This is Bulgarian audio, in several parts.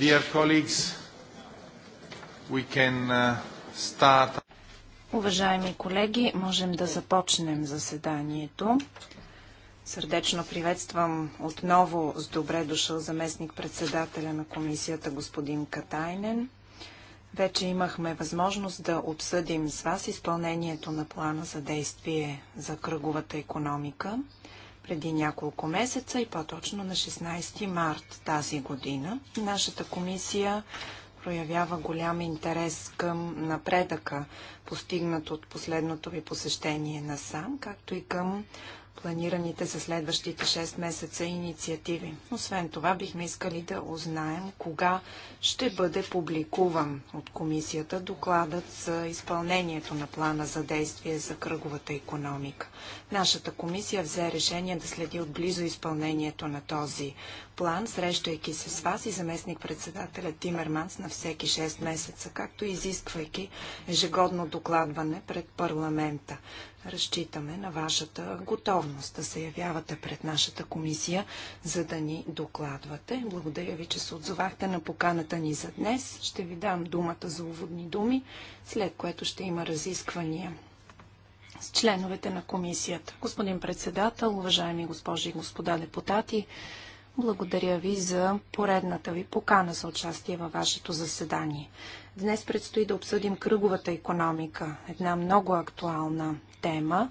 Dear colleagues, we can uh, start. Уважаеми колеги, можем да започнем заседанието. Сърдечно приветствам отново с добре дошъл заместник председателя на комисията господин Катайнен. Вече имахме възможност да обсъдим с вас изпълнението на плана за действие за кръговата економика преди няколко месеца и по-точно на 16 март тази година. Нашата комисия проявява голям интерес към напредъка, постигнат от последното ви посещение на сам, както и към планираните за следващите 6 месеца инициативи. Освен това, бихме искали да узнаем кога ще бъде публикуван от комисията докладът за изпълнението на плана за действие за кръговата економика. Нашата комисия взе решение да следи отблизо изпълнението на този план, срещайки се с вас и заместник-председателя Тимерманс на всеки 6 месеца, както и изисквайки ежегодно докладване пред парламента. Разчитаме на вашата готовност да се явявате пред нашата комисия, за да ни докладвате. Благодаря ви, че се отзовахте на поканата ни за днес. Ще ви дам думата за уводни думи, след което ще има разисквания с членовете на комисията. Господин председател, уважаеми госпожи и господа депутати, благодаря ви за поредната ви покана за участие във вашето заседание. Днес предстои да обсъдим кръговата економика, една много актуална тема.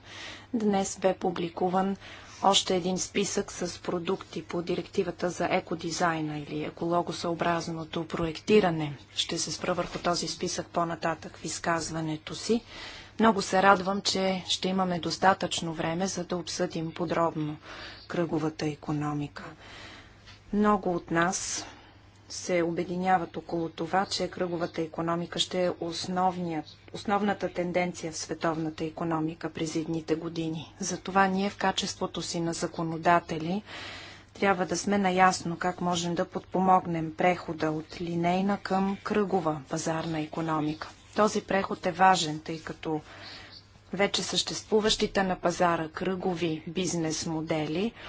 Днес бе публикуван още един списък с продукти по директивата за екодизайна или екологосъобразното проектиране. Ще се спра върху този списък по-нататък в изказването си. Много се радвам, че ще имаме достатъчно време, за да обсъдим подробно кръговата економика. Много от нас се обединяват около това, че кръговата економика ще е основната тенденция в световната економика през едните години. Затова ние в качеството си на законодатели трябва да сме наясно как можем да подпомогнем прехода от линейна към кръгова пазарна економика. Този преход е важен, тъй като вече съществуващите на пазара кръгови бизнес модели –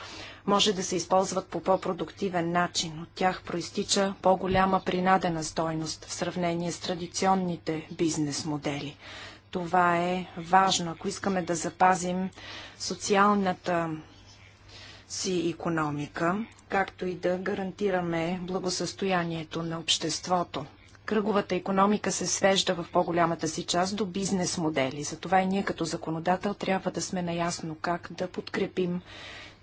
може да се използват по по-продуктивен начин. От тях проистича по-голяма принадена стойност в сравнение с традиционните бизнес модели. Това е важно, ако искаме да запазим социалната си економика, както и да гарантираме благосъстоянието на обществото. Кръговата економика се свежда в по-голямата си част до бизнес модели. Затова и ние като законодател трябва да сме наясно как да подкрепим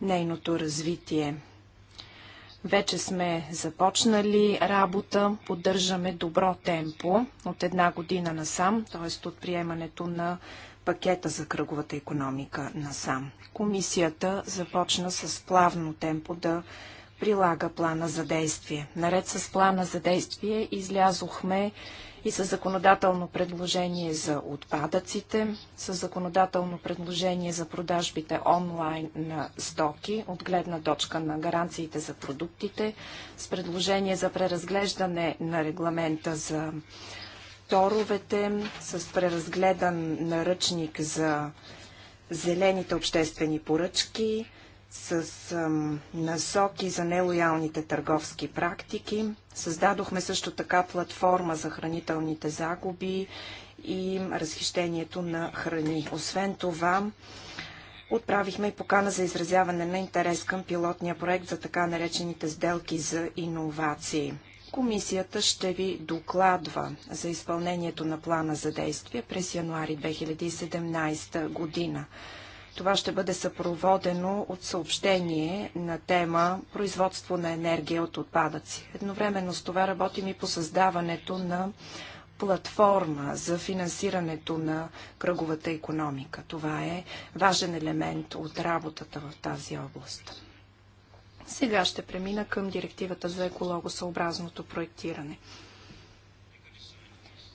нейното развитие. Вече сме започнали работа, поддържаме добро темпо от една година насам, т.е. от приемането на пакета за кръговата економика насам. Комисията започна с плавно темпо да прилага плана за действие. Наред с плана за действие излязохме и с законодателно предложение за отпадъците, с законодателно предложение за продажбите онлайн на стоки от гледна точка на гаранциите за продуктите, с предложение за преразглеждане на регламента за торовете, с преразгледан наръчник за зелените обществени поръчки, с ам, насоки за нелоялните търговски практики. Създадохме също така платформа за хранителните загуби и разхищението на храни. Освен това, отправихме и покана за изразяване на интерес към пилотния проект за така наречените сделки за иновации. Комисията ще ви докладва за изпълнението на плана за действие през януари 2017 година. Това ще бъде съпроводено от съобщение на тема производство на енергия от отпадъци. Едновременно с това работим и по създаването на платформа за финансирането на кръговата економика. Това е важен елемент от работата в тази област. Сега ще премина към директивата за екологосъобразното проектиране.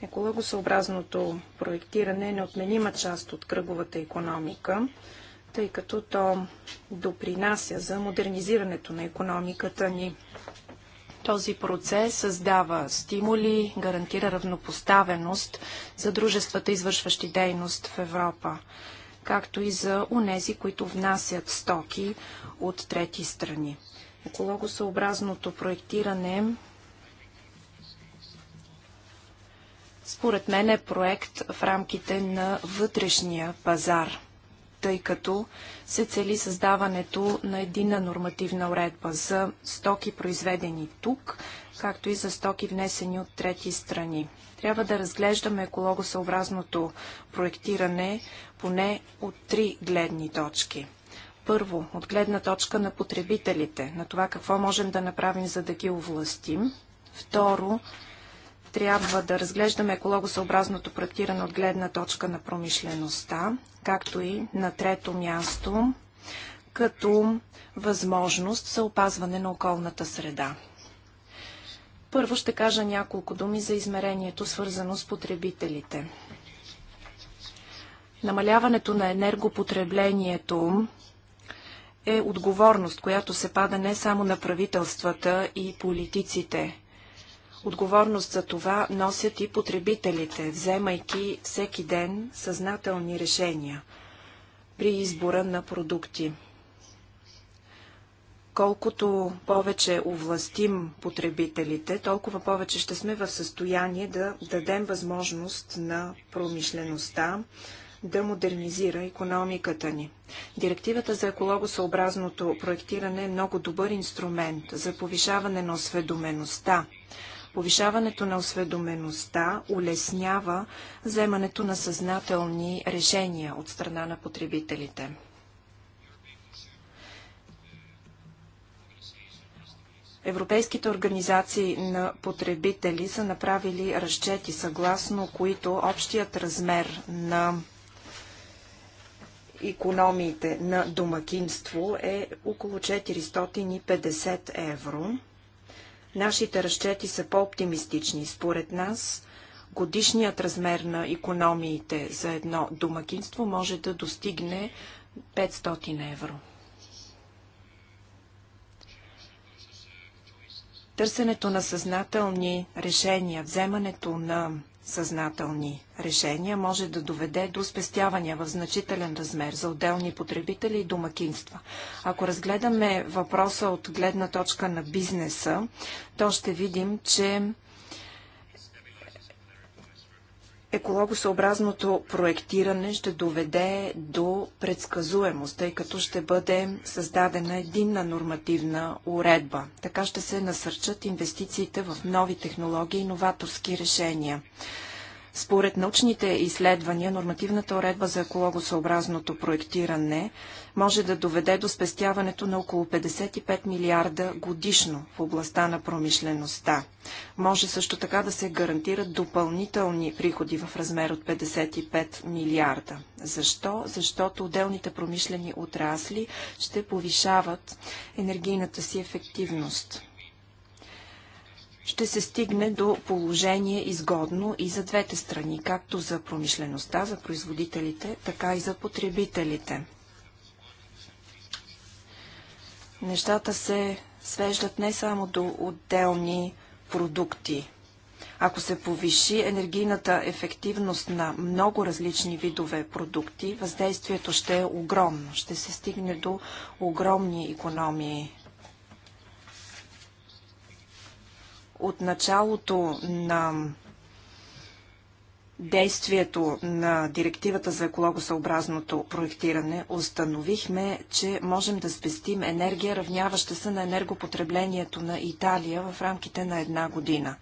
Екологосъобразното проектиране е неотменима част от кръговата економика, тъй като то допринася за модернизирането на економиката ни. Този процес създава стимули, гарантира равнопоставеност за дружествата, извършващи дейност в Европа, както и за унези, които внасят стоки от трети страни. Екологосъобразното проектиране според мен е проект в рамките на вътрешния пазар, тъй като се цели създаването на едина нормативна уредба за стоки, произведени тук, както и за стоки, внесени от трети страни. Трябва да разглеждаме екологосъобразното проектиране поне от три гледни точки – първо, от гледна точка на потребителите, на това какво можем да направим, за да ги овластим. Второ, трябва да разглеждаме екологосъобразното проектиране от гледна точка на промишлеността, както и на трето място като възможност за опазване на околната среда. Първо ще кажа няколко думи за измерението, свързано с потребителите. Намаляването на енергопотреблението е отговорност, която се пада не само на правителствата и политиците. Отговорност за това носят и потребителите, вземайки всеки ден съзнателни решения при избора на продукти. Колкото повече овластим потребителите, толкова повече ще сме в състояние да дадем възможност на промишлеността да модернизира економиката ни. Директивата за екологосъобразното проектиране е много добър инструмент за повишаване на осведомеността Повишаването на осведомеността улеснява вземането на съзнателни решения от страна на потребителите. Европейските организации на потребители са направили разчети, съгласно които общият размер на економиите на домакинство е около 450 евро. Нашите разчети са по-оптимистични. Според нас, годишният размер на економиите за едно домакинство може да достигне 500 евро. Търсенето на съзнателни решения, вземането на съзнателни решения може да доведе до спестявания в значителен размер за отделни потребители и домакинства. Ако разгледаме въпроса от гледна точка на бизнеса, то ще видим, че екологосъобразното проектиране ще доведе до предсказуемост, тъй като ще бъде създадена единна нормативна уредба. Така ще се насърчат инвестициите в нови технологии и новаторски решения. Според научните изследвания, нормативната уредба за екологосъобразното проектиране може да доведе до спестяването на около 55 милиарда годишно в областта на промишлеността. Може също така да се гарантират допълнителни приходи в размер от 55 милиарда. Защо? Защото отделните промишлени отрасли ще повишават енергийната си ефективност ще се стигне до положение изгодно и за двете страни, както за промишлеността, за производителите, така и за потребителите. Нещата се свеждат не само до отделни продукти. Ако се повиши енергийната ефективност на много различни видове продукти, въздействието ще е огромно. Ще се стигне до огромни економии от началото на действието на директивата за екологосъобразното проектиране установихме, че можем да спестим енергия, равняваща се на енергопотреблението на Италия в рамките на една година.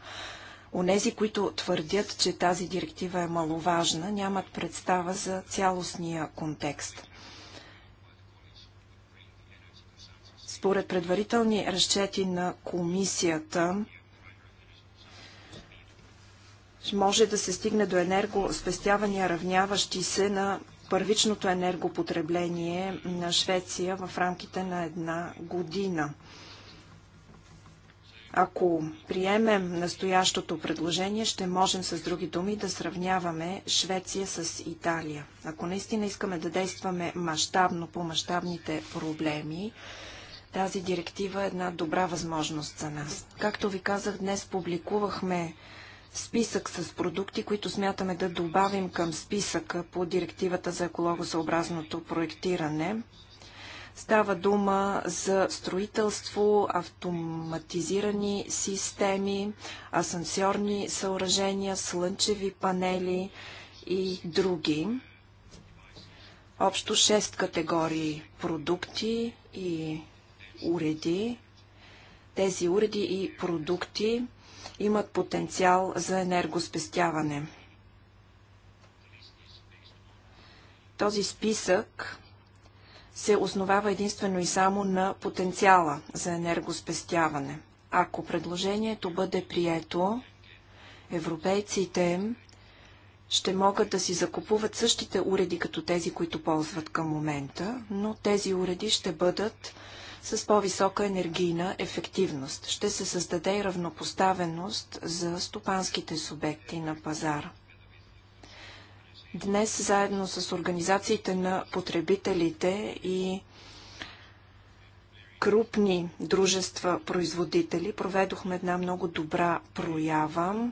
Онези, които твърдят, че тази директива е маловажна, нямат представа за цялостния контекст. Според предварителни разчети на комисията, може да се стигне до енергоспестявания, равняващи се на първичното енергопотребление на Швеция в рамките на една година. Ако приемем настоящото предложение, ще можем с други думи да сравняваме Швеция с Италия. Ако наистина искаме да действаме мащабно по мащабните проблеми, тази директива е една добра възможност за нас. Както ви казах, днес публикувахме списък с продукти, които смятаме да добавим към списъка по директивата за екологосъобразното проектиране. Става дума за строителство, автоматизирани системи, асансьорни съоръжения, слънчеви панели и други. Общо 6 категории продукти и уреди. Тези уреди и продукти имат потенциал за енергоспестяване. Този списък се основава единствено и само на потенциала за енергоспестяване. Ако предложението бъде прието, европейците ще могат да си закупуват същите уреди като тези, които ползват към момента, но тези уреди ще бъдат с по-висока енергийна ефективност. Ще се създаде и равнопоставеност за стопанските субекти на пазара. Днес, заедно с организациите на потребителите и крупни дружества-производители, проведохме една много добра проява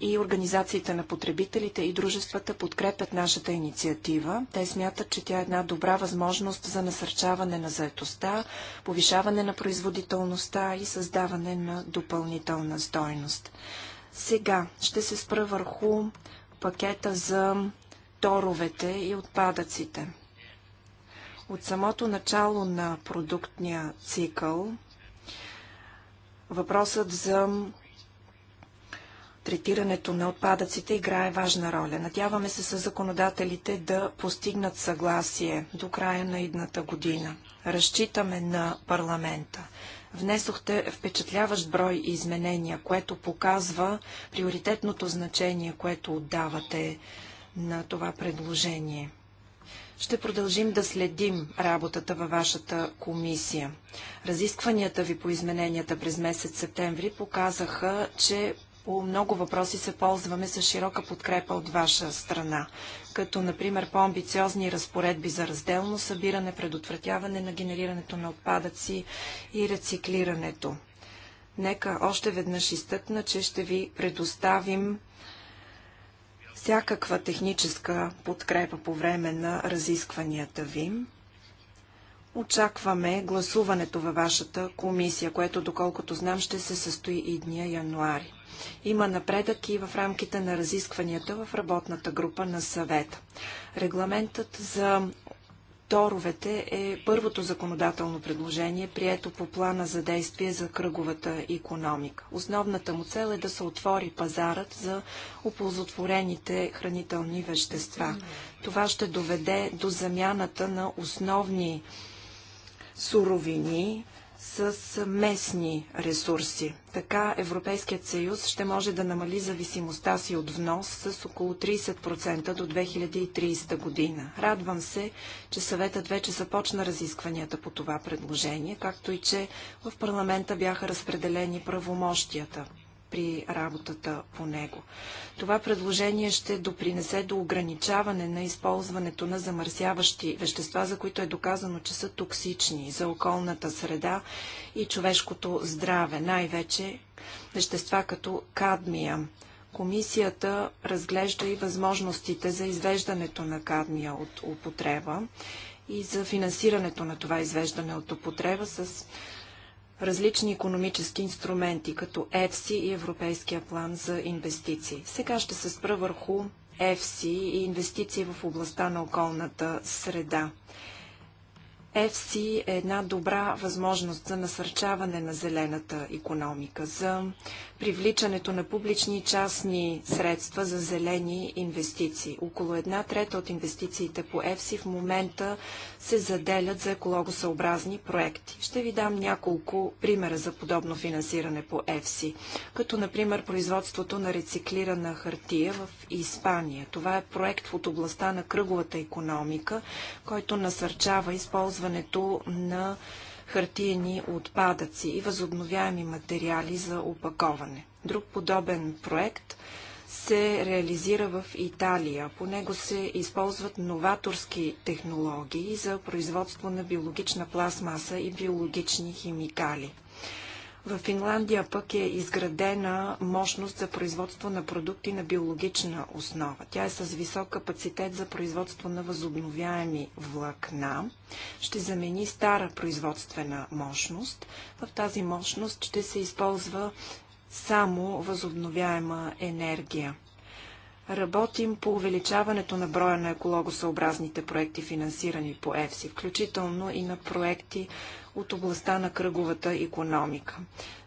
и организациите на потребителите и дружествата подкрепят нашата инициатива. Те смятат, че тя е една добра възможност за насърчаване на заетостта, повишаване на производителността и създаване на допълнителна стойност. Сега ще се спра върху пакета за торовете и отпадъците. От самото начало на продуктния цикъл въпросът за третирането на отпадъците играе важна роля. Надяваме се с законодателите да постигнат съгласие до края на идната година. Разчитаме на парламента. Внесохте впечатляващ брой изменения, което показва приоритетното значение, което отдавате на това предложение. Ще продължим да следим работата във вашата комисия. Разискванията ви по измененията през месец септември показаха, че по много въпроси се ползваме с широка подкрепа от ваша страна, като например по-амбициозни разпоредби за разделно събиране, предотвратяване на генерирането на отпадъци и рециклирането. Нека още веднъж изтъкна, че ще ви предоставим всякаква техническа подкрепа по време на разискванията ви. Очакваме гласуването във вашата комисия, което доколкото знам ще се състои и дния януари. Има напредък и в рамките на разискванията в работната група на съвета. Регламентът за торовете е първото законодателно предложение, прието по плана за действие за кръговата економика. Основната му цел е да се отвори пазарът за оползотворените хранителни вещества. Това ще доведе до замяната на основни суровини, с местни ресурси. Така Европейският съюз ще може да намали зависимостта си от внос с около 30% до 2030 година. Радвам се, че съветът вече започна разискванията по това предложение, както и че в парламента бяха разпределени правомощията при работата по него. Това предложение ще допринесе до ограничаване на използването на замърсяващи вещества, за които е доказано, че са токсични за околната среда и човешкото здраве, най-вече вещества като кадмия. Комисията разглежда и възможностите за извеждането на кадмия от употреба и за финансирането на това извеждане от употреба с различни економически инструменти, като EFSI и Европейския план за инвестиции. Сега ще се спра върху EFSI и инвестиции в областта на околната среда. EFSI е една добра възможност за насърчаване на зелената економика, за привличането на публични и частни средства за зелени инвестиции. Около една трета от инвестициите по EFSI в момента се заделят за екологосъобразни проекти. Ще ви дам няколко примера за подобно финансиране по ЕФСИ, като например производството на рециклирана хартия в Испания. Това е проект от областта на кръговата економика, който насърчава използването на хартиени отпадъци и възобновяеми материали за опаковане. Друг подобен проект – се реализира в Италия. По него се използват новаторски технологии за производство на биологична пластмаса и биологични химикали. В Финландия пък е изградена мощност за производство на продукти на биологична основа. Тя е с висок капацитет за производство на възобновяеми влакна. Ще замени стара производствена мощност. В тази мощност ще се използва само възобновяема енергия. Работим по увеличаването на броя на екологосъобразните проекти, финансирани по ЕФСИ, включително и на проекти от областта на кръговата економика.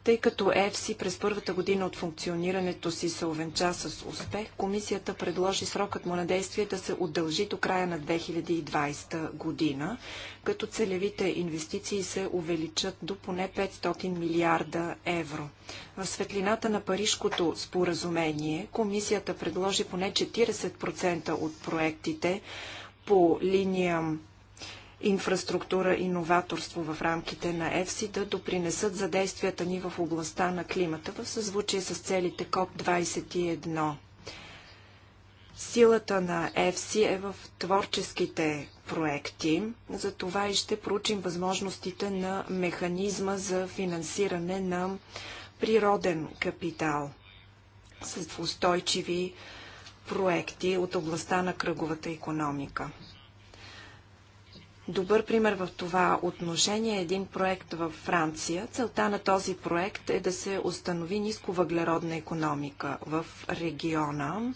Тъй като ЕФСИ през първата година от функционирането си се овенча с успех, комисията предложи срокът му на действие да се удължи до края на 2020 година, като целевите инвестиции се увеличат до поне 500 милиарда евро. В светлината на Парижкото споразумение комисията предложи поне 40% от проектите по линия инфраструктура и новаторство в рамките на ЕФСИ да допринесат за действията ни в областта на климата в съзвучие с целите КОП-21. Силата на ЕФСИ е в творческите проекти, за това и ще проучим възможностите на механизма за финансиране на природен капитал с устойчиви проекти от областта на кръговата економика. Добър пример в това отношение е един проект във Франция. Целта на този проект е да се установи ниско въглеродна економика в региона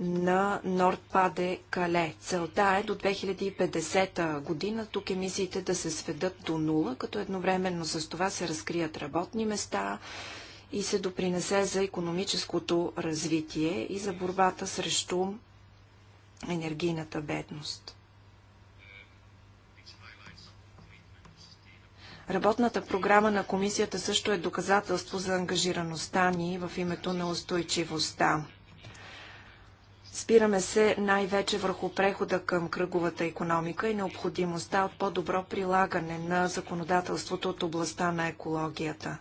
на Нордпаде Кале. Целта е до 2050 година тук емисиите да се сведат до нула, като едновременно с това се разкрият работни места и се допринесе за економическото развитие и за борбата срещу енергийната бедност. Работната програма на комисията също е доказателство за ангажираността ни в името на устойчивостта. Спираме се най-вече върху прехода към кръговата економика и необходимостта от по-добро прилагане на законодателството от областта на екологията.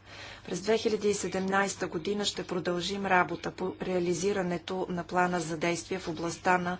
През 2017 година ще продължим работа по реализирането на плана за действие в областта на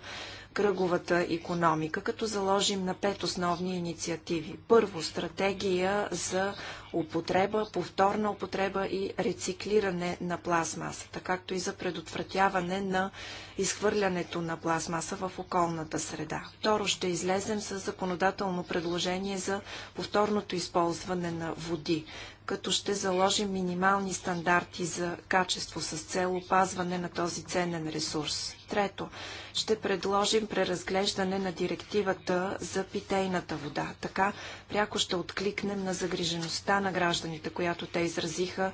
кръговата економика, като заложим на пет основни инициативи. Първо, стратегия за употреба, повторна употреба и рециклиране на пластмасата, както и за предотвратяване на изхвърлянето на пластмаса в околната среда. Второ, ще излезем с законодателно предложение за повторното използване на води като ще заложим минимални стандарти за качество с цел опазване на този ценен ресурс. Трето, ще предложим преразглеждане на директивата за питейната вода. Така пряко ще откликнем на загрижеността на гражданите, която те изразиха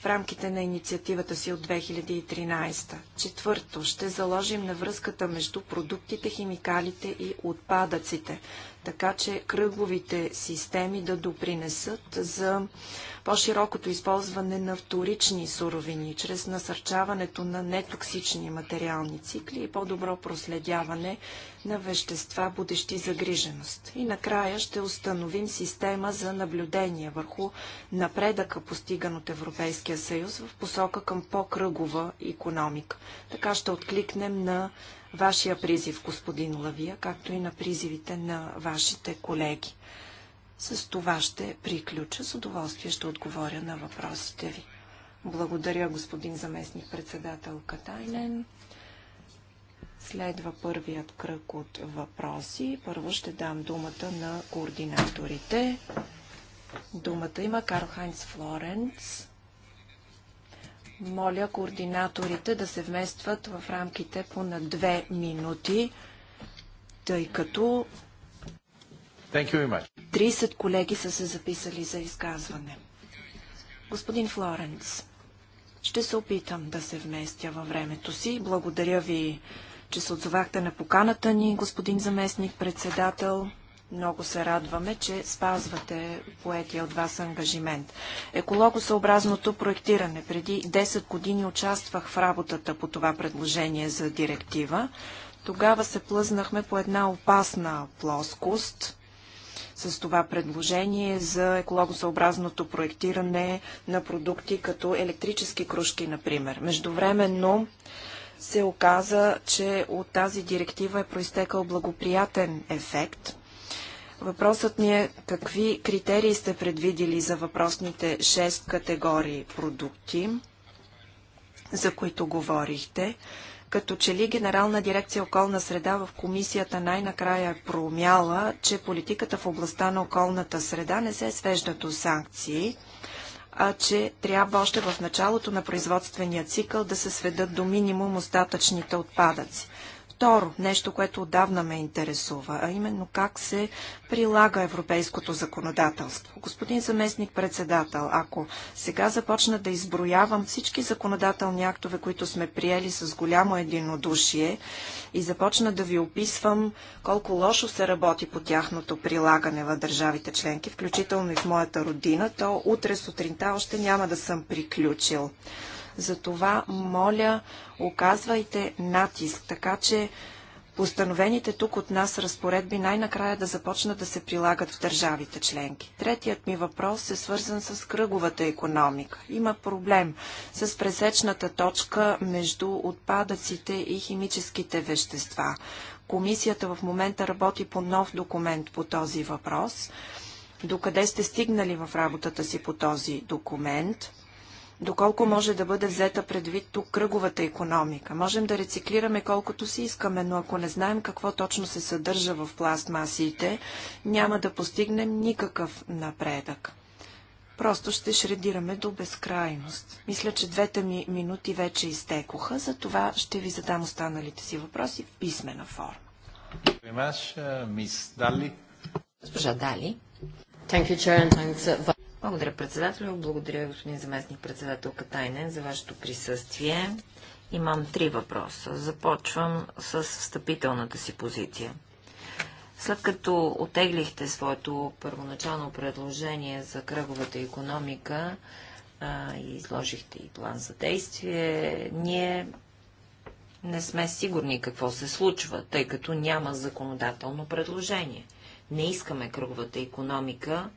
в рамките на инициативата си от 2013. Четвърто, ще заложим на връзката между продуктите, химикалите и отпадъците, така че кръговите системи да допринесат за по-широкото използване на вторични суровини, чрез насърчаването на нетоксични материални цикли и по-добро проследяване на вещества, будещи загриженост. И накрая ще установим система за наблюдение върху напредъка, постиган от Европейския съюз в посока към по-кръгова економика. Така ще откликнем на вашия призив, господин Лавия, както и на призивите на вашите колеги. С това ще приключа. С удоволствие ще отговоря на въпросите ви. Благодаря, господин заместник председател Катайнен. Следва първият кръг от въпроси. Първо ще дам думата на координаторите. Думата има Карл Хайнц Флоренц. Моля координаторите да се вместват в рамките по на две минути, тъй като 30 колеги са се записали за изказване. Господин Флоренц, ще се опитам да се вместя във времето си. Благодаря ви, че се отзовахте на поканата ни, господин заместник председател. Много се радваме, че спазвате поетия от вас ангажимент. Екологосъобразното проектиране. Преди 10 години участвах в работата по това предложение за директива. Тогава се плъзнахме по една опасна плоскост с това предложение за екологосъобразното проектиране на продукти като електрически кружки, например. Междувременно се оказа, че от тази директива е проистекал благоприятен ефект. Въпросът ми е какви критерии сте предвидили за въпросните 6 категории продукти, за които говорихте като че ли Генерална дирекция околна среда в комисията най-накрая е проумяла, че политиката в областта на околната среда не се свежда до санкции, а че трябва още в началото на производствения цикъл да се сведат до минимум остатъчните отпадъци. Второ, нещо, което отдавна ме интересува, а именно как се прилага европейското законодателство. Господин заместник председател, ако сега започна да изброявам всички законодателни актове, които сме приели с голямо единодушие и започна да ви описвам колко лошо се работи по тяхното прилагане в държавите членки, включително и в моята родина, то утре сутринта още няма да съм приключил. Затова, моля, оказвайте натиск, така че Постановените тук от нас разпоредби най-накрая да започнат да се прилагат в държавите членки. Третият ми въпрос е свързан с кръговата економика. Има проблем с пресечната точка между отпадъците и химическите вещества. Комисията в момента работи по нов документ по този въпрос. Докъде сте стигнали в работата си по този документ? доколко може да бъде взета предвид тук кръговата економика. Можем да рециклираме колкото си искаме, но ако не знаем какво точно се съдържа в пластмасиите, няма да постигнем никакъв напредък. Просто ще шредираме до безкрайност. Мисля, че двете ми минути вече изтекоха, за това ще ви задам останалите си въпроси в писмена форма. Госпожа Дали. Uh, благодаря, председател, Благодаря, господин заместник председател Катайнен, за вашето присъствие. Имам три въпроса. Започвам с встъпителната си позиция. След като отеглихте своето първоначално предложение за кръговата економика и изложихте и план за действие, ние не сме сигурни какво се случва, тъй като няма законодателно предложение. Не искаме кръговата економика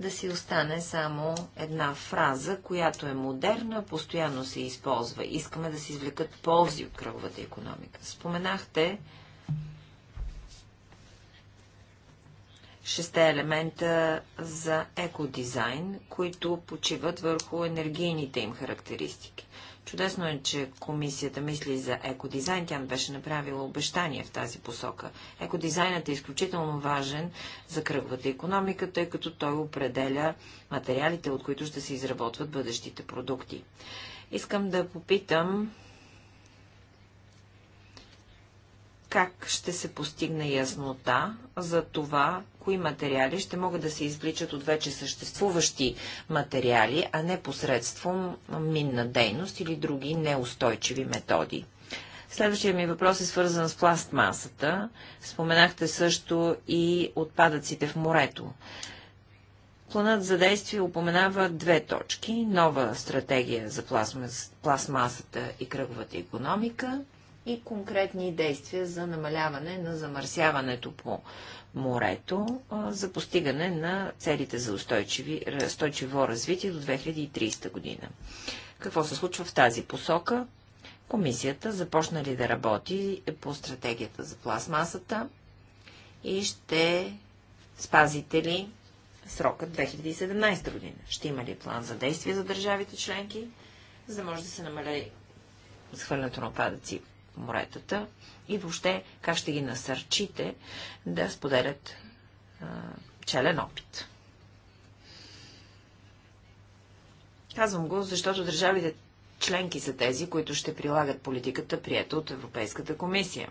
да си остане само една фраза, която е модерна, постоянно се използва. Искаме да се извлекат ползи от кръговата економика. Споменахте шесте елемента за екодизайн, които почиват върху енергийните им характеристики. Чудесно е, че комисията мисли за екодизайн. Тя беше направила обещание в тази посока. Екодизайнът е изключително важен за кръговата економика, тъй като той определя материалите, от които ще се изработват бъдещите продукти. Искам да попитам как ще се постигне яснота за това, кои материали ще могат да се извличат от вече съществуващи материали, а не посредством минна дейност или други неустойчиви методи. Следващия ми въпрос е свързан с пластмасата. Споменахте също и отпадъците в морето. Планът за действие упоменава две точки. Нова стратегия за пластмасата и кръговата економика и конкретни действия за намаляване на замърсяването по морето за постигане на целите за устойчиво развитие до 2030 година. Какво се случва в тази посока? Комисията започна ли да работи по стратегията за пластмасата и ще спазите ли срока 2017 година? Ще има ли план за действие за държавите членки, за да може да се намали схвърлянето на отпадъци моретата и въобще как ще ги насърчите да споделят а, челен опит. Казвам го, защото държавите членки са тези, които ще прилагат политиката, прията от Европейската комисия.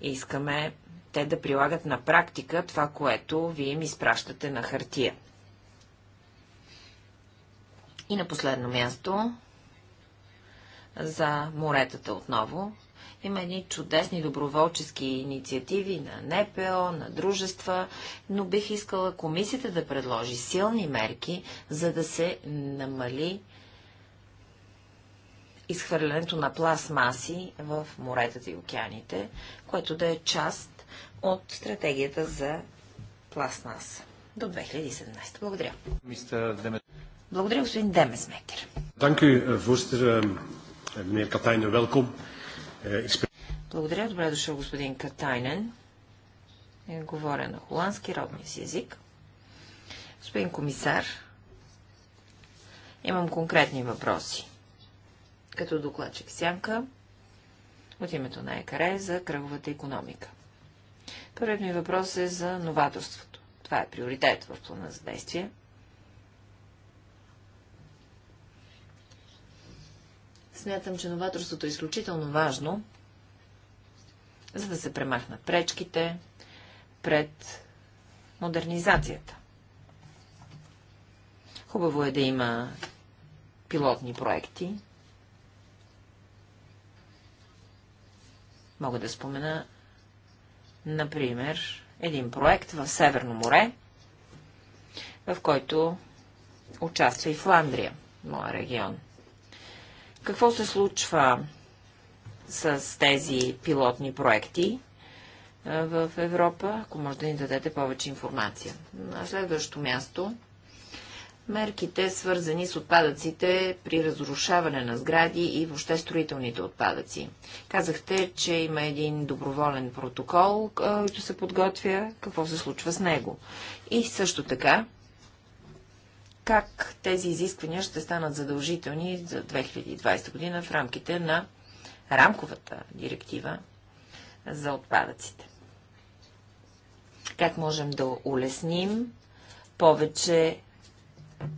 Искаме те да прилагат на практика това, което вие им изпращате на хартия. И на последно място за моретата отново. Има едни чудесни доброволчески инициативи на НПО, на дружества, но бих искала комисията да предложи силни мерки, за да се намали изхвърлянето на пластмаси в моретата и океаните, което да е част от стратегията за пластмаса до 2017. Благодаря. Благодаря, господин Демесмекер. Meneer е, welkom. Е, Благодаря. Добре дошъл, господин Катайнен. Е, говоря на холандски, родния си език. Господин комисар, имам конкретни въпроси. Като докладчик Сянка, от името на ЕКАРЕ за кръговата економика. Първият ми въпрос е за новаторството. Това е приоритет в плана за действие – Смятам, че новаторството е изключително важно, за да се премахнат пречките пред модернизацията. Хубаво е да има пилотни проекти. Мога да спомена, например, един проект в Северно море, в който участва и Фландрия, моя регион – какво се случва с тези пилотни проекти в Европа, ако може да ни дадете повече информация? На следващото място мерките, свързани с отпадъците при разрушаване на сгради и въобще строителните отпадъци. Казахте, че има един доброволен протокол, който се подготвя, какво се случва с него. И също така, как тези изисквания ще станат задължителни за 2020 година в рамките на рамковата директива за отпадъците. Как можем да улесним повече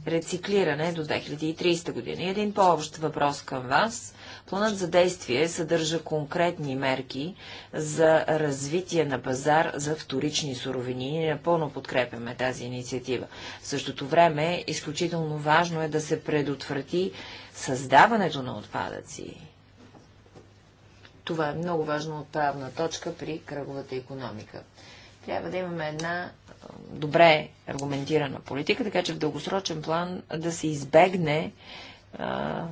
рециклиране до 2030 година. И един по-общ въпрос към вас. Планът за действие съдържа конкретни мерки за развитие на пазар за вторични суровини. Ние напълно подкрепяме тази инициатива. В същото време, изключително важно е да се предотврати създаването на отпадъци. Това е много важна отправна точка при кръговата економика. Трябва да имаме една добре аргументирана политика, така че в дългосрочен план да се избегне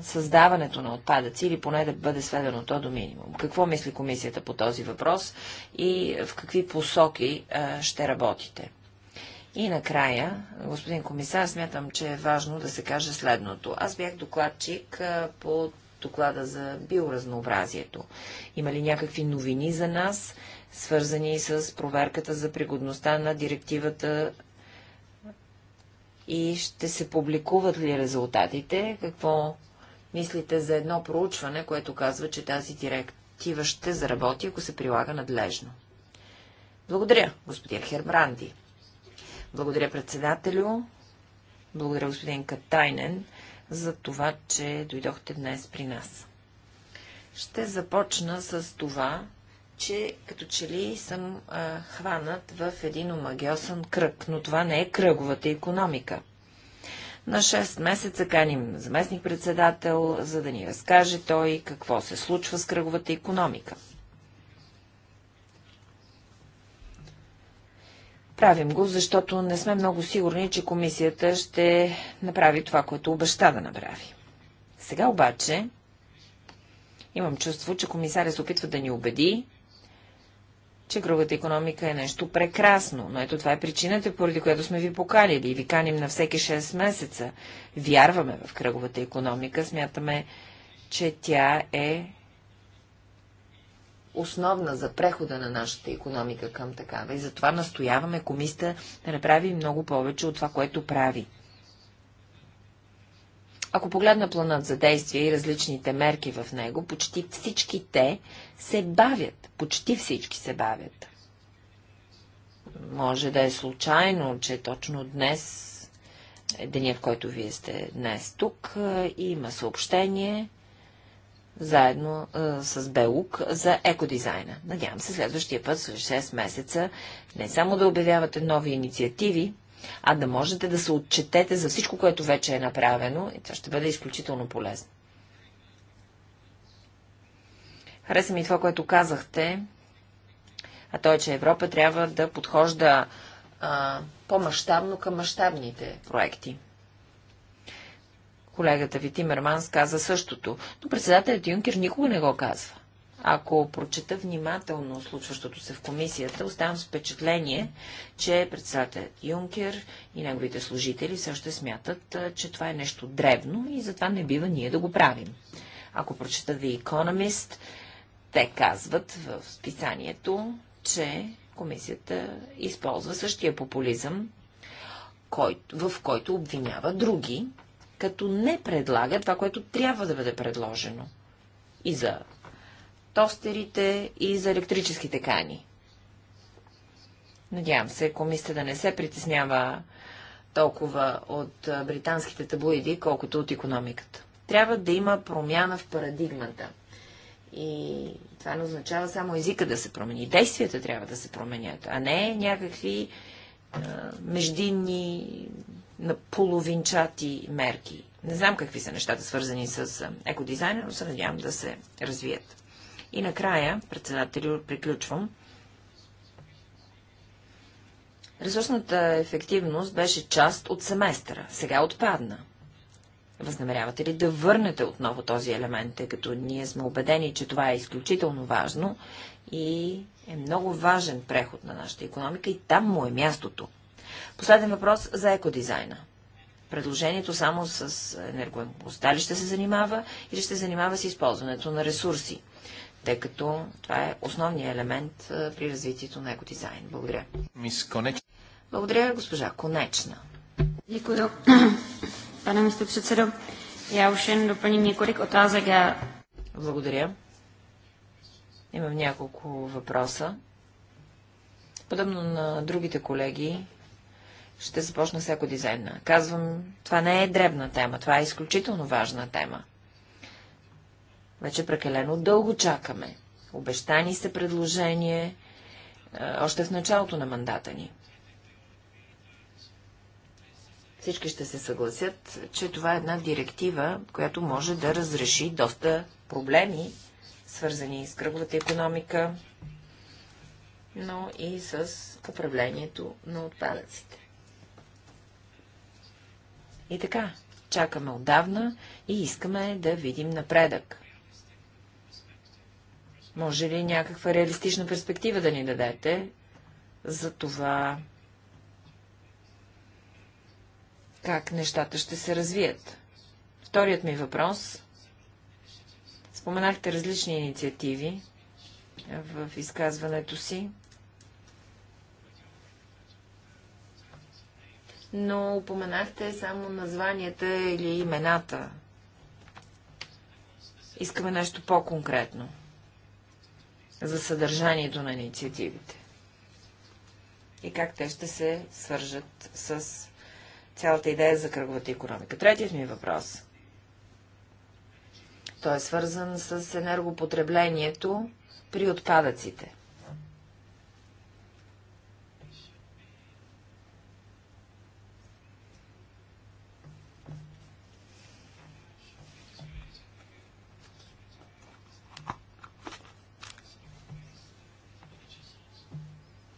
създаването на отпадъци или поне да бъде сведено то до минимум. Какво мисли комисията по този въпрос и в какви посоки ще работите? И накрая, господин комисар, смятам, че е важно да се каже следното. Аз бях докладчик по доклада за биоразнообразието. Има ли някакви новини за нас, свързани с проверката за пригодността на директивата и ще се публикуват ли резултатите? Какво мислите за едно проучване, което казва, че тази директива ще заработи, ако се прилага надлежно? Благодаря, господин Хербранди. Благодаря, председателю. Благодаря, господин Катайнен, за това, че дойдохте днес при нас. Ще започна с това, че като че ли съм а, хванат в един омагиосен кръг, но това не е кръговата економика. На 6 месеца каним заместник-председател, за да ни разкаже той какво се случва с кръговата економика. Правим го, защото не сме много сигурни, че комисията ще направи това, което обеща да направи. Сега обаче имам чувство, че комисарят се опитва да ни убеди, че кръвата економика е нещо прекрасно, но ето това е причината, поради която сме ви покалили и ви каним на всеки 6 месеца. Вярваме в кръговата економика, смятаме, че тя е основна за прехода на нашата економика към такава. И затова настояваме комиста да направи много повече от това, което прави. Ако погледна планът за действие и различните мерки в него, почти всички те се бавят. Почти всички се бавят. Може да е случайно, че точно днес деня, в който вие сте днес тук, е, има съобщение заедно а, е, с Белук за екодизайна. Надявам се следващия път, след 6 месеца, не само да обявявате нови инициативи, а да можете да се отчетете за всичко, което вече е направено и това ще бъде изключително полезно. Хареса ми това, което казахте, а то е, че Европа трябва да подхожда по-масштабно към мащабните проекти. Колегата ви Тимерманс каза същото, но председателят Юнкер никога не го казва. Ако прочета внимателно случващото се в комисията, оставам с впечатление, че председателят Юнкер и неговите служители също смятат, че това е нещо древно и затова не бива ние да го правим. Ако прочета The Economist, те казват в списанието, че комисията използва същия популизъм, който, в който обвинява други, като не предлага това, което трябва да бъде предложено. И за тостерите, и за електрическите кани. Надявам се, комисията да не се притеснява толкова от британските табуиди, колкото от економиката. Трябва да има промяна в парадигмата – и това не означава само езика да се промени. Действията трябва да се променят, а не някакви а, междинни, половинчати мерки. Не знам какви са нещата, свързани с екодизайна, но се надявам да се развият. И накрая, председателю, приключвам. Ресурсната ефективност беше част от семестъра. Сега отпадна. Възнамерявате ли да върнете отново този елемент, тъй като ние сме убедени, че това е изключително важно и е много важен преход на нашата економика и там му е мястото. Последен въпрос за екодизайна. Предложението само с енергоемкостта ли ще се занимава или ще се занимава с използването на ресурси, тъй като това е основният елемент при развитието на екодизайн. Благодаря. Благодаря, госпожа Конечна. Děkuji pane místo předsedo. Já už jen doplním několik otázek. Já... Благодаря. Имам няколко въпроса. Подобно на другите колеги, ще започна всяко дизайна. Казвам, това не е дребна тема, това е изключително важна тема. Вече прекалено дълго чакаме. Обещани се предложение още в началото на мандата ни. Всички ще се съгласят, че това е една директива, която може да разреши доста проблеми, свързани с кръговата економика, но и с управлението на отпадъците. И така, чакаме отдавна и искаме да видим напредък. Може ли някаква реалистична перспектива да ни дадете за това как нещата ще се развият. Вторият ми въпрос. Споменахте различни инициативи в изказването си, но упоменахте само названията или имената. Искаме нещо по-конкретно за съдържанието на инициативите и как те ще се свържат с цялата идея за кръговата економика. Третият ми въпрос. Той е свързан с енергопотреблението при отпадъците.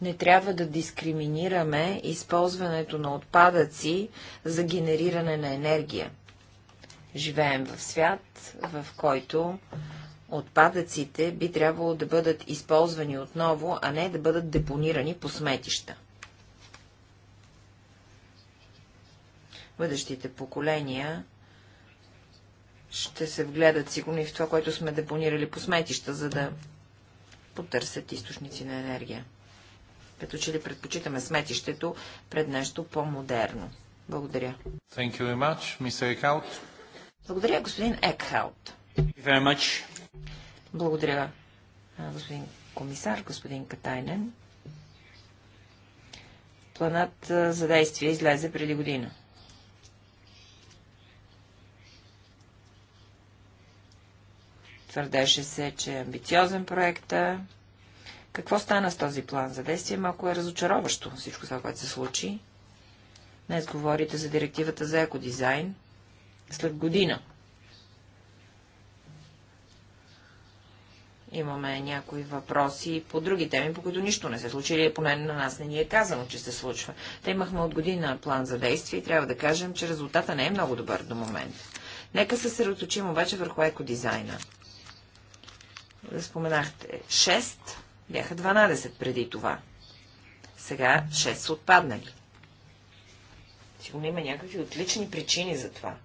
Не трябва да дискриминираме използването на отпадъци за генериране на енергия. Живеем в свят, в който отпадъците би трябвало да бъдат използвани отново, а не да бъдат депонирани по сметища. Бъдещите поколения ще се вгледат сигурно и в това, което сме депонирали по сметища, за да потърсят източници на енергия. Като че ли предпочитаме сметището пред нещо по-модерно. Благодаря. Thank you very much, Mr. Eckhout. Благодаря, господин Екхаут. Very much. Благодаря, господин комисар, господин Катайнен. Планът за действие излезе преди година. Твърдеше се, че е амбициозен проекта, какво стана с този план за действие? Малко е разочароващо всичко това, което се случи. Днес говорите за директивата за екодизайн след година. Имаме някои въпроси по други теми, по които нищо не се случи, или поне на нас не ни е казано, че се случва. Те имахме от година план за действие и трябва да кажем, че резултата не е много добър до момента. Нека се съсредоточим обаче върху екодизайна. Споменахте 6 бяха 12 преди това. Сега 6 са отпаднали. Сигурно има някакви отлични причини за това.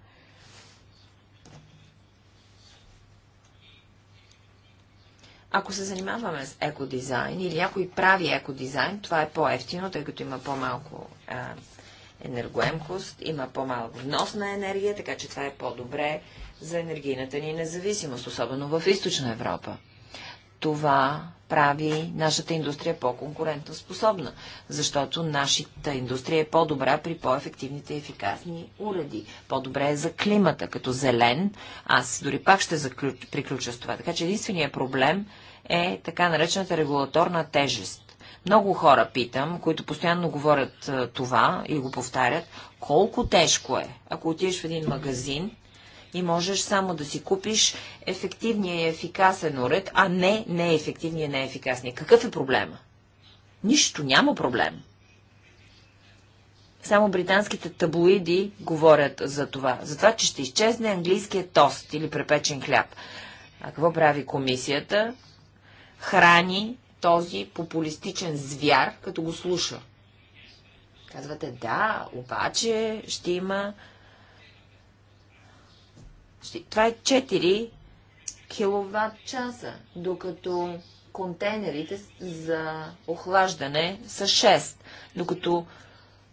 Ако се занимаваме с екодизайн или някой прави екодизайн, това е по-ефтино, тъй като има по-малко енергоемкост, има по-малък внос на енергия, така че това е по-добре за енергийната ни независимост, особено в източна Европа това прави нашата индустрия по-конкурентно способна, защото нашата индустрия е по-добра при по-ефективните и ефикасни уреди. По-добре е за климата, като зелен. Аз дори пак ще заключ... приключа с това. Така че единственият проблем е така наречената регулаторна тежест. Много хора питам, които постоянно говорят това и го повтарят, колко тежко е, ако отидеш в един магазин и можеш само да си купиш ефективния и ефикасен уред, а не неефективния и неефикасния. Какъв е проблема? Нищо, няма проблем. Само британските таблоиди говорят за това. За това, че ще изчезне английският тост или препечен хляб. А какво прави комисията? Храни този популистичен звяр, като го слуша. Казвате, да, обаче ще има това е 4 киловатт часа, докато контейнерите за охлаждане са 6, докато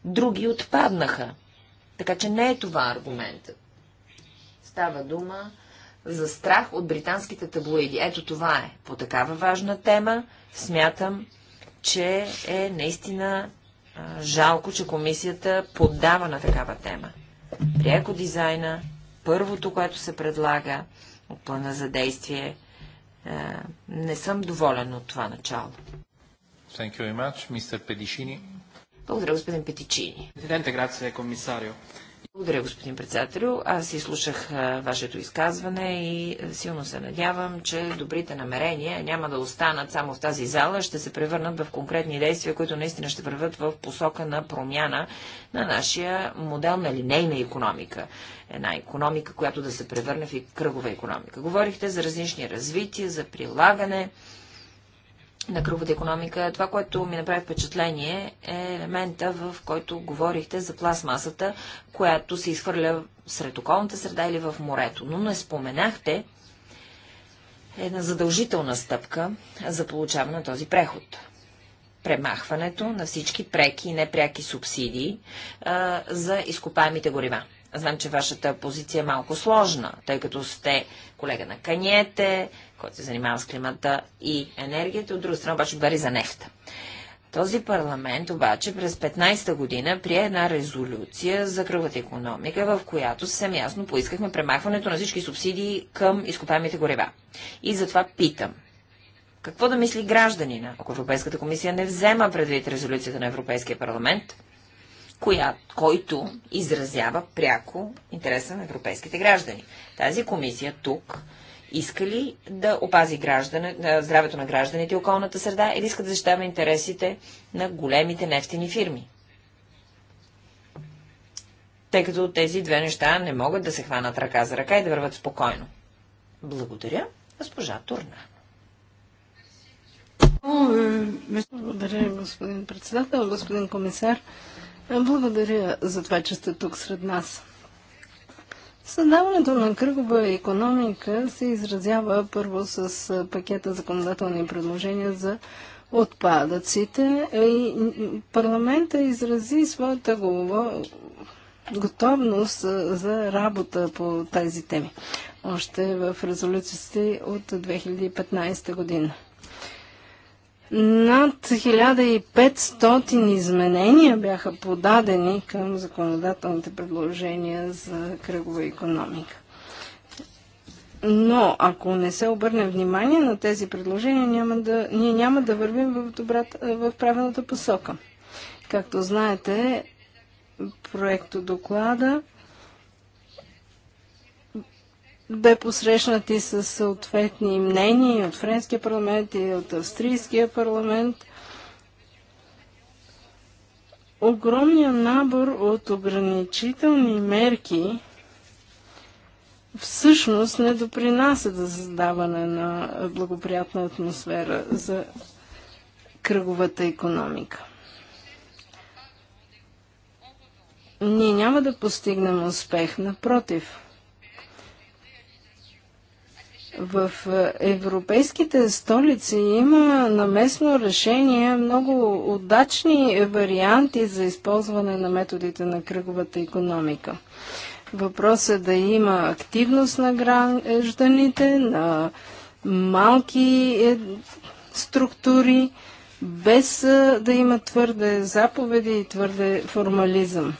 други отпаднаха. Така че не е това аргументът. Става дума за страх от британските таблоиди. Ето това е. По такава важна тема смятам, че е наистина жалко, че комисията поддава на такава тема. Пряко дизайна първото, което се предлага от плана за действие. Е, не съм доволен от това начало. Thank you very much, Mr. Pedicini. Благодаря, господин Петичини. Президенте, грация, комисарио. Благодаря, господин председател. Аз изслушах вашето изказване и силно се надявам, че добрите намерения няма да останат само в тази зала, ще се превърнат в конкретни действия, които наистина ще върват в посока на промяна на нашия модел на линейна економика. Една економика, която да се превърне в кръгова економика. Говорихте за различни развития, за прилагане на кръговата економика. Това, което ми направи впечатление е елемента, в който говорихте за пластмасата, която се изхвърля сред околната среда или в морето. Но не споменахте една задължителна стъпка за получаване на този преход. Премахването на всички преки и непряки субсидии а, за изкопаемите горива. Знам, че вашата позиция е малко сложна, тъй като сте колега на Каниете, който се занимава с климата и енергията, от друга страна обаче бари за нефта. Този парламент обаче през 15-та година прие една резолюция за кръвата економика, в която съвсем ясно поискахме премахването на всички субсидии към изкопаемите горева. И затова питам, какво да мисли гражданина, ако Европейската комисия не взема предвид резолюцията на Европейския парламент коя, който изразява пряко интереса на европейските граждани. Тази комисия тук иска ли да опази граждане, здравето на гражданите и околната среда или иска да защитава интересите на големите нефтени фирми? Тъй като тези две неща не могат да се хванат ръка за ръка и да върват спокойно. Благодаря, госпожа Турна. Благодаря, господин председател, господин комисар. Благодаря за това, че сте тук сред нас. Създаването на кръгова економика се изразява първо с пакета законодателни предложения за отпадъците и парламента изрази своята голова, готовност за работа по тези теми. Още в резолюциите от 2015 година. Над 1500 изменения бяха подадени към законодателните предложения за кръгова економика. Но ако не се обърне внимание на тези предложения, няма да, ние няма да вървим в, добрата, в правилната посока. Както знаете, проекто доклада бе посрещнат и с съответни мнения и от Френския парламент и от Австрийския парламент. Огромният набор от ограничителни мерки всъщност не допринася за създаване на благоприятна атмосфера за кръговата економика. Ние няма да постигнем успех, напротив – в е, европейските столици има на местно решение много удачни варианти за използване на методите на кръговата економика. Въпрос е да има активност на гражданите, на малки е, структури, без е, да има твърде заповеди и твърде формализъм.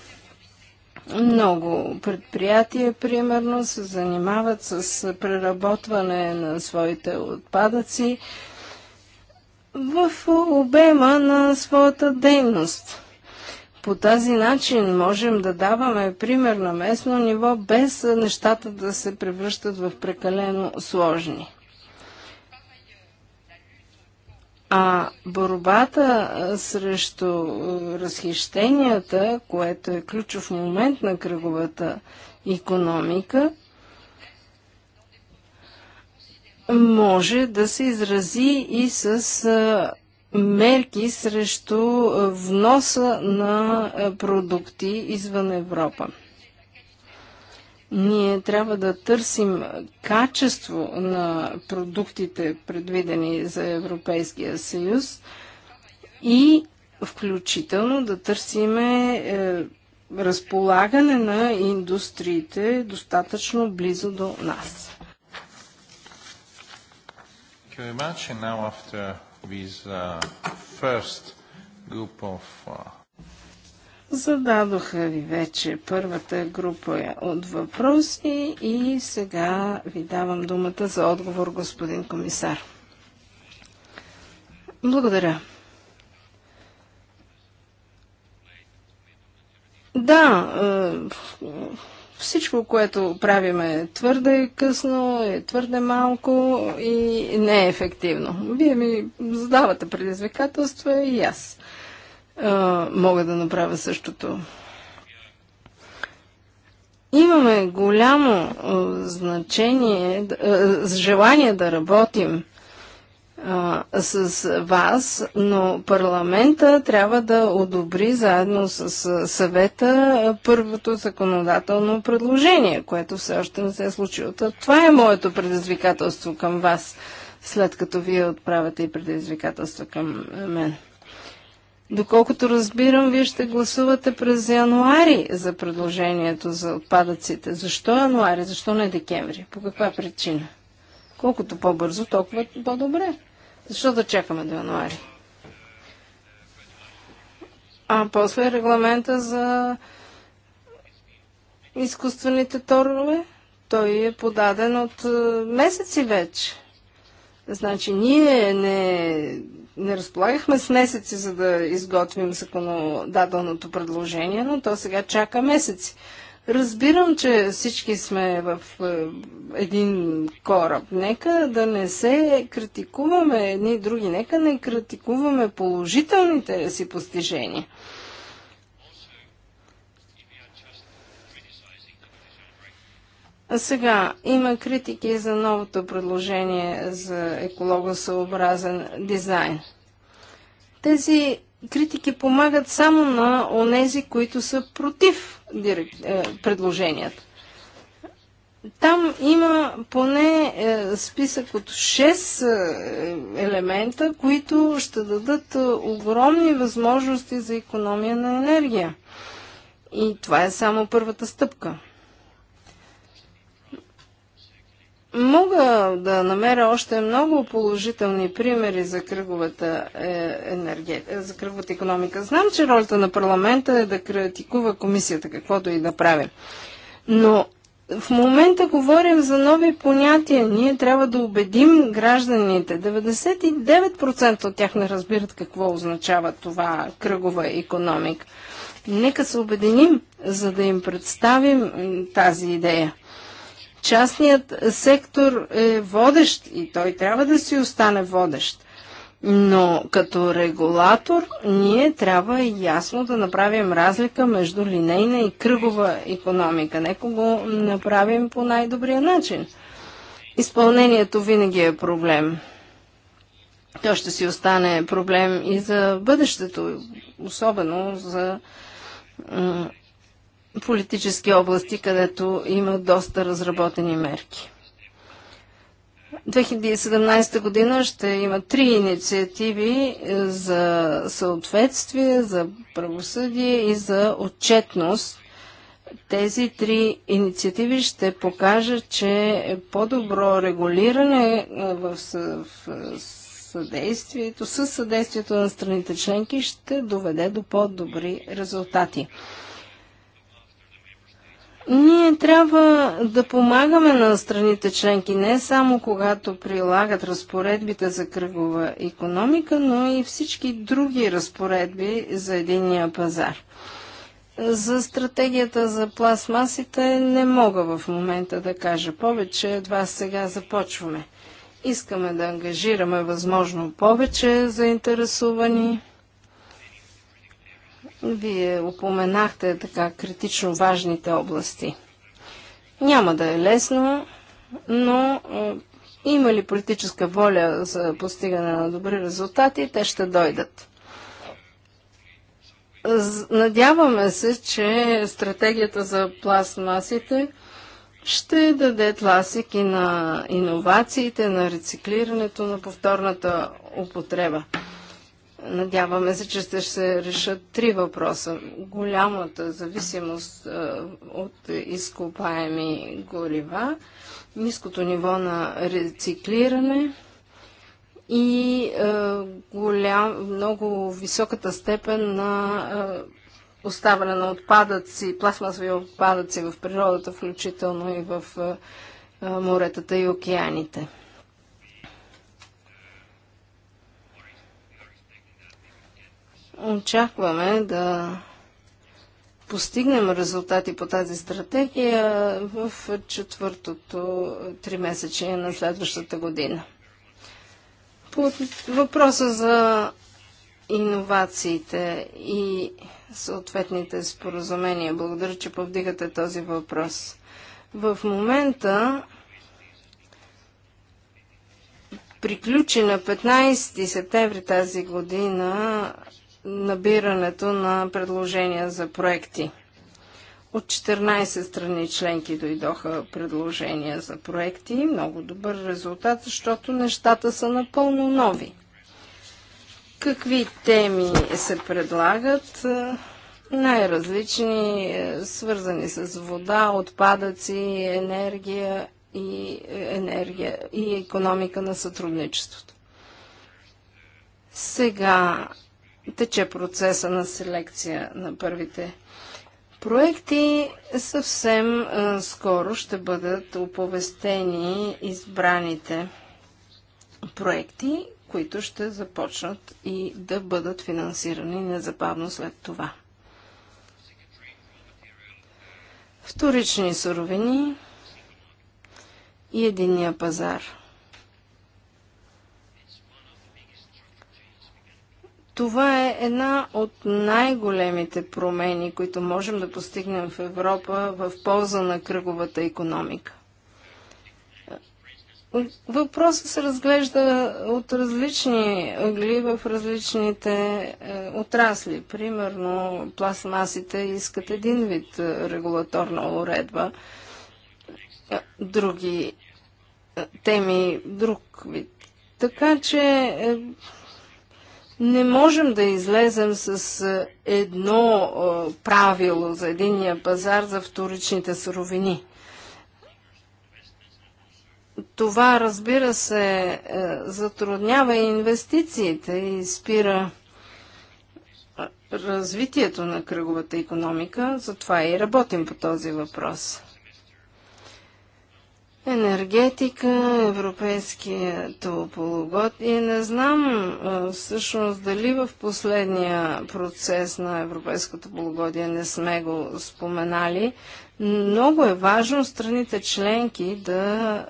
Много предприятия, примерно, се занимават с преработване на своите отпадъци в обема на своята дейност. По тази начин можем да даваме пример на местно ниво, без нещата да се превръщат в прекалено сложни. А борбата срещу разхищенията, което е ключов момент на кръговата економика, може да се изрази и с мерки срещу вноса на продукти извън Европа. Ние трябва да търсим качество на продуктите, предвидени за Европейския съюз и включително да търсиме е, разполагане на индустриите достатъчно близо до нас. Thank you now after uh, first group of uh, Зададоха ви вече първата група от въпроси и сега ви давам думата за отговор, господин комисар. Благодаря. Да, е, всичко, което правим е твърде късно, е твърде малко и не е ефективно. Вие ми задавате предизвикателства и аз мога да направя същото. Имаме голямо значение, желание да работим с вас, но парламента трябва да одобри заедно с съвета първото законодателно предложение, което все още не се е случило. Това е моето предизвикателство към вас, след като вие отправяте и предизвикателства към мен. Доколкото разбирам, вие ще гласувате през януари за предложението за отпадъците. Защо януари? Защо не декември? По каква причина? Колкото по-бързо, толкова по-добре. Защо да чакаме до януари? А после регламента за изкуствените торове, той е подаден от е, месеци вече. Значи ние не не разполагахме с месеци, за да изготвим законодателното предложение, но то сега чака месеци. Разбирам, че всички сме в е, един кораб. Нека да не се критикуваме едни и други. Нека не критикуваме положителните си постижения. Сега има критики за новото предложение за екологосъобразен дизайн. Тези критики помагат само на онези, които са против предложението. предложенията. Там има поне е, списък от 6 е, елемента, които ще дадат е, огромни възможности за економия на енергия. И това е само първата стъпка. Мога да намеря още много положителни примери за кръговата, е, енерге... Е, за кръговата економика. Знам, че ролята на парламента е да критикува комисията, каквото и да прави. Но в момента говорим за нови понятия. Ние трябва да убедим гражданите. 99% от тях не разбират какво означава това кръгова економика. Нека се обединим, за да им представим тази идея. Частният сектор е водещ и той трябва да си остане водещ. Но като регулатор ние трябва ясно да направим разлика между линейна и кръгова економика. Нека го направим по най-добрия начин. Изпълнението винаги е проблем. То ще си остане проблем и за бъдещето, особено за политически области, където има доста разработени мерки. 2017 година ще има три инициативи е, за съответствие, за правосъдие и за отчетност. Тези три инициативи ще покажат, че по-добро регулиране е, в, съдействието, със съдействието на страните членки ще доведе до по-добри резултати. Ние трябва да помагаме на страните членки не само когато прилагат разпоредбите за кръгова економика, но и всички други разпоредби за единния пазар. За стратегията за пластмасите не мога в момента да кажа повече, едва сега започваме. Искаме да ангажираме възможно повече заинтересувани вие упоменахте така критично важните области. Няма да е лесно, но е, има ли политическа воля за постигане на добри резултати, те ще дойдат. Надяваме се, че стратегията за пластмасите ще даде тласик и на иновациите, на рециклирането, на повторната употреба. Надяваме се, че ще се решат три въпроса. Голямата зависимост е, от изкопаеми горива, ниското ниво на рециклиране и е, голям, много високата степен на е, оставане на отпадъци, пластмасови отпадъци в природата, включително и в моретата и океаните. Очакваме да постигнем резултати по тази стратегия в четвъртото тримесечие на следващата година. По въпроса за иновациите и съответните споразумения. Благодаря, че повдигате този въпрос. В момента приключи на 15 септември тази година набирането на предложения за проекти. От 14 страни членки дойдоха предложения за проекти. Много добър резултат, защото нещата са напълно нови. Какви теми се предлагат? Най-различни, е, свързани с вода, отпадъци, енергия и, е, енергия и економика на сътрудничеството. Сега тече процеса на селекция на първите проекти. Съвсем а, е, скоро ще бъдат оповестени избраните проекти, които ще започнат и да бъдат финансирани незабавно след това. Вторични суровини и единия пазар. Това е една от най-големите промени, които можем да постигнем в Европа в полза на кръговата економика. Въпросът се разглежда от различни ъгли в различните е, отрасли. Примерно, пластмасите искат един вид е, регулаторна уредба, е, други теми друг вид. Така че не можем да излезем с едно правило за единия пазар за вторичните суровини. Това, разбира се, е, затруднява и инвестициите и спира развитието на кръговата економика, затова и работим по този въпрос енергетика, европейскието полугодие. Не знам всъщност дали в последния процес на европейското полугодие не сме го споменали. Много е важно страните членки да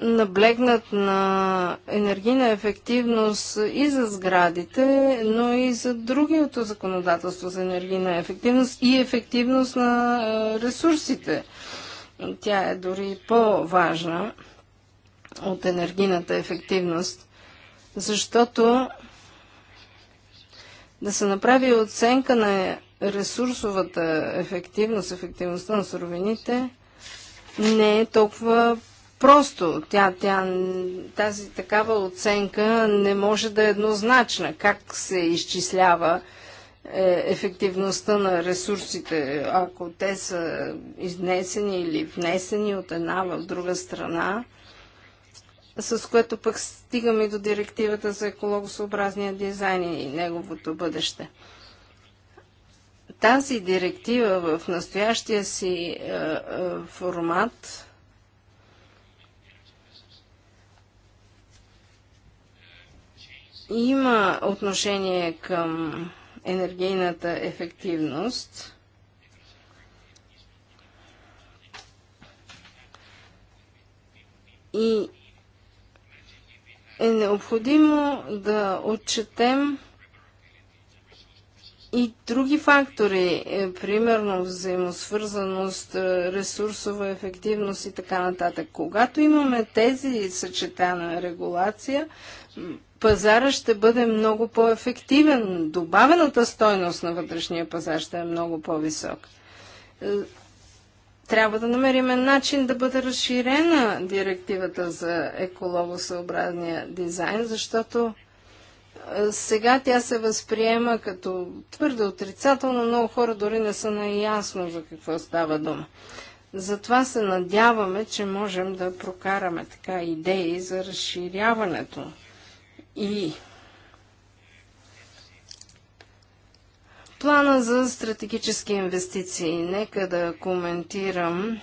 наблегнат на енергийна ефективност и за сградите, но и за другиото законодателство за енергийна ефективност и ефективност на ресурсите. Тя е дори по-важна от енергийната ефективност, защото да се направи оценка на ресурсовата ефективност, ефективността на суровините, не е толкова просто. Тя, тя, тази такава оценка не може да е еднозначна. Как се изчислява е, ефективността на ресурсите, ако те са изнесени или внесени от една в друга страна, с което пък стигаме до директивата за екологосъобразния дизайн и неговото бъдеще. Тази директива в настоящия си е, е, формат има отношение към енергийната ефективност. И е необходимо да отчетем и други фактори, е, примерно взаимосвързаност, е, ресурсова ефективност и така нататък. Когато имаме тези съчетана регулация, пазара ще бъде много по-ефективен. Добавената стойност на вътрешния пазар ще е много по-висока. Е, трябва да намерим начин да бъде разширена директивата за екологосъобразния дизайн, защото е, сега тя се възприема като твърде отрицателно. Много хора дори не са наясно за какво става дума. Затова се надяваме, че можем да прокараме така идеи за разширяването и плана за стратегически инвестиции. Нека да коментирам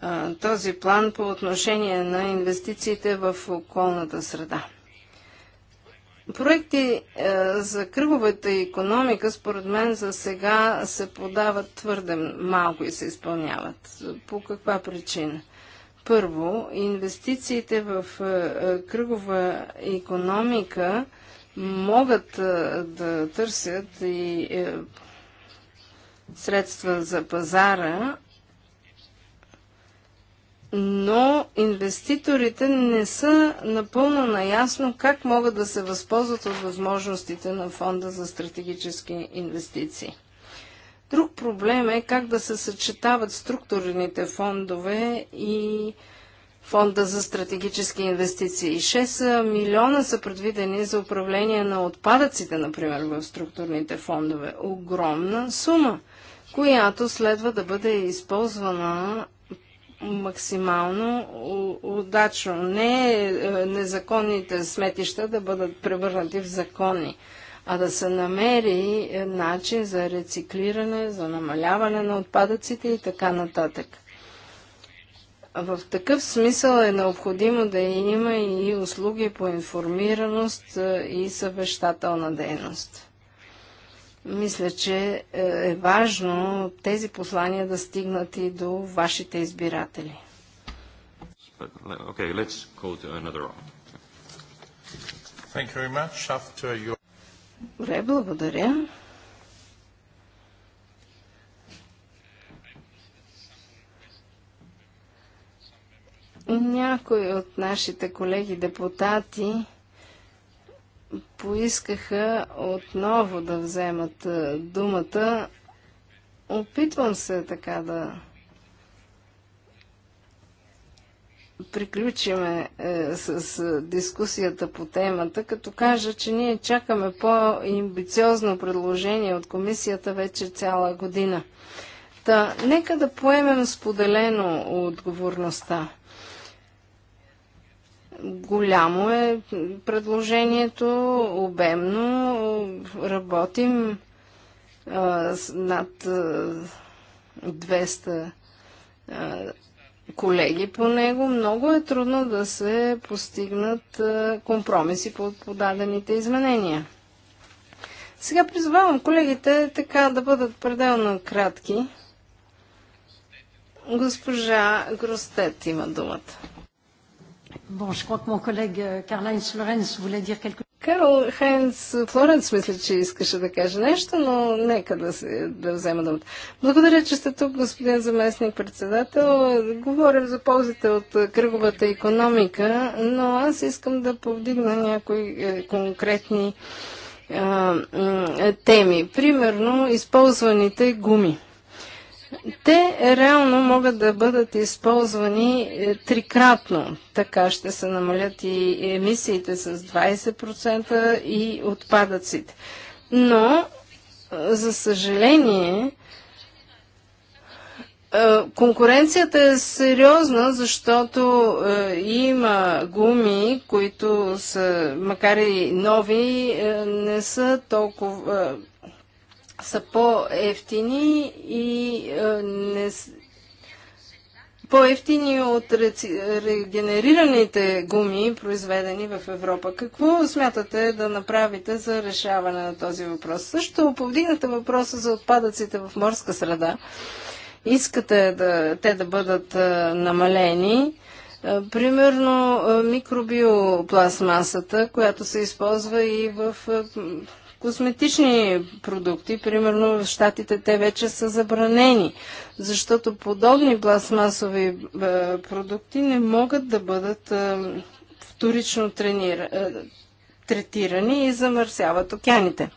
а, този план по отношение на инвестициите в околната среда. Проекти за кръговата економика, според мен, за сега се подават твърде малко и се изпълняват. По каква причина? Първо, инвестициите в е, е, кръгова економика могат е, да търсят и средства за пазара, но инвеститорите не са напълно наясно как могат да се възползват от възможностите на фонда за стратегически инвестиции. Друг проблем е как да се съчетават структурните фондове и фонда за стратегически инвестиции. 6 милиона са предвидени за управление на отпадъците, например, в структурните фондове. Огромна сума, която следва да бъде използвана максимално удачно. Не е, е, незаконните сметища да бъдат превърнати в законни а да се намери е, начин за рециклиране, за намаляване на отпадъците и така нататък. В такъв смисъл е необходимо да има и услуги по информираност е, и съвещателна дейност. Мисля, че е, е важно тези послания да стигнат и до вашите избиратели. Okay, let's go to another one. Thank you very much. After your... Добре, благодаря. Някои от нашите колеги депутати поискаха отново да вземат думата. Опитвам се така да приключиме е, с, с дискусията по темата, като кажа, че ние чакаме по имбициозно предложение от комисията вече цяла година. Та, нека да поемем споделено отговорността. Голямо е предложението, обемно, работим е, над е, 200 колеги по него, много е трудно да се постигнат компромиси по подадените изменения. Сега призовавам колегите така да бъдат пределно кратки. Госпожа Гростет има думата. Bon, je crois que mon collègue Karl-Heinz euh, voulait dire quelque Карл Хайнц Флоренс мисля, че искаше да каже нещо, но нека да, се, да взема думата. Благодаря, че сте тук, господин заместник председател. Говорим за ползите от кръговата економика, но аз искам да повдигна някои е, конкретни а, теми. Примерно, използваните гуми те реално могат да бъдат използвани е, трикратно. Така ще се намалят и емисиите с 20% и отпадъците. Но, е, за съжаление, е, конкуренцията е сериозна, защото има гуми, които са, макар и нови, не са толкова са по-ефтини и е, не по-ефтини от регенерираните гуми, произведени в Европа. Какво смятате да направите за решаване на този въпрос? Също повдигната въпроса за отпадъците в морска среда. Искате да, те да бъдат а, е, намалени. Е, примерно микробиопластмасата, която се използва и в косметични продукти. Примерно в Штатите те вече са забранени, защото подобни пластмасови е, продукти не могат да бъдат е, вторично е, третирани и замърсяват океаните.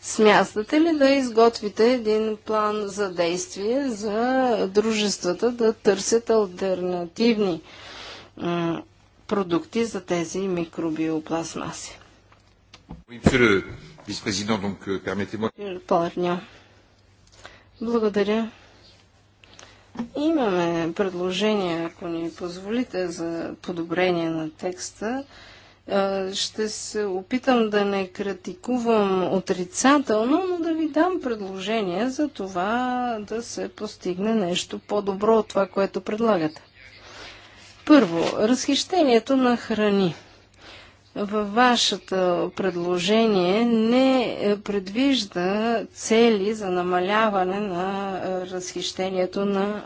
Смятате ли да изготвите един план за действие за дружествата да търсят альтернативни продукти за тези микробиопластмаси? vice-président, donc euh, permettez-moi. Благодаря. Имаме предложение, ако ни позволите, за подобрение на текста. Е, ще се опитам да не критикувам отрицателно, но да ви дам предложение за това да се постигне нещо по-добро от това, което предлагате. Първо, разхищението на храни – във вашето предложение не предвижда цели за намаляване на разхищението на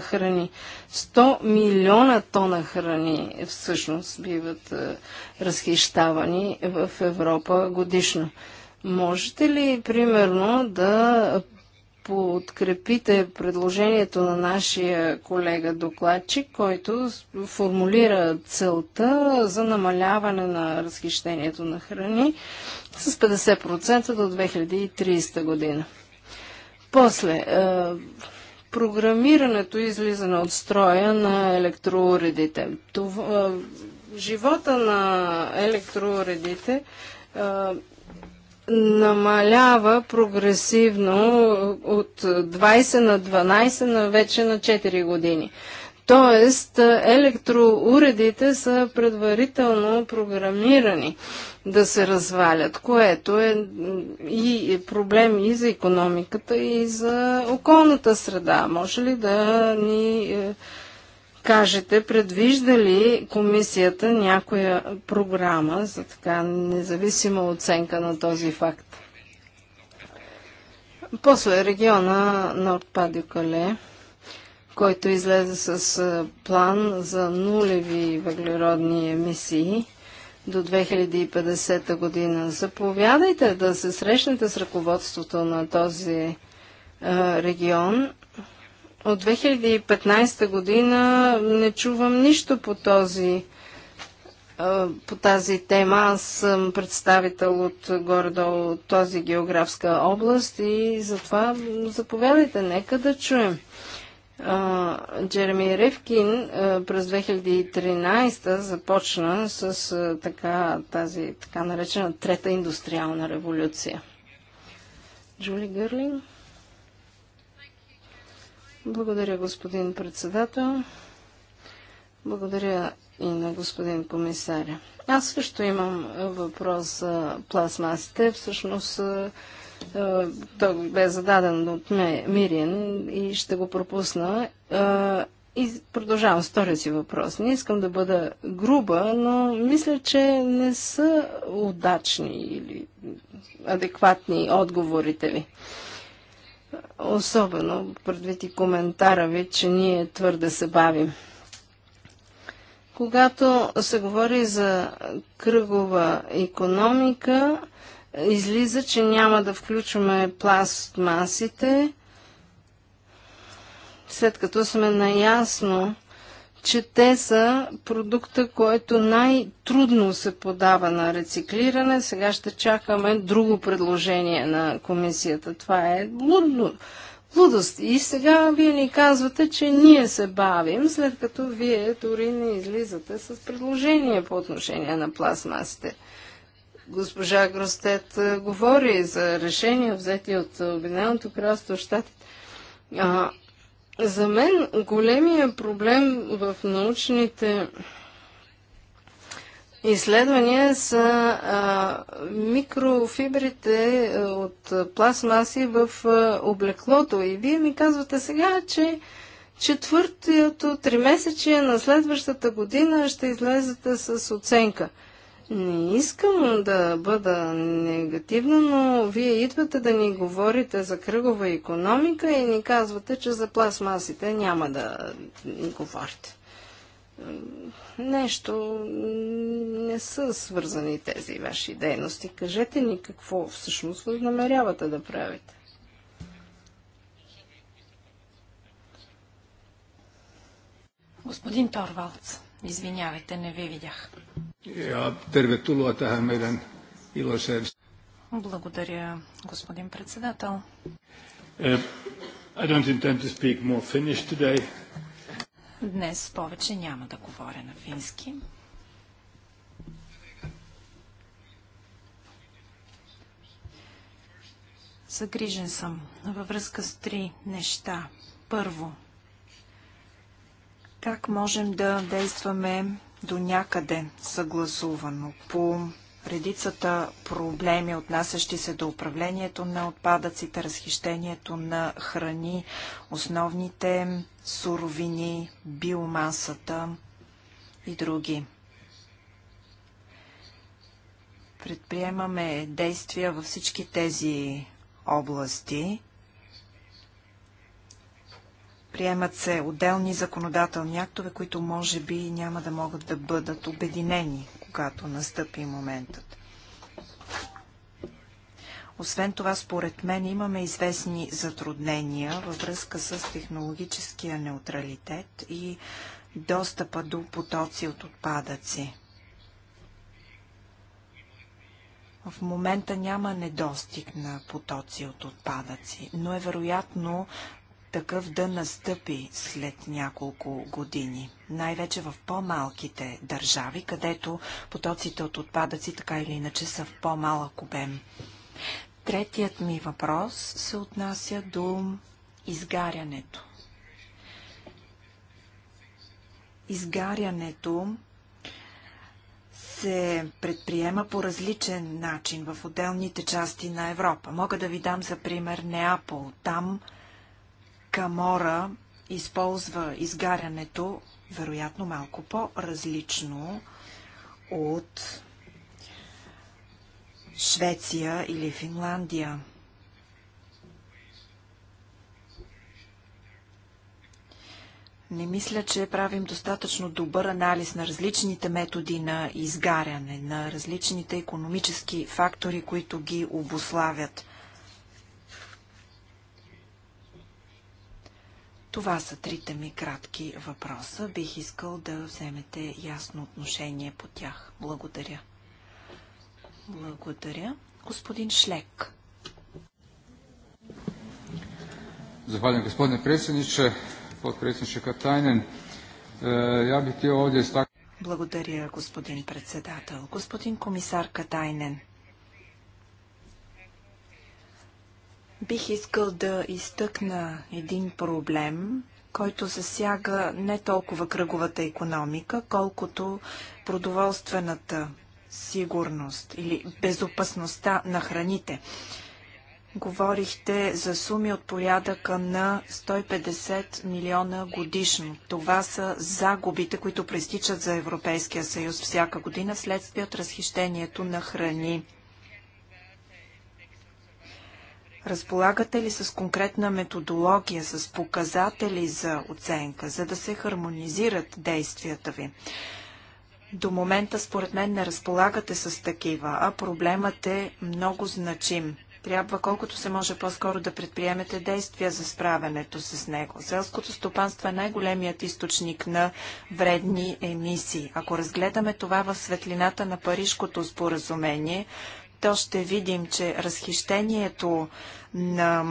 храни. 100 милиона тона храни всъщност биват разхищавани в Европа годишно. Можете ли, примерно, да подкрепите предложението на нашия колега докладчик, който формулира целта за намаляване на разхищението на храни с 50% до 2030 година. После, е, програмирането и излизане от строя на електроуредите. Е, живота на електроуредите е, намалява прогресивно от 20 на 12 на вече на 4 години. Тоест, електроуредите са предварително програмирани да се развалят, което е и проблем и за економиката, и за околната среда. Може ли да ни е, кажете, предвижда ли комисията някоя програма за така независима оценка на този факт? После региона Норд-Падюкале, който излезе с план за нулеви въглеродни емисии до 2050 година. Заповядайте да се срещнете с ръководството на този регион от 2015 година не чувам нищо по този по тази тема. Аз съм представител от горе-долу този географска област и затова заповядайте, нека да чуем. Джереми Ревкин през 2013 започна с така, тази така наречена трета индустриална революция. Джули Гърлин? Благодаря, господин председател. Благодаря и на господин комисаря. Аз също имам е, въпрос за пластмасите. Всъщност е, е, той бе зададен от Мириен и ще го пропусна. И продължавам с втория си въпрос. Не искам да бъда груба, но мисля, че не са удачни или адекватни отговорите ви особено предвид и коментара ви, че ние твърде се бавим. Когато се говори за кръгова економика, излиза, че няма да включваме пластмасите, след като сме наясно, че те са продукта, който най-трудно се подава на рециклиране. Сега ще чакаме друго предложение на комисията. Това е лудно. Лудост. И сега вие ни казвате, че ние се бавим, след като вие дори не излизате с предложение по отношение на пластмасите. Госпожа Гростет говори за решения, взети от Обединеното кралство, щатите. За мен големия проблем в научните изследвания са а, микрофибрите от пластмаси в а, облеклото. И вие ми казвате сега, че четвъртото тримесечие на следващата година ще излезете с оценка. Не искам да бъда негативна, но вие идвате да ни говорите за кръгова економика и ни казвате, че за пластмасите няма да ни говорите. Нещо не са свързани тези ваши дейности. Кажете ни какво всъщност възнамерявате да правите. Господин Торвалц, извинявайте, не ви видях. Ja tervetuloa tähän meidän iloiseen. Благодаря, господин председател. Е, I don't intend to speak more Finnish today. Днес повече няма да говоря на фински. Загрижен съм във връзка с три неща. Първо, как можем да действаме до някъде съгласувано по редицата проблеми, отнасящи се до управлението на отпадъците, разхищението на храни, основните суровини, биомасата и други. Предприемаме действия във всички тези области – Приемат се отделни законодателни актове, които може би няма да могат да бъдат обединени, когато настъпи моментът. Освен това, според мен имаме известни затруднения във връзка с технологическия неутралитет и достъпа до потоци от отпадъци. В момента няма недостиг на потоци от отпадъци, но е вероятно такъв да настъпи след няколко години, най-вече в по-малките държави, където потоците от отпадъци така или иначе са в по-малък обем. Третият ми въпрос се отнася до изгарянето. Изгарянето се предприема по различен начин в отделните части на Европа. Мога да ви дам за пример Неапол. Там Камора използва изгарянето, вероятно малко по-различно от Швеция или Финландия. Не мисля, че правим достатъчно добър анализ на различните методи на изгаряне, на различните економически фактори, които ги обославят. Това са трите ми кратки въпроса. Бих искал да вземете ясно отношение по тях. Благодаря. Благодаря. Господин Шлек. Zahvaljujem gospodine predsjedniče, potpredsjedniče Katajnen. E, ja bih htio ovdje istaknuti... Благодаря, господин председател. Господин комисар Катайнен, Бих искал да изтъкна един проблем, който засяга не толкова кръговата економика, колкото продоволствената сигурност или безопасността на храните. Говорихте за суми от порядъка на 150 милиона годишно. Това са загубите, които престичат за Европейския съюз всяка година следствие от разхищението на храни. Разполагате ли с конкретна методология, с показатели за оценка, за да се хармонизират действията ви? До момента, според мен, не разполагате с такива, а проблемът е много значим. Трябва колкото се може по-скоро да предприемете действия за справянето с него. Селското стопанство е най-големият източник на вредни емисии. Ако разгледаме това в светлината на Парижкото споразумение, то ще видим, че разхищението на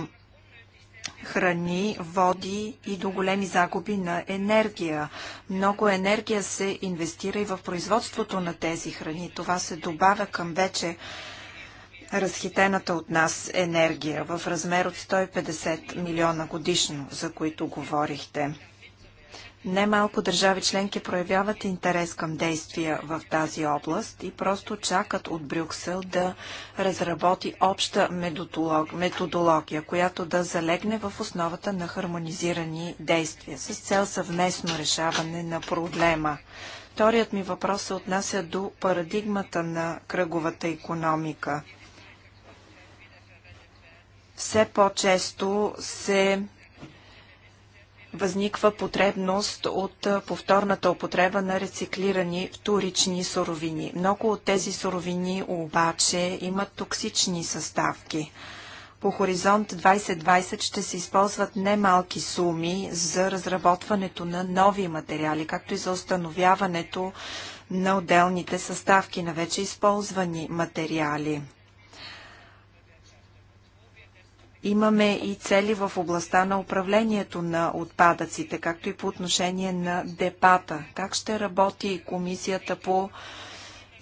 храни води и до големи загуби на енергия. Много енергия се инвестира и в производството на тези храни. Това се добавя към вече разхитената от нас енергия в размер от 150 милиона годишно, за които говорихте. Немалко държави членки проявяват интерес към действия в тази област и просто чакат от Брюксел да разработи обща методология, която да залегне в основата на хармонизирани действия с цел съвместно решаване на проблема. Вторият ми въпрос се отнася до парадигмата на кръговата економика. Все по-често се възниква потребност от повторната употреба на рециклирани вторични суровини. Много от тези суровини обаче имат токсични съставки. По Хоризонт 2020 ще се използват немалки суми за разработването на нови материали, както и за установяването на отделните съставки на вече използвани материали. Имаме и цели в областта на управлението на отпадъците, както и по отношение на депата. Как ще работи комисията по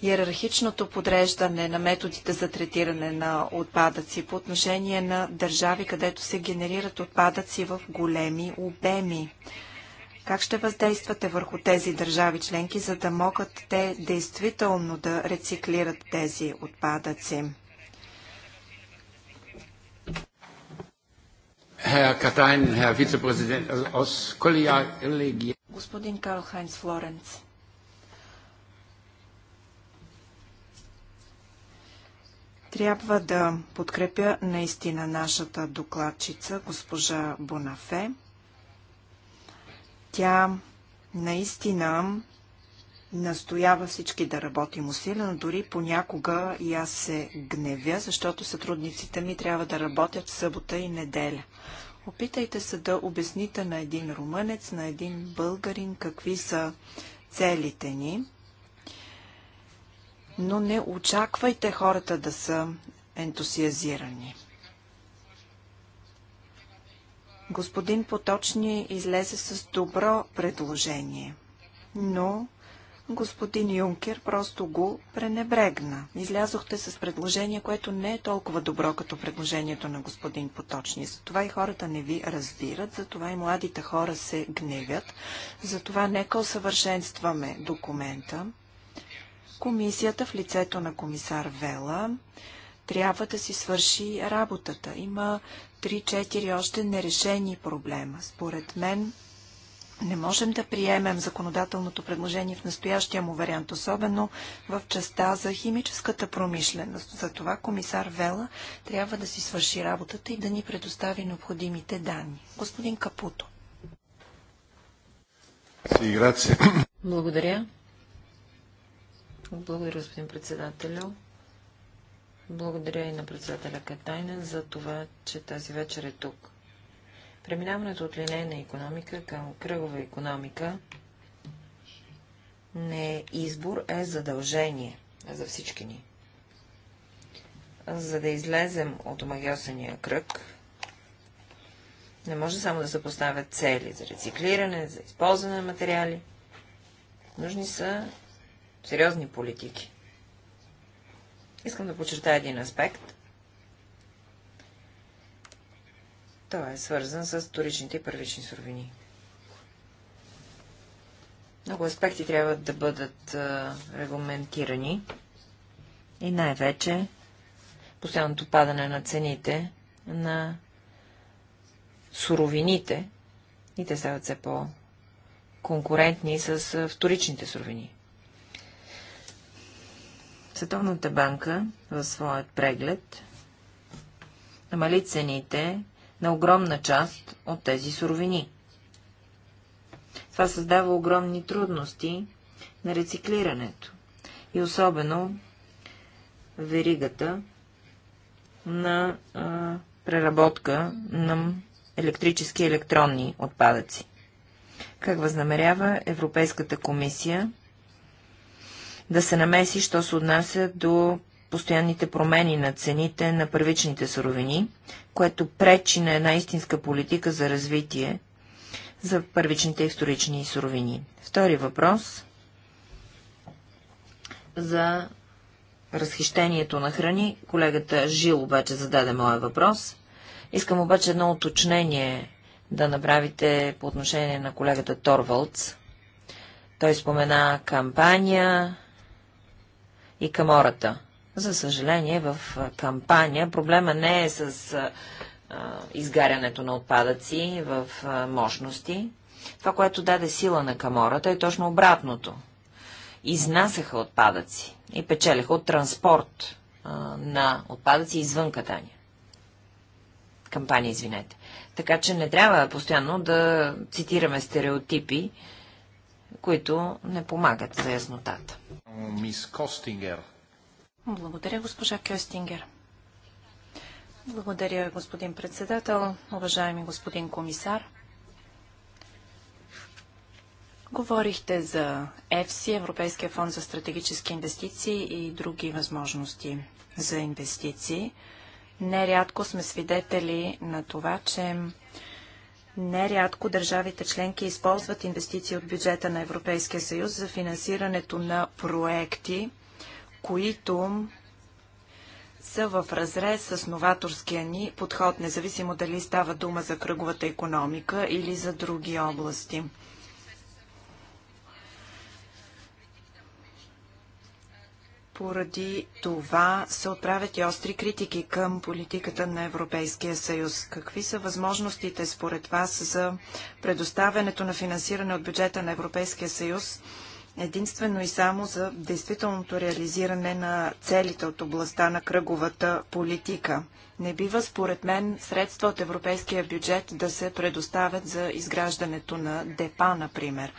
иерархичното подреждане на методите за третиране на отпадъци по отношение на държави, където се генерират отпадъци в големи обеми. Как ще въздействате върху тези държави членки, за да могат те действително да рециклират тези отпадъци? Господин Карл Хайнц Флоренц. Трябва да подкрепя наистина нашата докладчица, госпожа Бонафе. Тя наистина настоява всички да работим усилено, дори понякога и аз се гневя, защото сътрудниците ми трябва да работят в събота и неделя. Опитайте се да обясните на един румънец, на един българин какви са целите ни, но не очаквайте хората да са ентусиазирани. Господин Поточни излезе с добро предложение, но господин Юнкер просто го пренебрегна. Излязохте с предложение, което не е толкова добро като предложението на господин Поточни. Затова и хората не ви разбират, затова и младите хора се гневят. Затова нека усъвършенстваме документа. Комисията в лицето на комисар Вела трябва да си свърши работата. Има 3-4 още нерешени проблема. Според мен не можем да приемем законодателното предложение в настоящия му вариант, особено в частта за химическата промишленост. За това комисар Вела трябва да си свърши работата и да ни предостави необходимите данни. Господин Капуто. Благодаря. Благодаря, господин председателю. Благодаря и на председателя Катайнен за това, че тази вечер е тук. Преминаването от линейна економика към кръгова економика не е избор, е задължение за всички ни. За да излезем от омагиосения кръг, не може само да се поставят цели за рециклиране, за използване на материали. Нужни са сериозни политики. Искам да подчертая един аспект, Той е свързан с вторичните и първични суровини. Много аспекти трябва да бъдат регламентирани и най-вече постоянното падане на цените на суровините и те стават все по-конкурентни с вторичните суровини. Световната банка в своят преглед намали цените на огромна част от тези суровини. Това създава огромни трудности на рециклирането и особено веригата на а, преработка на електрически и електронни отпадъци. Как възнамерява Европейската комисия да се намеси, що се отнася до постоянните промени на цените на първичните суровини, което пречи на една истинска политика за развитие за първичните и вторични суровини. Втори въпрос за разхищението на храни. Колегата Жил обаче зададе моя въпрос. Искам обаче едно уточнение да направите по отношение на колегата Торвалдс. Той спомена кампания и камората. За съжаление, в кампания проблема не е с а, изгарянето на отпадъци в а, мощности. Това, което даде сила на камората е точно обратното. Изнасяха отпадъци и печелиха от транспорт а, на отпадъци извън Катания. Кампания, извинете. Така че не трябва постоянно да цитираме стереотипи, които не помагат за яснотата. Мис Костингер. Благодаря, госпожа Кюстингер. Благодаря, господин председател, уважаеми господин комисар. Говорихте за ЕФСИ, Европейския фонд за стратегически инвестиции и други възможности за инвестиции. Нерядко сме свидетели на това, че нерядко държавите членки използват инвестиции от бюджета на Европейския съюз за финансирането на проекти, които са в разрез с новаторския ни подход, независимо дали става дума за кръговата економика или за други области. Поради това се отправят и остри критики към политиката на Европейския съюз. Какви са възможностите според вас за предоставянето на финансиране от бюджета на Европейския съюз единствено и само за действителното реализиране на целите от областта на кръговата политика. Не бива, според мен, средства от европейския бюджет да се предоставят за изграждането на депа, например.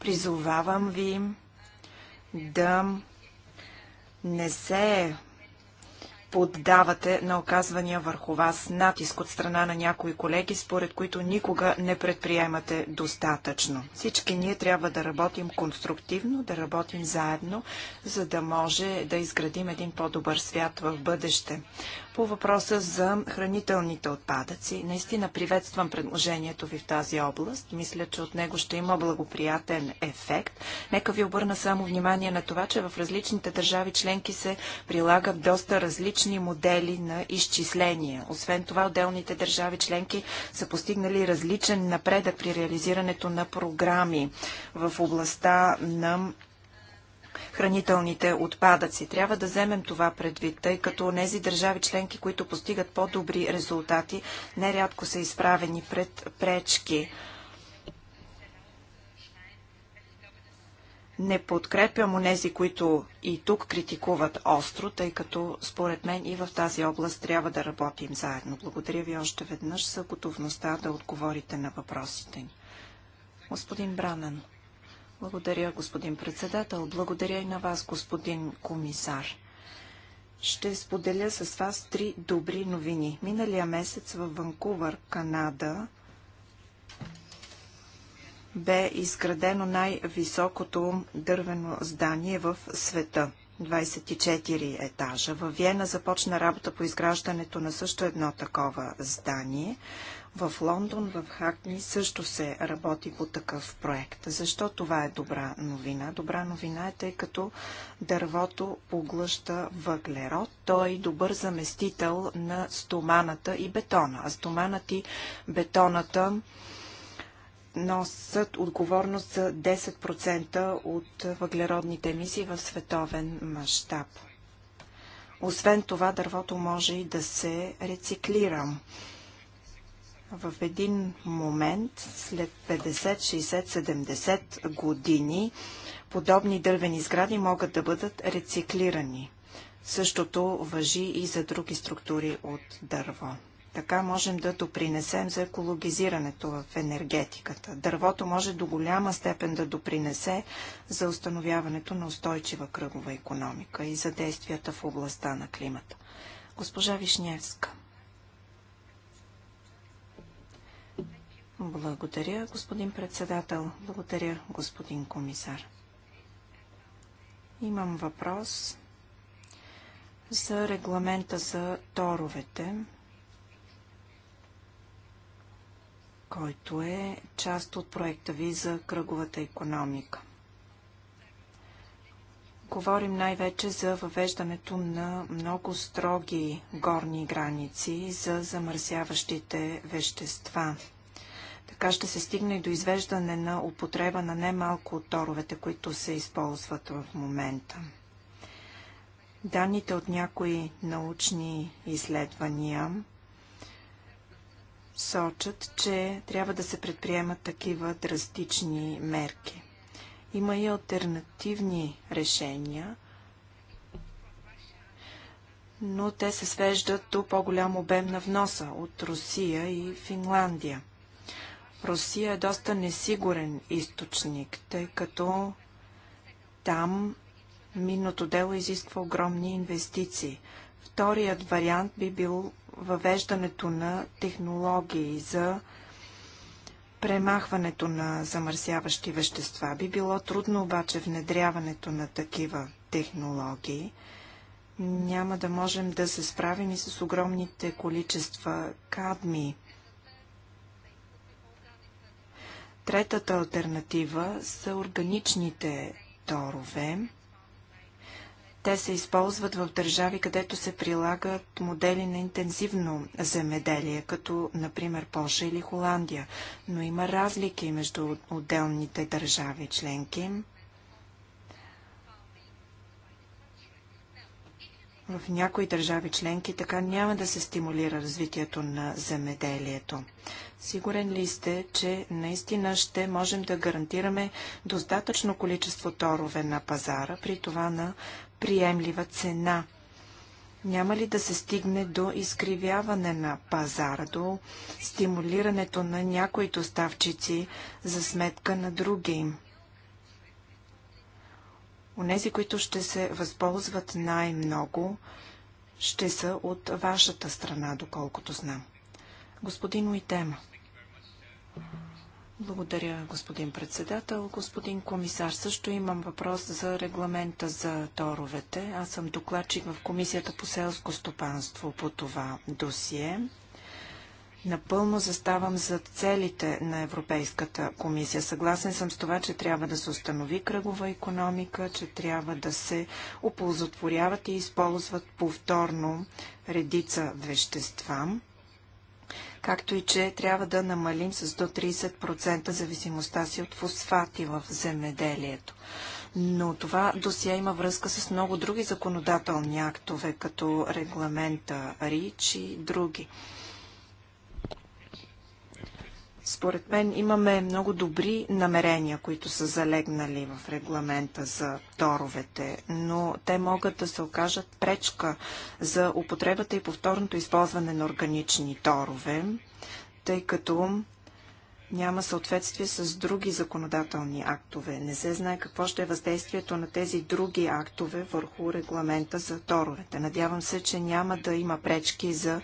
Призовавам ви да не се поддавате на оказвания върху вас натиск от страна на някои колеги, според които никога не предприемате достатъчно. Всички ние трябва да работим конструктивно, да работим заедно, за да може да изградим един по-добър свят в бъдеще. По въпроса за хранителните отпадъци, наистина приветствам предложението ви в тази област. Мисля, че от него ще има благоприятен ефект. Нека ви обърна само внимание на това, че в различните държави членки се прилагат доста различни модели на изчисления. Освен това, отделните държави членки са постигнали различен напредък при реализирането на програми в областта на хранителните отпадъци. Трябва да вземем това предвид, тъй като тези държави членки, които постигат по-добри резултати, нерядко са изправени пред пречки. не подкрепям онези, които и тук критикуват остро, тъй като според мен и в тази област трябва да работим заедно. Благодаря ви още веднъж за готовността да отговорите на въпросите ни. Господин Бранан. Благодаря, господин председател. Благодаря и на вас, господин комисар. Ще споделя с вас три добри новини. Миналия месец в Ванкувър, Канада, бе изградено най-високото дървено здание в света. 24 етажа. В Виена започна работа по изграждането на също едно такова здание. В Лондон, в Хакни също се работи по такъв проект. Защо това е добра новина? Добра новина е тъй като дървото поглъща въглерод. Той е добър заместител на стоманата и бетона. А стоманът и бетоната носят отговорност за 10% от въглеродните емисии в световен мащаб. Освен това, дървото може и да се рециклира. В един момент, след 50, 60, 70 години, подобни дървени сгради могат да бъдат рециклирани. Същото въжи и за други структури от дърво. Така можем да допринесем за екологизирането в енергетиката. Дървото може до голяма степен да допринесе за установяването на устойчива кръгова економика и за действията в областта на климата. Госпожа Вишневска. Благодаря, господин председател. Благодаря, господин комисар. Имам въпрос за регламента за торовете. който е част от проекта ви за кръговата економика. Говорим най-вече за въвеждането на много строги горни граници за замърсяващите вещества. Така ще се стигне и до извеждане на употреба на немалко от торовете, които се използват в момента. Данните от някои научни изследвания сочат, че трябва да се предприемат такива драстични мерки. Има и альтернативни решения, но те се свеждат до по-голям обем на вноса от Русия и Финландия. Русия е доста несигурен източник, тъй като там минното дело изисква огромни инвестиции. Вторият вариант би бил въвеждането на технологии за премахването на замърсяващи вещества. Би било трудно обаче внедряването на такива технологии. Няма да можем да се справим и с огромните количества кадми. Третата альтернатива са органичните торове. Те се използват в държави, където се прилагат модели на интензивно земеделие, като например Польша или Холандия. Но има разлики между отделните държави членки. В някои държави членки така няма да се стимулира развитието на земеделието. Сигурен ли сте, че наистина ще можем да гарантираме достатъчно количество торове на пазара, при това на приемлива цена. Няма ли да се стигне до изкривяване на пазара, до стимулирането на някои доставчици за сметка на други им? Онези, които ще се възползват най-много, ще са от вашата страна, доколкото знам. Господин Уитема. Благодаря, господин председател. Господин комисар, също имам въпрос за регламента за торовете. Аз съм докладчик в Комисията по селско стопанство по това досие. Напълно заставам за целите на Европейската комисия. Съгласен съм с това, че трябва да се установи кръгова економика, че трябва да се оползотворяват и използват повторно редица вещества както и че трябва да намалим с до 30% зависимостта си от фосфати в земеделието. Но това досия има връзка с много други законодателни актове, като регламента РИЧ и други. Според мен имаме много добри намерения, които са залегнали в регламента за торовете, но те могат да се окажат пречка за употребата и повторното използване на органични торове, тъй като няма съответствие с други законодателни актове. Не се знае какво ще е въздействието на тези други актове върху регламента за торовете. Надявам се, че няма да има пречки за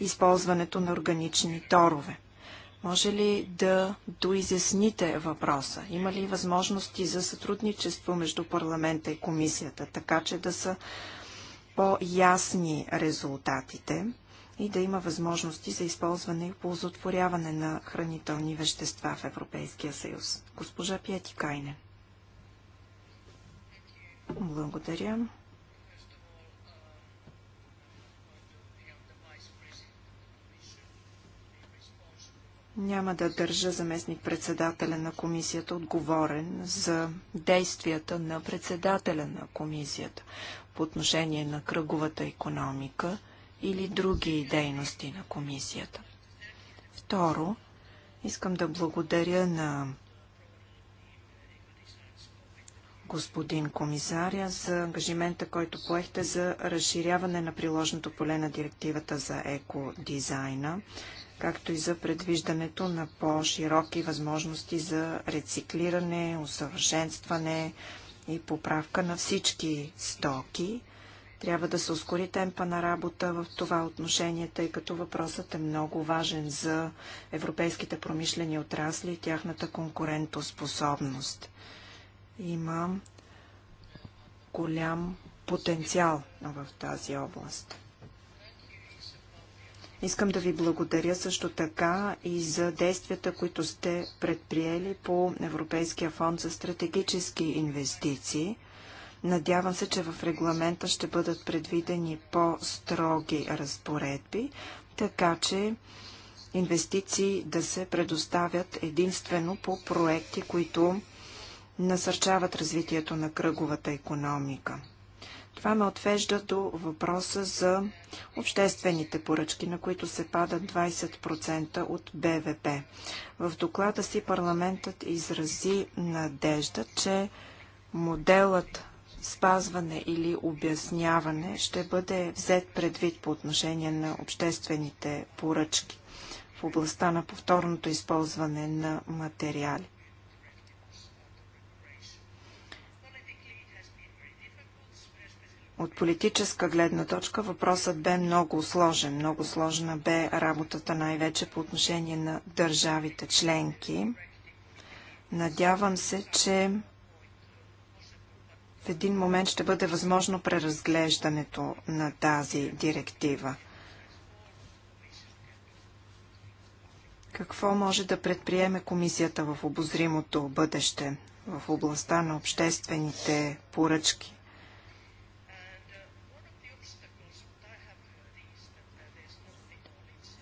използването на органични торове. Може ли да доизясните въпроса? Има ли възможности за сътрудничество между парламента и комисията, така че да са по-ясни резултатите и да има възможности за използване и ползотворяване на хранителни вещества в Европейския съюз? Госпожа Пиети Кайне. Благодаря. Няма да държа заместник председателя на комисията отговорен за действията на председателя на комисията по отношение на кръговата економика или други дейности на комисията. Второ, искам да благодаря на господин комисаря, за ангажимента, който поехте за разширяване на приложното поле на директивата за екодизайна както и за предвиждането на по-широки възможности за рециклиране, усъвършенстване и поправка на всички стоки. Трябва да се ускори темпа на работа в това отношение, тъй като въпросът е много важен за европейските промишлени отрасли и тяхната конкурентоспособност. Има голям потенциал в тази област. Искам да ви благодаря също така и за действията, които сте предприели по Европейския фонд за стратегически инвестиции. Надявам се, че в регламента ще бъдат предвидени по-строги разпоредби, така че инвестиции да се предоставят единствено по проекти, които насърчават развитието на кръговата економика. Това ме отвежда до въпроса за обществените поръчки, на които се падат 20% от БВП. В доклада си парламентът изрази надежда, че моделът спазване или обясняване ще бъде взет предвид по отношение на обществените поръчки в областта на повторното използване на материали. От политическа гледна точка въпросът бе много сложен. Много сложна бе работата най-вече по отношение на държавите членки. Надявам се, че в един момент ще бъде възможно преразглеждането на тази директива. Какво може да предприеме комисията в обозримото бъдеще в областта на обществените поръчки?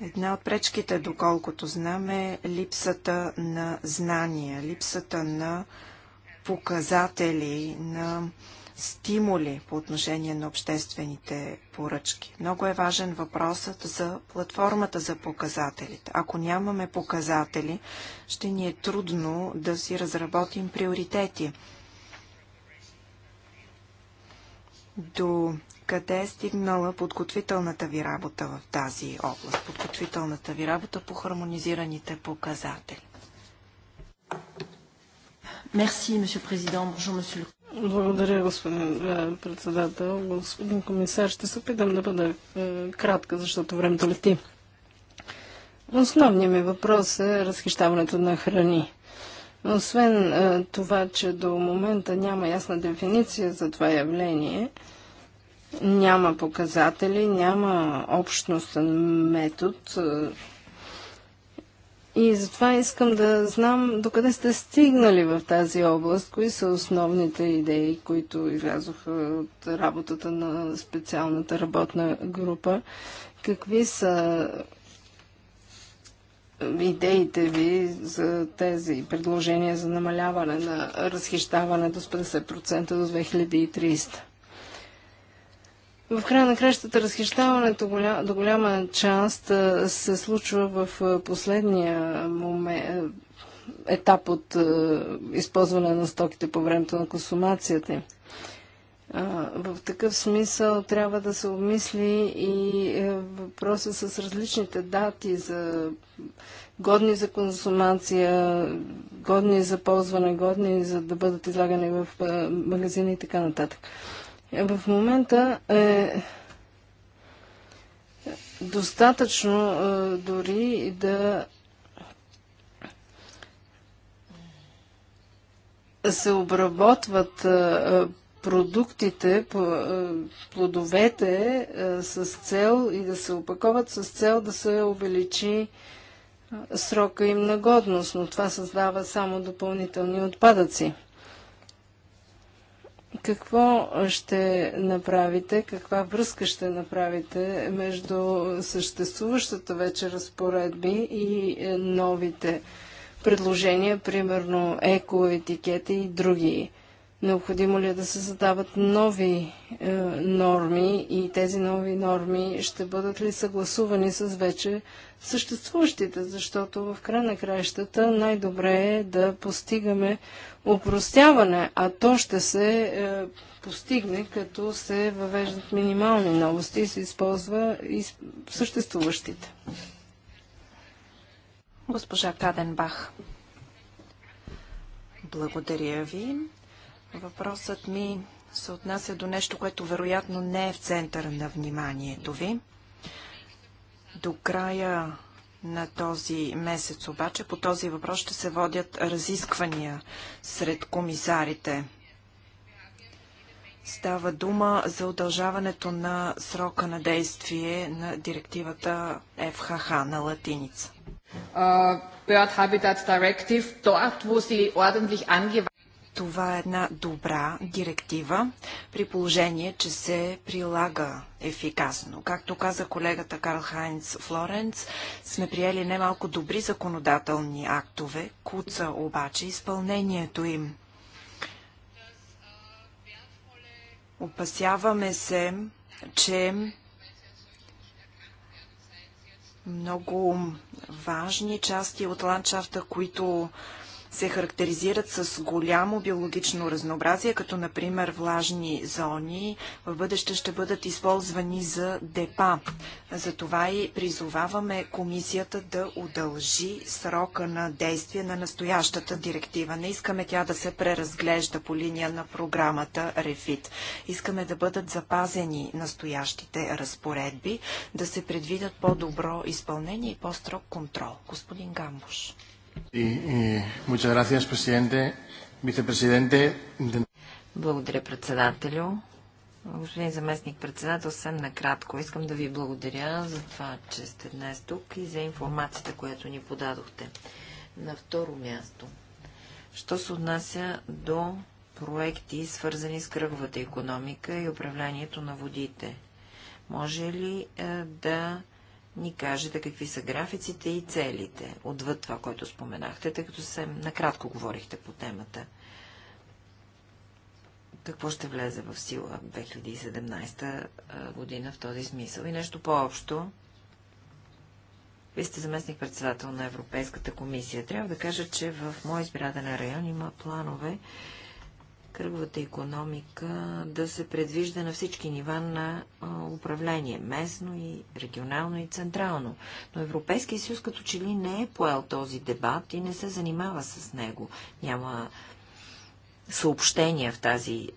Една от пречките, доколкото знам, е липсата на знания, липсата на показатели, на стимули по отношение на обществените поръчки. Много е важен въпросът за платформата за показателите. Ако нямаме показатели, ще ни е трудно да си разработим приоритети. До къде е стигнала подготвителната ви работа в тази област, подготвителната ви работа по хармонизираните показатели? Мерси, месье президент. Бонжур, месье благодаря, господин е, председател. Господин комисар, ще се опитам да бъда е, кратка, защото времето лети. Основният ми въпрос е разхищаването на храни. Освен е, това, че до момента няма ясна дефиниция за това явление, няма показатели, няма общностен метод. И затова искам да знам докъде сте стигнали в тази област, кои са основните идеи, които излязоха от работата на специалната работна група, какви са идеите ви за тези предложения за намаляване на разхищаването с 50% до 2300. В края на кращата разхищаването до голяма част се случва в последния момент, е, етап от използване на стоките по времето на консумацията В такъв смисъл трябва да се обмисли и е, въпроса с различните дати за годни за консумация, годни за ползване, годни за да бъдат излагани в магазини и така нататък в момента е достатъчно е, дори да се обработват е, продуктите, е, плодовете е, с цел и да се опаковат с цел да се увеличи е, срока им на годност, но това създава само допълнителни отпадъци. Какво ще направите, каква връзка ще направите между съществуващата вече разпоредби и е, новите предложения, примерно екоетикети и други? Необходимо ли е да се задават нови е, норми и тези нови норми ще бъдат ли съгласувани с вече съществуващите, защото в край на краищата най-добре е да постигаме упростяване, а то ще се е, постигне като се въвеждат минимални новости и се използва и съществуващите. Госпожа Каденбах. Благодаря ви. Въпросът ми се отнася до нещо, което вероятно не е в центъра на вниманието ви. До края на този месец обаче по този въпрос ще се водят разисквания сред комисарите. Става дума за удължаването на срока на действие на директивата ФХХ на латиница. Uh, Bird Habitat Directive, dort, wo sie ordentlich angewandt това е една добра директива, при положение, че се прилага ефикасно. Както каза колегата Карл Хайнц Флоренц, сме приели немалко добри законодателни актове, куца обаче изпълнението им. Опасяваме се, че много важни части от ландшафта, които се характеризират с голямо биологично разнообразие, като например влажни зони, в бъдеще ще бъдат използвани за депа. Затова и призоваваме комисията да удължи срока на действие на настоящата директива. Не искаме тя да се преразглежда по линия на програмата РЕФИТ. Искаме да бъдат запазени настоящите разпоредби, да се предвидят по-добро изпълнение и по-строг контрол. Господин Гамбуш. Eh, благодаря, председателю. Господин заместник председател, съвсем накратко искам да ви благодаря за това, че сте днес тук и за информацията, която ни подадохте. На второ място, що се отнася до проекти, свързани с кръговата економика и управлението на водите? Може ли е, да ни кажете какви са графиците и целите, отвъд това, което споменахте, тъй като се накратко говорихте по темата. Какво ще влезе в сила 2017 година в този смисъл? И нещо по-общо. Вие сте заместник председател на Европейската комисия. Трябва да кажа, че в моя избирателен район има планове кръговата економика да се предвижда на всички нива на управление – местно и регионално и централно. Но Европейския съюз като че ли не е поел този дебат и не се занимава с него. Няма съобщения в тази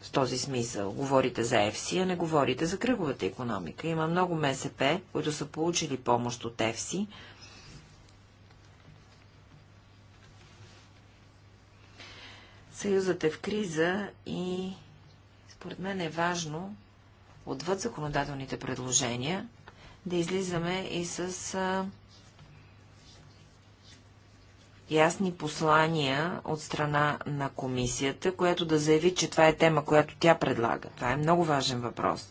в този смисъл. Говорите за ЕФСИ, а не говорите за кръговата економика. Има много МСП, които са получили помощ от ЕФСИ, Съюзът е в криза и според мен е важно, отвъд законодателните предложения, да излизаме и с а, ясни послания от страна на комисията, която да заяви, че това е тема, която тя предлага. Това е много важен въпрос.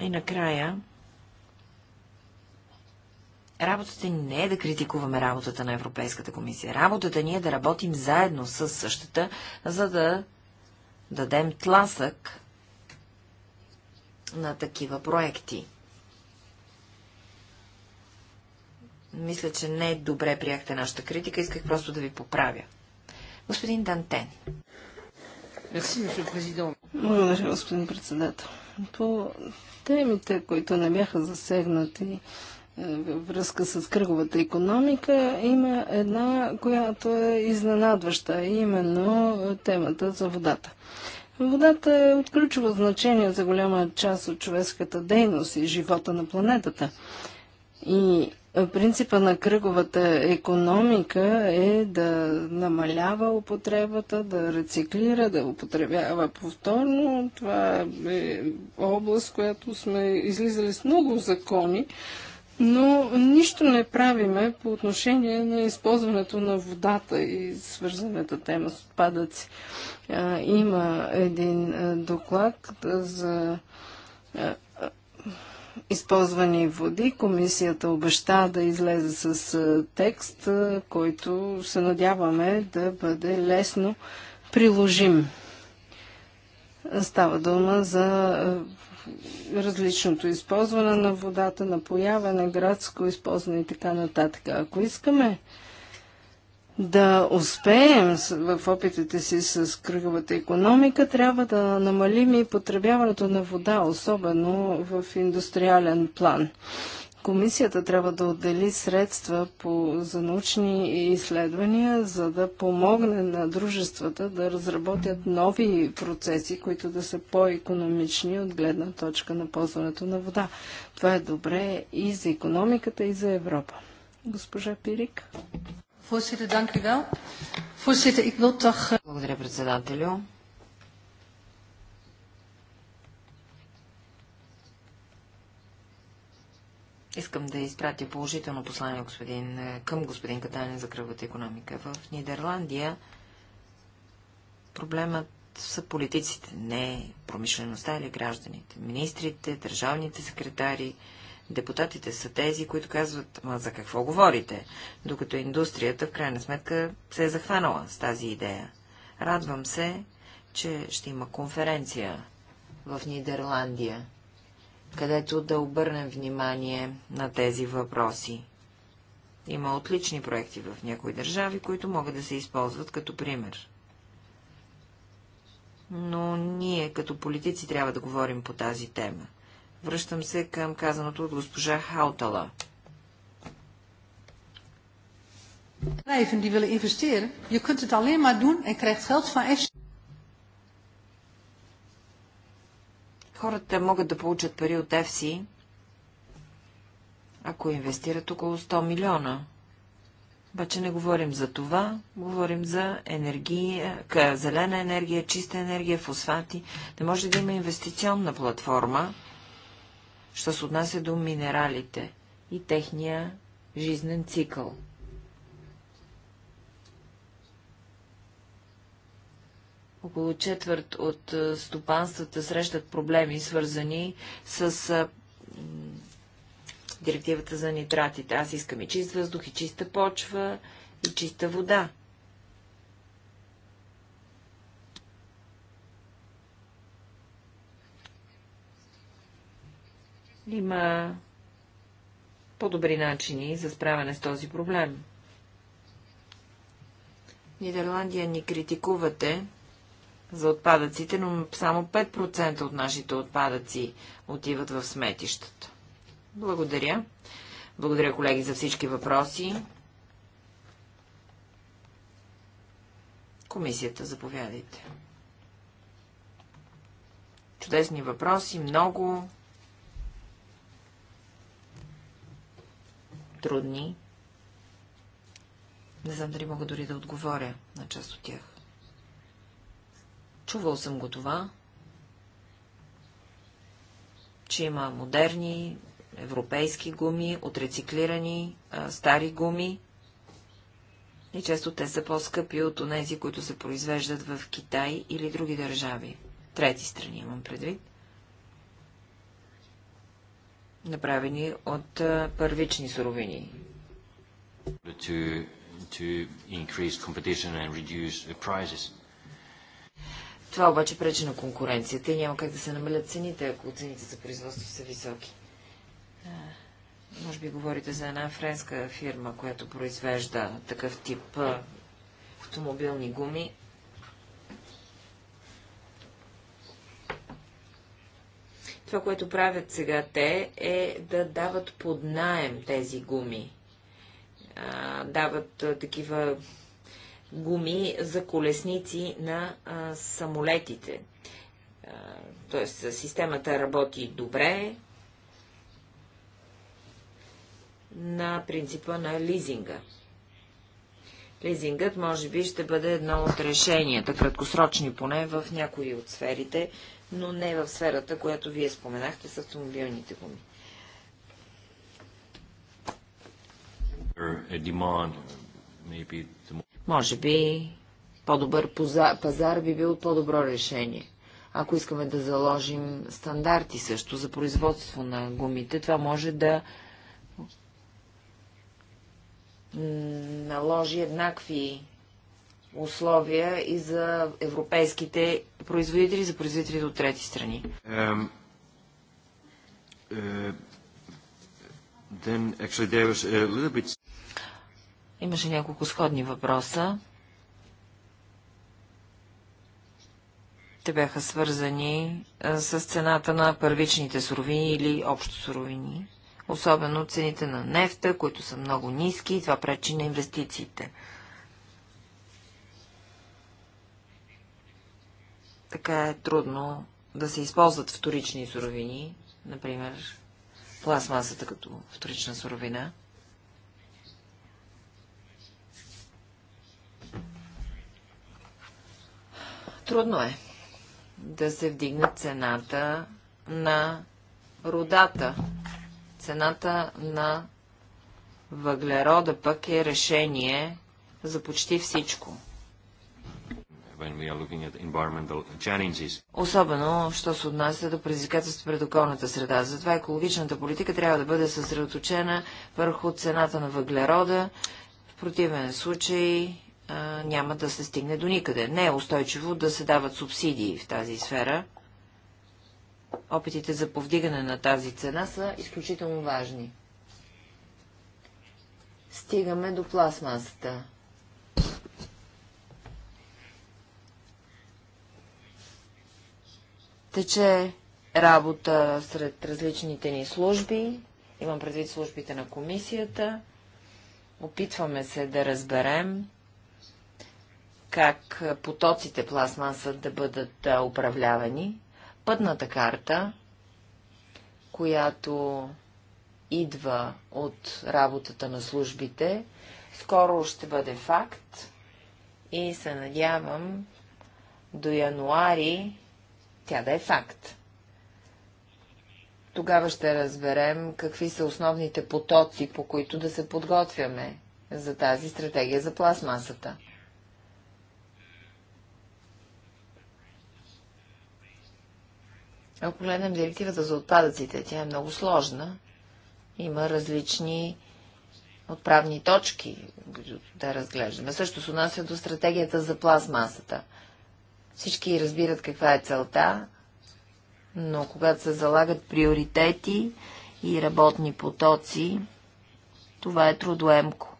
И накрая, Работата ни не е да критикуваме работата на Европейската комисия. Работата ни е да работим заедно с същата, за да дадем тласък на такива проекти. Мисля, че не е добре приехте нашата критика. Исках просто да ви поправя. Господин Дантен. Благодаря, господин председател. По темите, които не бяха засегнати, е, връзка с кръговата економика, има една, която е изненадваща, именно е, темата за водата. Водата е от ключово значение за голяма част от човешката дейност и живота на планетата. И е, принципа на кръговата економика е да намалява употребата, да рециклира, да употребява повторно. Това е област, която сме излизали с много закони, но нищо не правиме по отношение на използването на водата и свързаната тема с отпадъци. Има един доклад за използвани води. Комисията обеща да излезе с текст, който се надяваме да бъде лесно приложим. Става дума за различното използване на водата, напояване, на градско използване и така нататък. Ако искаме да успеем в опитите си с кръговата економика, трябва да намалим и потребяването на вода, особено в индустриален план. Комисията трябва да отдели средства по, за научни изследвания, за да помогне на дружествата да разработят нови процеси, които да са по-економични от гледна точка на ползването на вода. Това е добре и за економиката, и за Европа. Госпожа Пирик. Благодаря, председателю. Искам да изпратя положително послание господин, е, към господин Катанин за кръвната економика. В Нидерландия проблемът са политиците, не промишлеността или гражданите. Министрите, държавните секретари, депутатите са тези, които казват, ма за какво говорите, докато индустрията в крайна сметка се е захванала с тази идея. Радвам се, че ще има конференция в Нидерландия където да обърнем внимание на тези въпроси. Има отлични проекти в някои държави, които могат да се използват като пример. Но ние като политици трябва да говорим по тази тема. Връщам се към казаното от госпожа Хаутала. Bedrijven die willen investeren, je kunt het alleen maar doen en krijgt geld van Хората могат да получат пари от ЕФСИ, ако инвестират около 100 милиона. Обаче не говорим за това, говорим за енергия, зелена енергия, чиста енергия, фосфати. Не може да има инвестиционна платформа, що се отнася до минералите и техния жизнен цикъл. Около четвърт от стопанствата срещат проблеми, свързани с директивата за нитратите. Аз искам и чист въздух, и чиста почва, и чиста вода. Има по-добри начини за справяне с този проблем. Нидерландия ни критикувате за отпадъците, но само 5% от нашите отпадъци отиват в сметищата. Благодаря. Благодаря, колеги, за всички въпроси. Комисията, заповядайте. Чудесни въпроси, много трудни. Не знам дали мога дори да отговоря на част от тях. Чувал съм го това, че има модерни европейски гуми, от рециклирани а, стари гуми и често те са по-скъпи от онези, които се произвеждат в Китай или други държави. Трети страни имам предвид. Направени от а, първични суровини. To, to increase competition and reduce prices. Това обаче пречи на конкуренцията и няма как да се намалят цените, ако цените за производство са високи. А, може би говорите за една френска фирма, която произвежда такъв тип а, автомобилни гуми. Това, което правят сега те, е да дават под найем тези гуми. А, дават а, такива гуми за колесници на а, самолетите. Тоест системата работи добре на принципа на лизинга. Лизингът може би ще бъде едно от решенията, краткосрочни поне в някои от сферите, но не в сферата, която вие споменахте с автомобилните гуми. Demand, the... Може би по-добър пазар би бил по-добро решение. Ако искаме да заложим стандарти също за производство на гумите, това може да наложи еднакви условия и за европейските производители, за производителите от трети страни. Um, uh, then actually there was a little bit Имаше няколко сходни въпроса. Те бяха свързани с цената на първичните суровини или общо суровини. Особено цените на нефта, които са много ниски и това пречи на инвестициите. Така е трудно да се използват вторични суровини, например пластмасата като вторична суровина. Трудно е да се вдигне цената на родата. Цената на въглерода пък е решение за почти всичко. Особено, що се отнася до предизвикателство пред околната среда. Затова екологичната политика трябва да бъде съсредоточена върху цената на въглерода. В противен случай няма да се стигне до никъде. Не е устойчиво да се дават субсидии в тази сфера. Опитите за повдигане на тази цена са изключително важни. Стигаме до пластмасата. Тече работа сред различните ни служби, имам предвид службите на комисията. Опитваме се да разберем как потоците пластмаса да бъдат управлявани, пътната карта, която идва от работата на службите, скоро ще бъде факт и се надявам до януари тя да е факт. Тогава ще разберем какви са основните потоци, по които да се подготвяме за тази стратегия за пластмасата. Ако погледнем директивата за отпадъците, тя е много сложна. Има различни отправни точки, които да разглеждаме. Също се отнася до стратегията за пластмасата. Всички разбират каква е целта, но когато се залагат приоритети и работни потоци, това е трудоемко.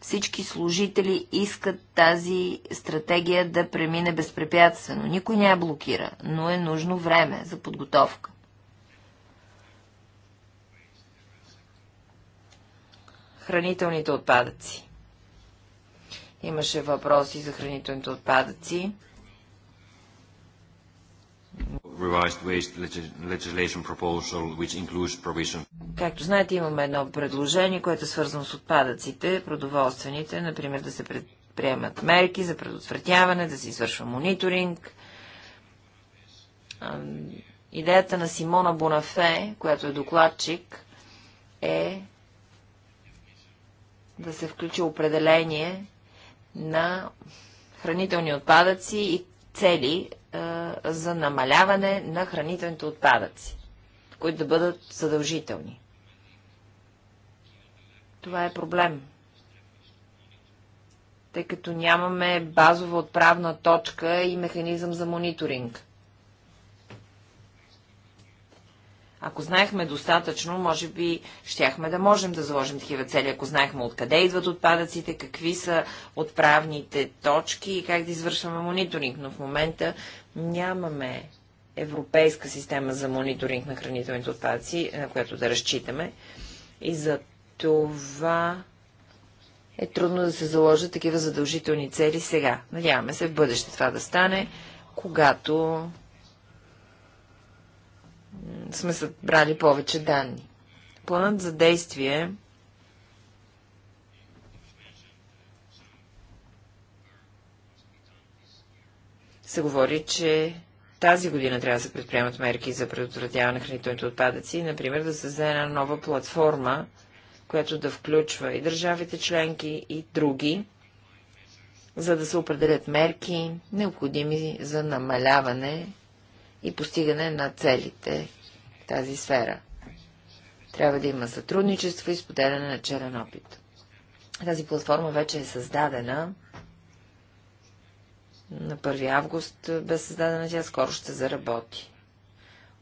Всички служители искат тази стратегия да премине безпрепятствено. Никой не я блокира, но е нужно време за подготовка. Хранителните отпадъци. Имаше въпроси за хранителните отпадъци revised waste legislation proposal, which includes provision. Както знаете, имаме едно предложение, което е свързано с отпадъците, продоволствените, например да се предприемат мерки за предотвратяване, да се извършва мониторинг. Идеята на Симона Бонафе, която е докладчик, е да се включи определение на хранителни отпадъци и цели за намаляване на хранителните отпадъци, които да бъдат задължителни. Това е проблем. Тъй като нямаме базова отправна точка и механизъм за мониторинг. Ако знаехме достатъчно, може би щяхме да можем да заложим такива цели, ако знаехме откъде идват отпадъците, какви са отправните точки и как да извършваме мониторинг. Но в момента Нямаме европейска система за мониторинг на хранителните отпадъци, е, на която да разчитаме. И за това е трудно да се заложат такива задължителни цели сега. Надяваме се в бъдеще това да стане, когато сме събрали повече данни. Планът за действие се говори, че тази година трябва да се предприемат мерки за предотвратяване на хранителните отпадъци, например да се създаде една нова платформа, която да включва и държавите членки, и други, за да се определят мерки, необходими за намаляване и постигане на целите в тази сфера. Трябва да има сътрудничество и споделяне на черен опит. Тази платформа вече е създадена на 1 август бе създадена тя, скоро ще заработи.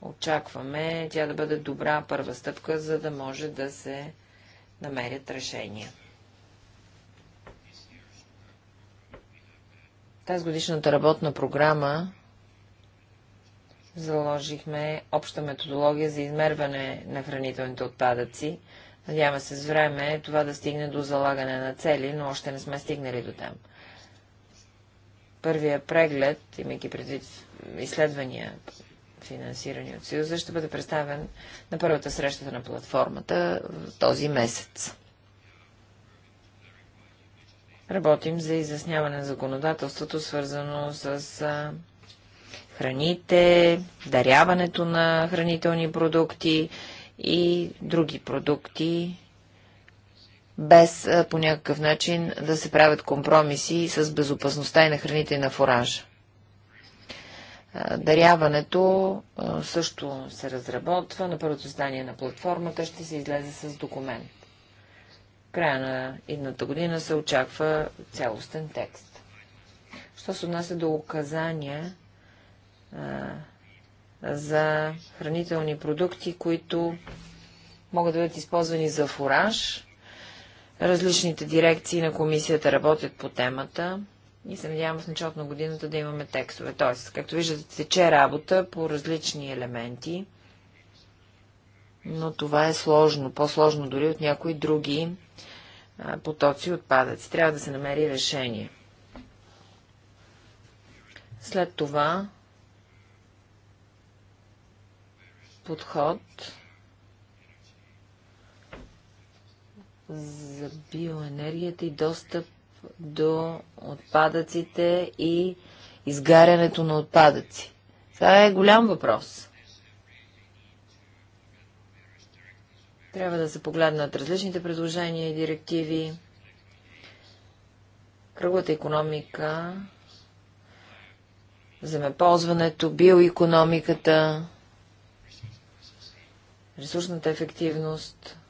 Очакваме тя да бъде добра първа стъпка, за да може да се намерят решения. Тази годишната работна програма заложихме обща методология за измерване на хранителните отпадъци. Надяваме се с време това да стигне до залагане на цели, но още не сме стигнали до там. Първия преглед, имайки предвид изследвания, финансирани от Съюза, ще бъде представен на първата среща на платформата в този месец. Работим за изясняване на законодателството, свързано с храните, даряването на хранителни продукти и други продукти, без по някакъв начин да се правят компромиси с безопасността и на храните и на фуража. Даряването също се разработва. На първото здание на платформата ще се излезе с документ. В края на едната година се очаква цялостен текст. Що се отнася до указания за хранителни продукти, които могат да бъдат използвани за фураж, Различните дирекции на комисията работят по темата и се надявам в началото на годината да имаме текстове. Тоест, както виждате, тече работа по различни елементи, но това е сложно, по-сложно дори от някои други потоци отпадъци. Трябва да се намери решение. След това подход за биоенергията и достъп до отпадъците и изгарянето на отпадъци. Това е голям въпрос. Трябва да се погледнат различните предложения и директиви. Кръглата економика, земеползването, биоекономиката, ресурсната ефективност –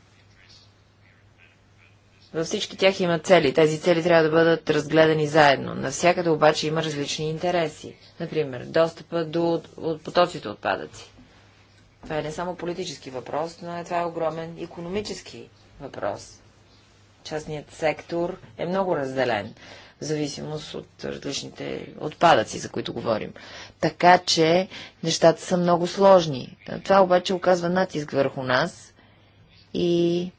във всички тях има цели. Тези цели трябва да бъдат разгледани заедно. Навсякъде обаче има различни интереси. Например, достъпа до от, от потоците отпадъци. Това е не само политически въпрос, но е, това е огромен економически въпрос. Частният сектор е много разделен, в зависимост от различните отпадъци, за които говорим. Така че нещата са много сложни. Това обаче оказва натиск върху нас и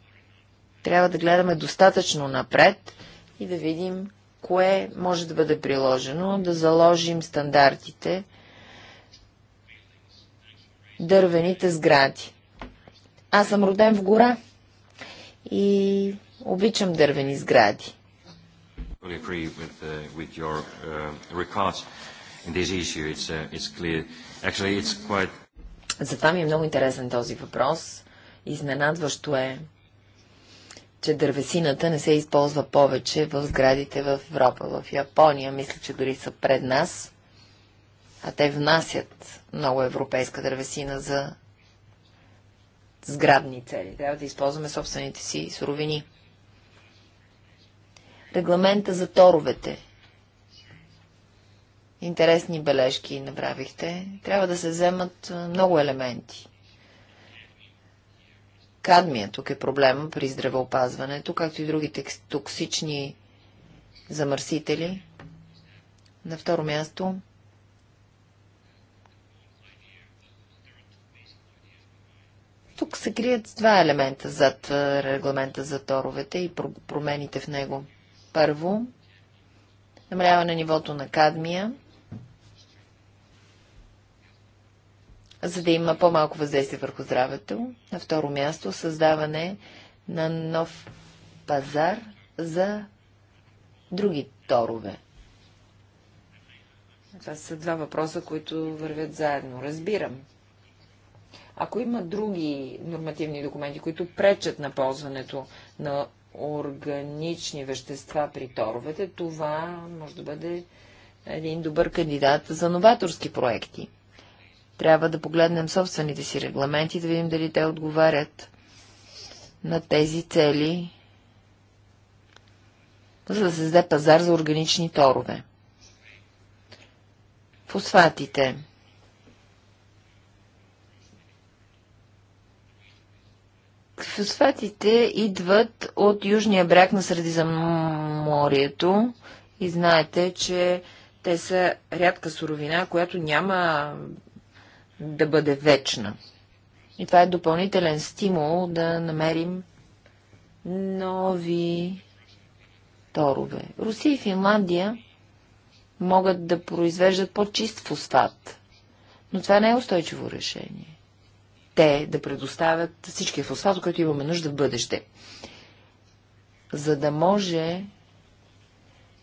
трябва да гледаме достатъчно напред и да видим кое може да бъде приложено, да заложим стандартите, дървените сгради. Аз съм роден в гора и обичам дървени сгради. Затова ми е много интересен този въпрос. Изненадващо е, че дървесината не се използва повече в сградите в Европа. В Япония мисля, че дори са пред нас, а те внасят много европейска дървесина за сградни цели. Трябва да използваме собствените си суровини. Регламента за торовете. Интересни бележки направихте. Трябва да се вземат много елементи. Кадмия тук е проблема при здравеопазването, както и другите токсични замърсители. На второ място Тук се крият два елемента зад регламента за торовете и промените в него. Първо, намаляване на нивото на кадмия за да има по-малко въздействие върху здравето. На второ място създаване на нов пазар за други торове. Това са два въпроса, които вървят заедно. Разбирам. Ако има други нормативни документи, които пречат на ползването на органични вещества при торовете, това може да бъде един добър кандидат за новаторски проекти. Трябва да погледнем собствените си регламенти, да видим дали те отговарят на тези цели, за да създаде пазар за органични торове. Фосфатите. Фосфатите идват от южния бряг на Средиземноморието и знаете, че те са рядка суровина, която няма да бъде вечна. И това е допълнителен стимул да намерим нови торове. Русия и Финландия могат да произвеждат по-чист фосфат, но това не е устойчиво решение. Те да предоставят всичкия фосфат, който имаме нужда в бъдеще. За да може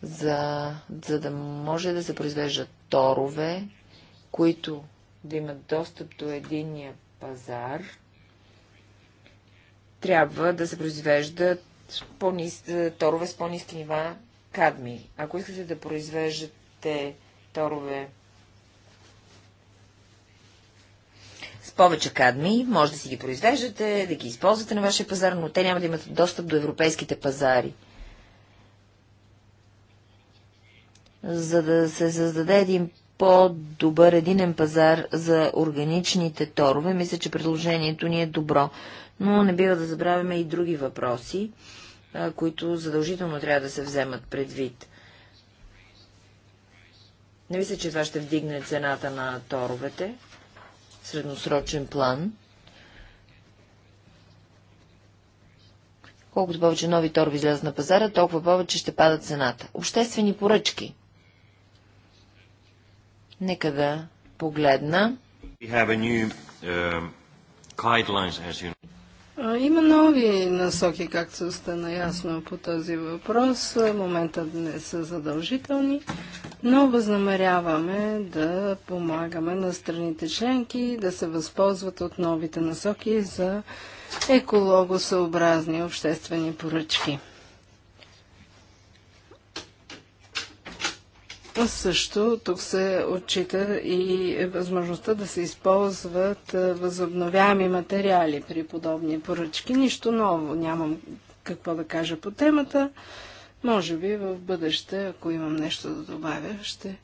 за, за да може да се произвеждат торове, които да имат достъп до единния пазар, трябва да се произвеждат торове с по-низки нива кадми. Ако искате да произвеждате торове с повече кадми, може да си ги произвеждате, да ги използвате на вашия пазар, но те няма да имат достъп до европейските пазари. За да се създаде един по-добър единен пазар за органичните торове. Мисля, че предложението ни е добро. Но не бива да забравяме и други въпроси, които задължително трябва да се вземат предвид. Не мисля, че това ще вдигне цената на торовете в средносрочен план. Колкото повече нови торови излязат на пазара, толкова повече ще пада цената. Обществени поръчки – Нека да погледна. Um, има нови насоки, както стана ясно по този въпрос. Моментът момента не са задължителни, но възнамеряваме да помагаме на страните членки да се възползват от новите насоки за екологосъобразни обществени поръчки. Също тук се отчита и възможността да се използват възобновяеми материали при подобни поръчки. Нищо ново, нямам какво да кажа по темата. Може би в бъдеще, ако имам нещо да добавя, ще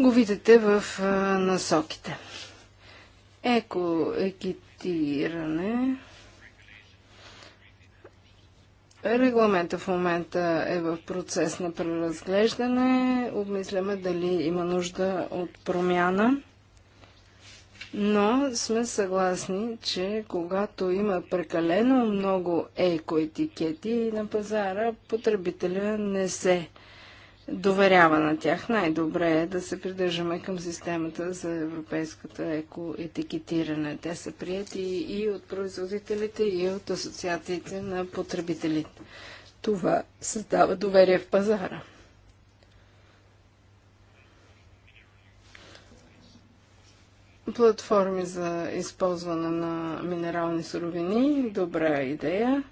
го видите в насоките. Еко екитиране Регламента в момента е в процес на преразглеждане. Обмисляме дали има нужда от промяна. Но сме съгласни, че когато има прекалено много екоетикети на пазара, потребителя не се доверява на тях. Най-добре е да се придържаме към системата за европейската екоетикетиране. Те са прияти и от производителите, и от асоциациите на потребителите. Това създава доверие в пазара. Платформи за използване на минерални суровини. Добра идея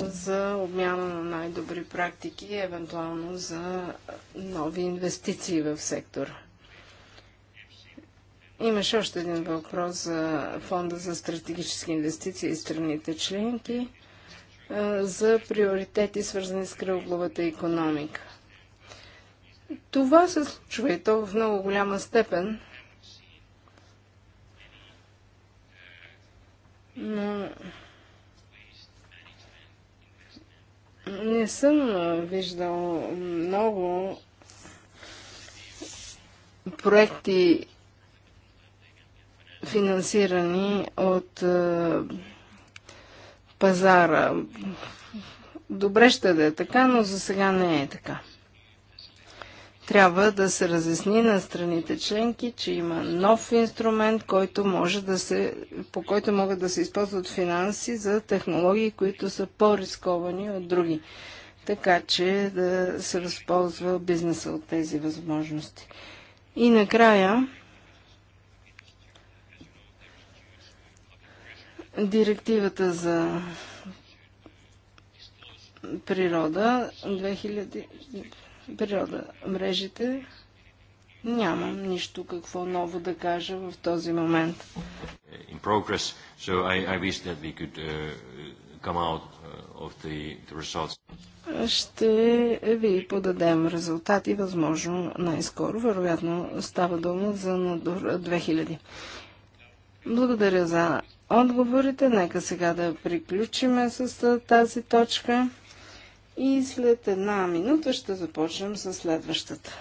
за обмяна на най-добри практики и евентуално за нови инвестиции в сектора. Имаше още един въпрос за Фонда за стратегически инвестиции и страните членки за приоритети, свързани с кръгловата економика. Това се случва и то в много голяма степен, но Не съм виждал много проекти финансирани от пазара. Добре ще да е така, но за сега не е така трябва да се разясни на страните членки, че има нов инструмент, който може да се, по който могат да се използват финанси за технологии, които са по-рисковани от други. Така че да се разползва бизнеса от тези възможности. И накрая, директивата за природа 2000 природа. мрежите нямам нищо какво ново да кажа в този момент. In progress, so I, I wish that we could uh, come out uh, of the, the results. Ще ви подадем резултати, възможно най-скоро. Вероятно става дума за надор 2000. Благодаря за отговорите. Нека сега да приключиме с тази точка. И след една минута ще започнем с следващата.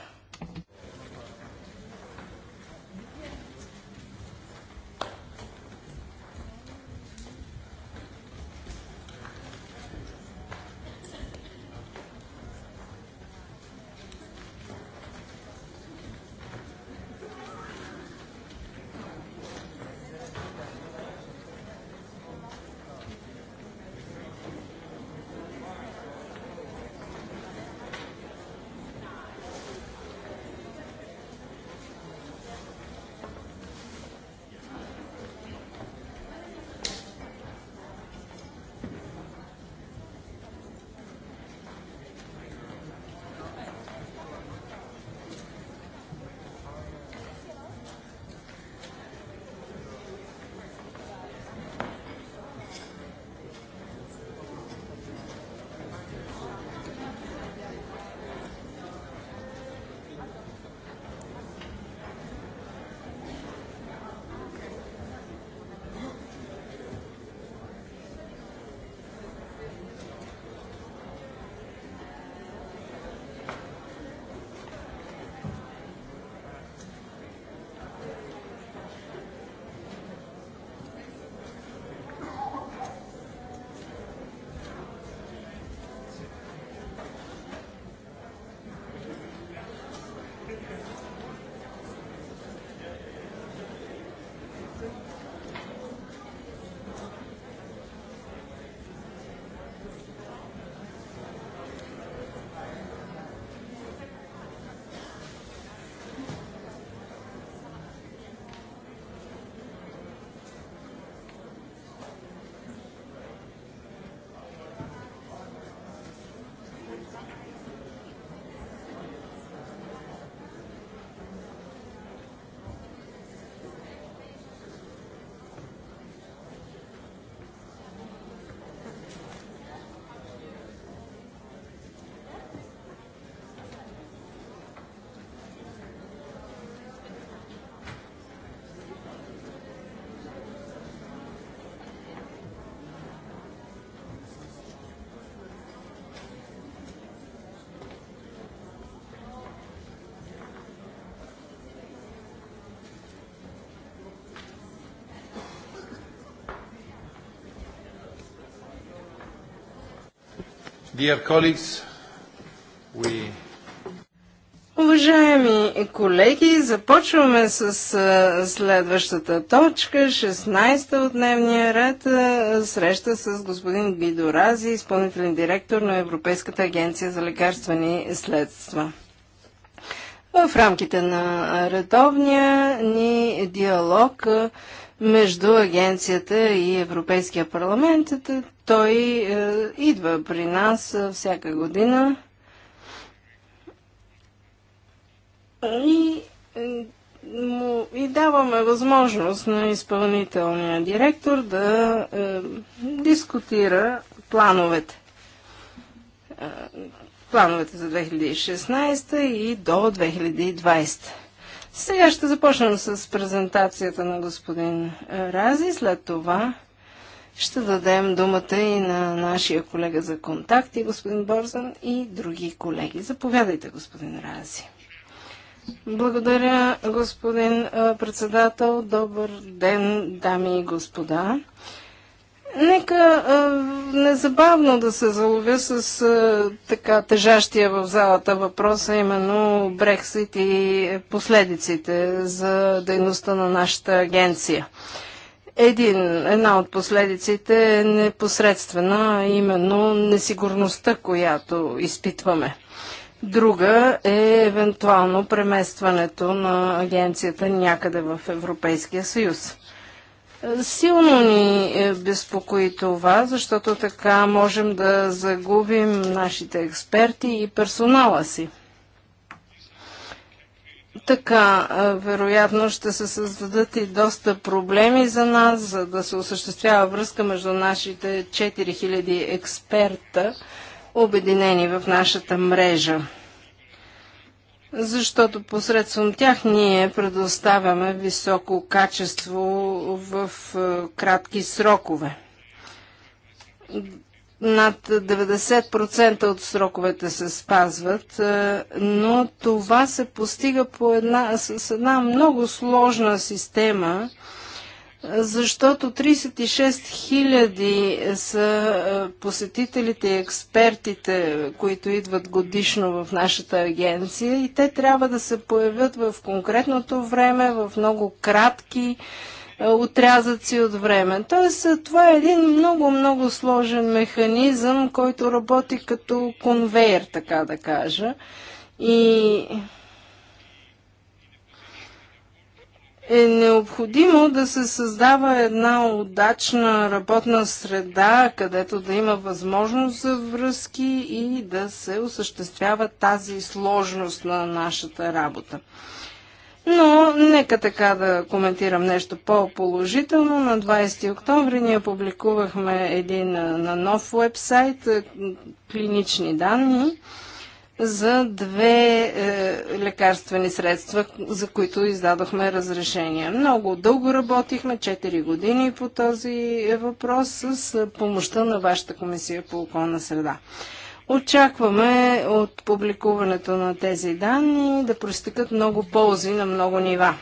Уважаеми колеги, започваме с следващата точка, 16-та от дневния ред, среща с господин Гидо Рази, изпълнителен директор на Европейската агенция за лекарствени следства. В рамките на редовния ни диалог между агенцията и Европейския парламент. Той е, идва при нас е, всяка година и е, му и даваме възможност на изпълнителния директор да е, дискутира плановете. Е, плановете за 2016 и до 2020. Сега ще започнем с презентацията на господин е, Рази. След това ще дадем думата и на нашия колега за контакти, господин Борзан, и други колеги. Заповядайте, господин Рази. Благодаря, господин е, председател. Добър ден, дами и господа. Нека а, незабавно да се заловя с а, така тежащия в залата въпрос, а именно Брексит и последиците за дейността на нашата агенция. Един, една от последиците е непосредствена, именно несигурността, която изпитваме. Друга е евентуално преместването на агенцията някъде в Европейския съюз. Силно ни е, безпокои това, защото така можем да загубим нашите експерти и персонала си. Така, е, вероятно ще се създадат и доста проблеми за нас, за да се осъществява връзка между нашите 4000 експерта, обединени в нашата мрежа защото посредством тях ние предоставяме високо качество в е, кратки срокове. Над 90% от сроковете се спазват, е, но това се постига по една, с една много сложна система – защото 36 000 са е, посетителите и експертите, които идват годишно в нашата агенция и те трябва да се появят в конкретното време, в много кратки е, отрязъци от време. Тоест, е, това е един много-много сложен механизъм, който работи като конвейер, така да кажа. И е необходимо да се създава една удачна работна среда, където да има възможност за връзки и да се осъществява тази сложност на нашата работа. Но нека така да коментирам нещо по-положително. На 20 октомври ние публикувахме един на нов вебсайт клинични данни за две е, лекарствени средства, за които издадохме разрешение. Много дълго работихме, 4 години по този въпрос с помощта на вашата комисия по околна среда. Очакваме от публикуването на тези данни да простекат много ползи на много нива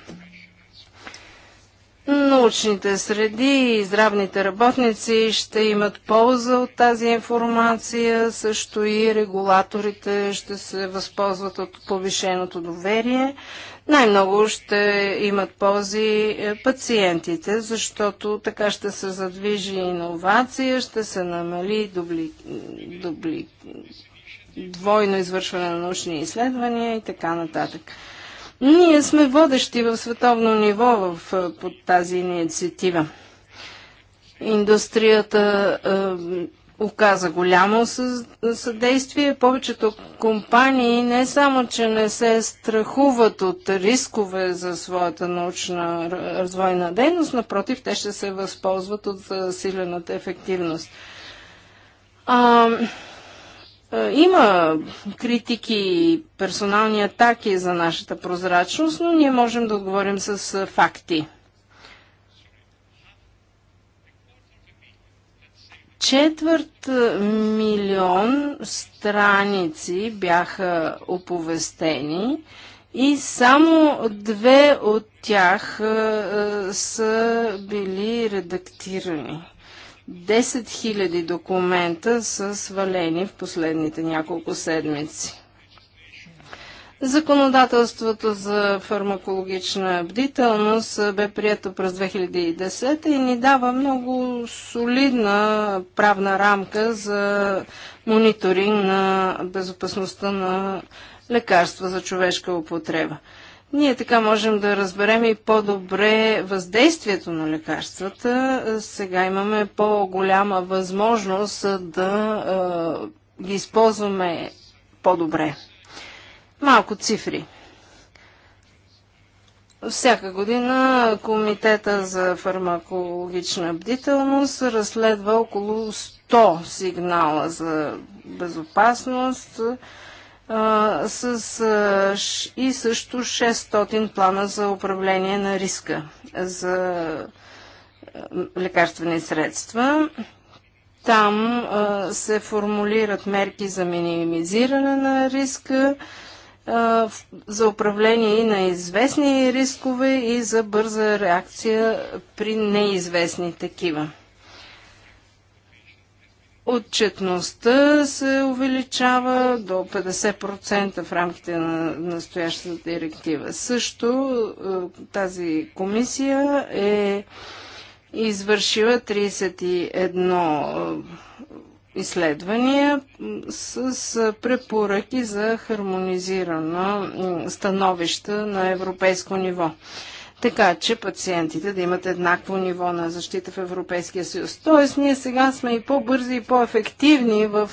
научните среди и здравните работници ще имат полза от тази информация, също и регулаторите ще се възползват от повишеното доверие. Най-много ще имат ползи е, пациентите, защото така ще се задвижи иновация, ще се намали дубли, дубли, двойно извършване на научни изследвания и така нататък. Ние сме водещи в световно ниво в, под тази инициатива. Индустрията е, оказа голямо съдействие. Повечето компании не само, че не се страхуват от рискове за своята научна развойна дейност, напротив, те ще се възползват от силената ефективност. А, е, има критики и персонални атаки за нашата прозрачност, но ние можем да отговорим с е, факти. Четвърт е, милион страници бяха оповестени и само две от тях са били редактирани. 10 000 документа са свалени в последните няколко седмици. Законодателството за фармакологична бдителност бе прието през 2010 и ни дава много солидна правна рамка за мониторинг на безопасността на лекарства за човешка употреба. Ние така можем да разберем и по-добре въздействието на лекарствата. Сега имаме по-голяма възможност да ги използваме по-добре. Малко цифри. Всяка година Комитета за фармакологична бдителност разследва около 100 сигнала за безопасност с, и също 600 плана за управление на риска за лекарствени средства. Там се формулират мерки за минимизиране на риска, за управление и на известни рискове и за бърза реакция при неизвестни такива. Отчетността се увеличава до 50% в рамките на настоящата директива. Също е, тази комисия е извършила 31 е, изследвания с препоръки за хармонизирано становище на европейско ниво така че пациентите да имат еднакво ниво на защита в Европейския съюз. Тоест, ние сега сме и по-бързи и по-ефективни в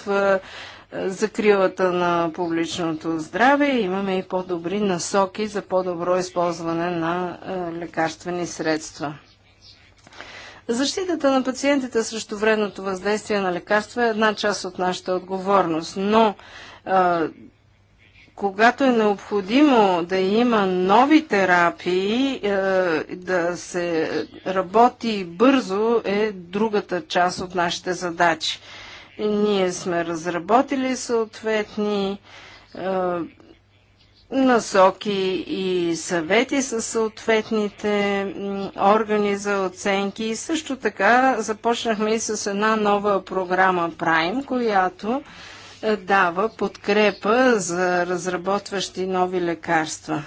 е, е, закрилата на публичното здраве. и Имаме и по-добри насоки за по-добро използване на е, лекарствени средства. Защитата на пациентите срещу вредното въздействие на лекарства е една част от нашата отговорност, но когато е необходимо да има нови терапии, е, да се работи бързо е другата част от нашите задачи. Ние сме разработили съответни е, насоки и съвети с съответните органи за оценки. И също така започнахме и с една нова програма Prime, която е, дава подкрепа за разработващи нови лекарства.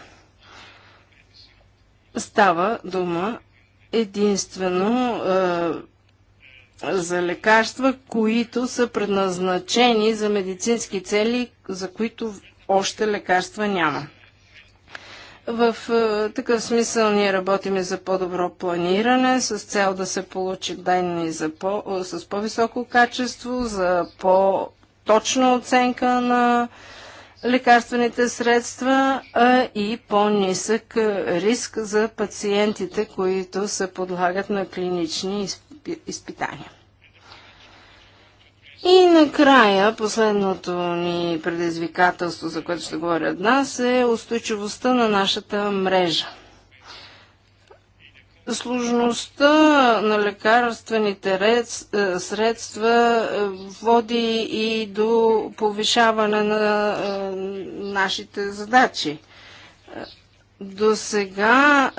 Става дума единствено е, за лекарства, които са предназначени за медицински цели, за които още лекарства няма. В е, такъв смисъл ние работиме за по-добро планиране, с цел да се получи данни за по, е, с по-високо качество, за по- точна оценка на лекарствените средства а и по-нисък риск за пациентите, които се подлагат на клинични изпитания. И накрая, последното ни предизвикателство, за което ще говоря днес, е устойчивостта на нашата мрежа сложността на лекарствените е, средства е, води и до повишаване на е, нашите задачи. До сега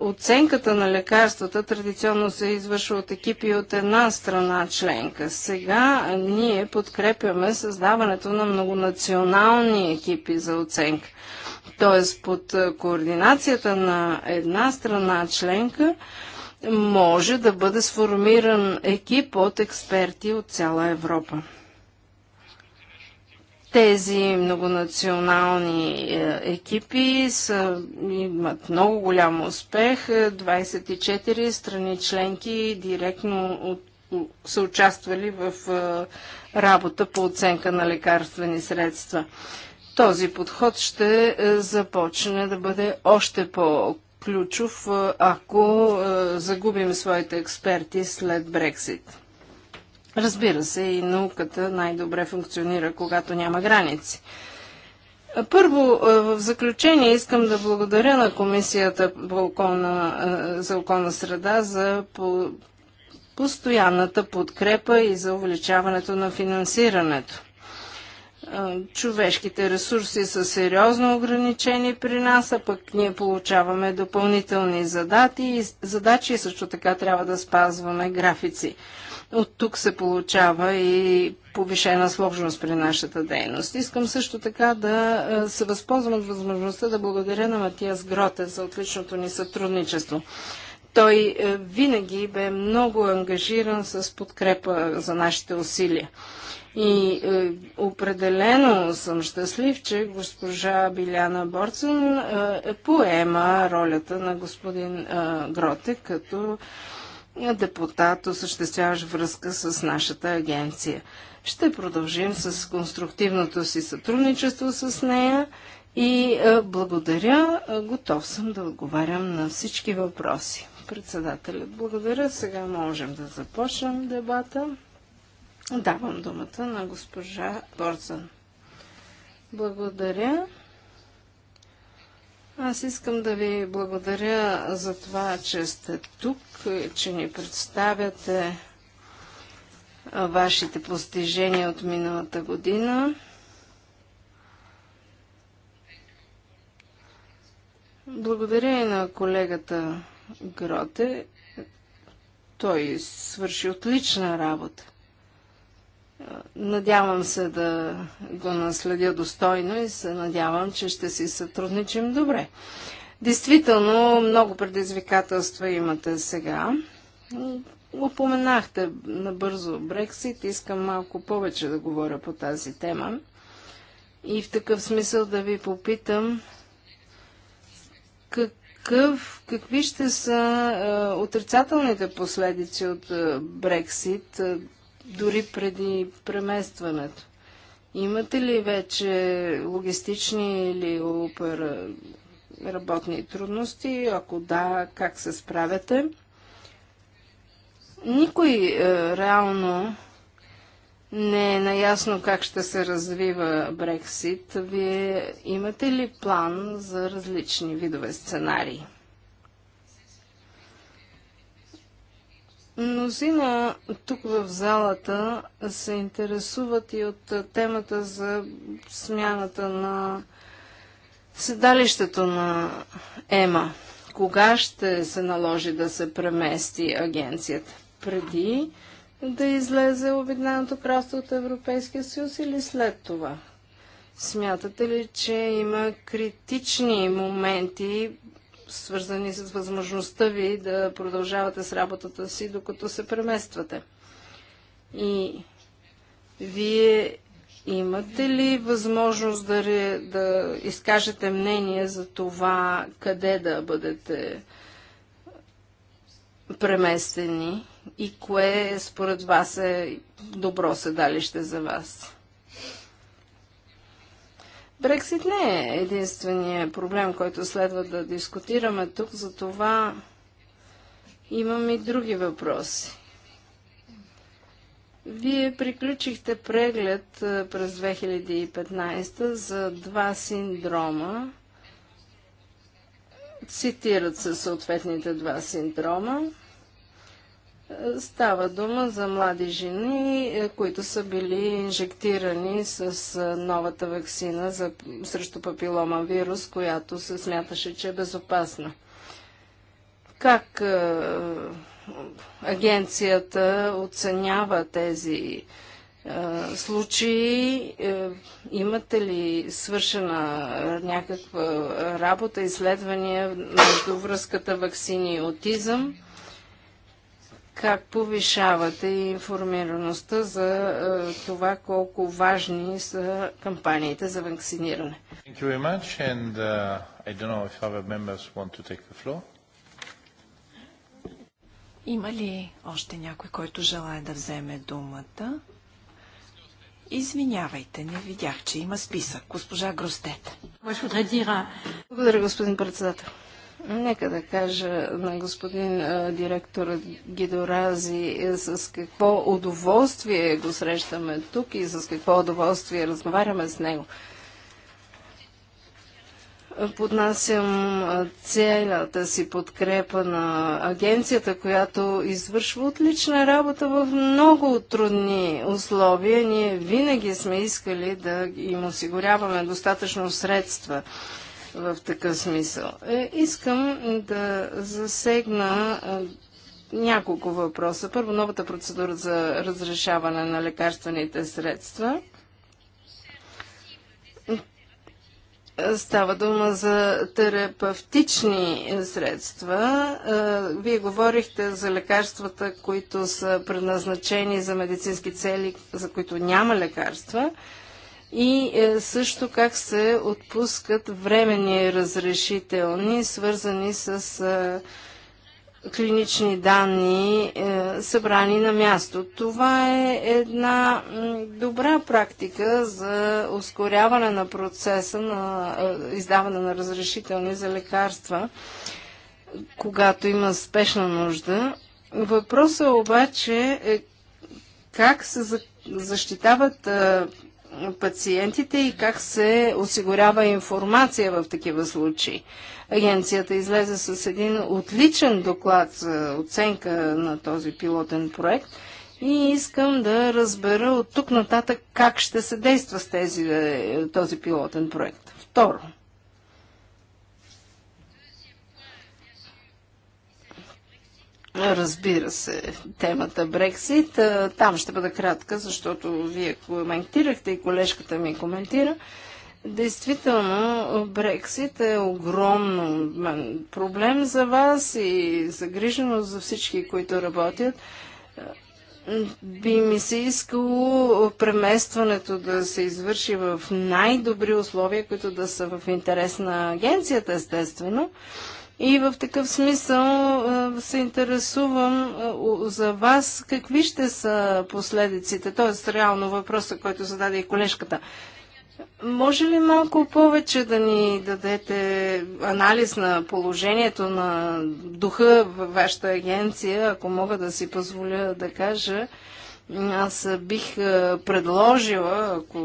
оценката на лекарствата традиционно се извършва от екипи от една страна членка. Сега ние подкрепяме създаването на многонационални екипи за оценка т.е. под координацията на една страна членка, може да бъде сформиран екип от експерти от цяла Европа. Тези многонационални е, екипи са, имат много голям успех. 24 страни членки директно от, са участвали в е, работа по оценка на лекарствени средства този подход ще е, започне да бъде още по-ключов, е, ако е, загубим своите експерти след Брексит. Разбира се, и науката най-добре функционира, когато няма граници. Първо, в заключение искам да благодаря на Комисията по околна, за околна среда за по постоянната подкрепа и за увеличаването на финансирането човешките ресурси са сериозно ограничени при нас, а пък ние получаваме допълнителни задати, задачи и също така трябва да спазваме графици. От тук се получава и повишена сложност при нашата дейност. Искам също така да се възползвам от възможността да благодаря на Матиас Гроте за отличното ни сътрудничество. Той е, винаги бе много ангажиран с подкрепа за нашите усилия. И е, определено съм щастлив, че госпожа Биляна Борцен е, е поема ролята на господин е, Гроте като е, депутат, осъществяващ връзка с нашата агенция. Ще продължим с конструктивното си сътрудничество с нея и е, благодаря. Готов съм да отговарям на всички въпроси. Председателят, благодаря. Сега можем да започнем дебата. Давам думата на госпожа Борзан. Благодаря. Аз искам да ви благодаря за това, че сте тук, че ни представяте вашите постижения от миналата година. Благодаря и на колегата Гроте. Той свърши отлична работа. Надявам се да го наследя достойно и се надявам, че ще си сътрудничим добре. Действително, много предизвикателства имате сега. опоменахте набързо Брексит. Искам малко повече да говоря по тази тема. И в такъв смисъл да ви попитам как какъв, какви ще са а, отрицателните последици от а, Брексит, а, дори преди преместването? Имате ли вече логистични или опер работни трудности? Ако да, как се справяте? Никой а, реално не е наясно как ще се развива Брексит, вие имате ли план за различни видове сценарии? Мнозина тук в залата се интересуват и от темата за смяната на седалището на ЕМА. Кога ще се наложи да се премести агенцията? Преди да излезе Обединеното кралство от Европейския съюз или след това? Смятате ли, че има критични моменти, свързани с възможността ви да продължавате с работата си, докато се премествате? И вие имате ли възможност да, ре, да изкажете мнение за това къде да бъдете преместени? и кое според вас е добро седалище за вас? Брексит не е единствения проблем, който следва да дискутираме тук, затова имам и други въпроси. Вие приключихте преглед през 2015 за два синдрома. Цитират се съответните два синдрома. Става дума за млади жени, е, които са били инжектирани с е, новата вакцина за, срещу папилома вирус, която се смяташе, че е безопасна. Как е, агенцията оценява тези е, случаи? Е, имате ли свършена някаква работа, изследвания между връзката вакцини и аутизъм? как повишавате информираността за е, това колко важни са кампаниите за вакциниране. And, uh, Има ли още някой, който желая да вземе думата? Извинявайте, не видях, че има списък. Госпожа Гростет. Благодаря, господин председател. Нека да кажа на господин директор Гидорази е, с какво удоволствие го срещаме тук и с какво удоволствие разговаряме с него. Поднасям цялата си подкрепа на агенцията, която извършва отлична работа в много трудни условия. Ние винаги сме искали да им осигуряваме достатъчно средства в такъв смисъл. Е, искам да засегна няколко въпроса. Първо, новата процедура за разрешаване на лекарствените средства. Става дума за терапевтични средства. Вие говорихте за лекарствата, които са предназначени за медицински цели, за които няма лекарства и е, също как се отпускат временни разрешителни, свързани с е, клинични данни, е, събрани на място. Това е една добра практика за ускоряване на процеса на издаване на разрешителни за лекарства, когато има спешна нужда. Въпросът обаче е как се защитават пациентите и как се осигурява информация в такива случаи. Агенцията излезе с един отличен доклад за оценка на този пилотен проект и искам да разбера от тук нататък как ще се действа с тези, този пилотен проект. Второ, Разбира се, темата Брексит. Там ще бъда кратка, защото вие коментирахте и колежката ми коментира. Действително, Брексит е огромно проблем за вас и загриженост за всички, които работят. Би ми се искало преместването да се извърши в най-добри условия, които да са в интерес на агенцията, естествено. И в такъв смисъл се интересувам за вас какви ще са последиците, т.е. реално въпроса, който зададе и колежката. Може ли малко повече да ни дадете анализ на положението на духа във вашата агенция, ако мога да си позволя да кажа? Аз бих е, предложила, ако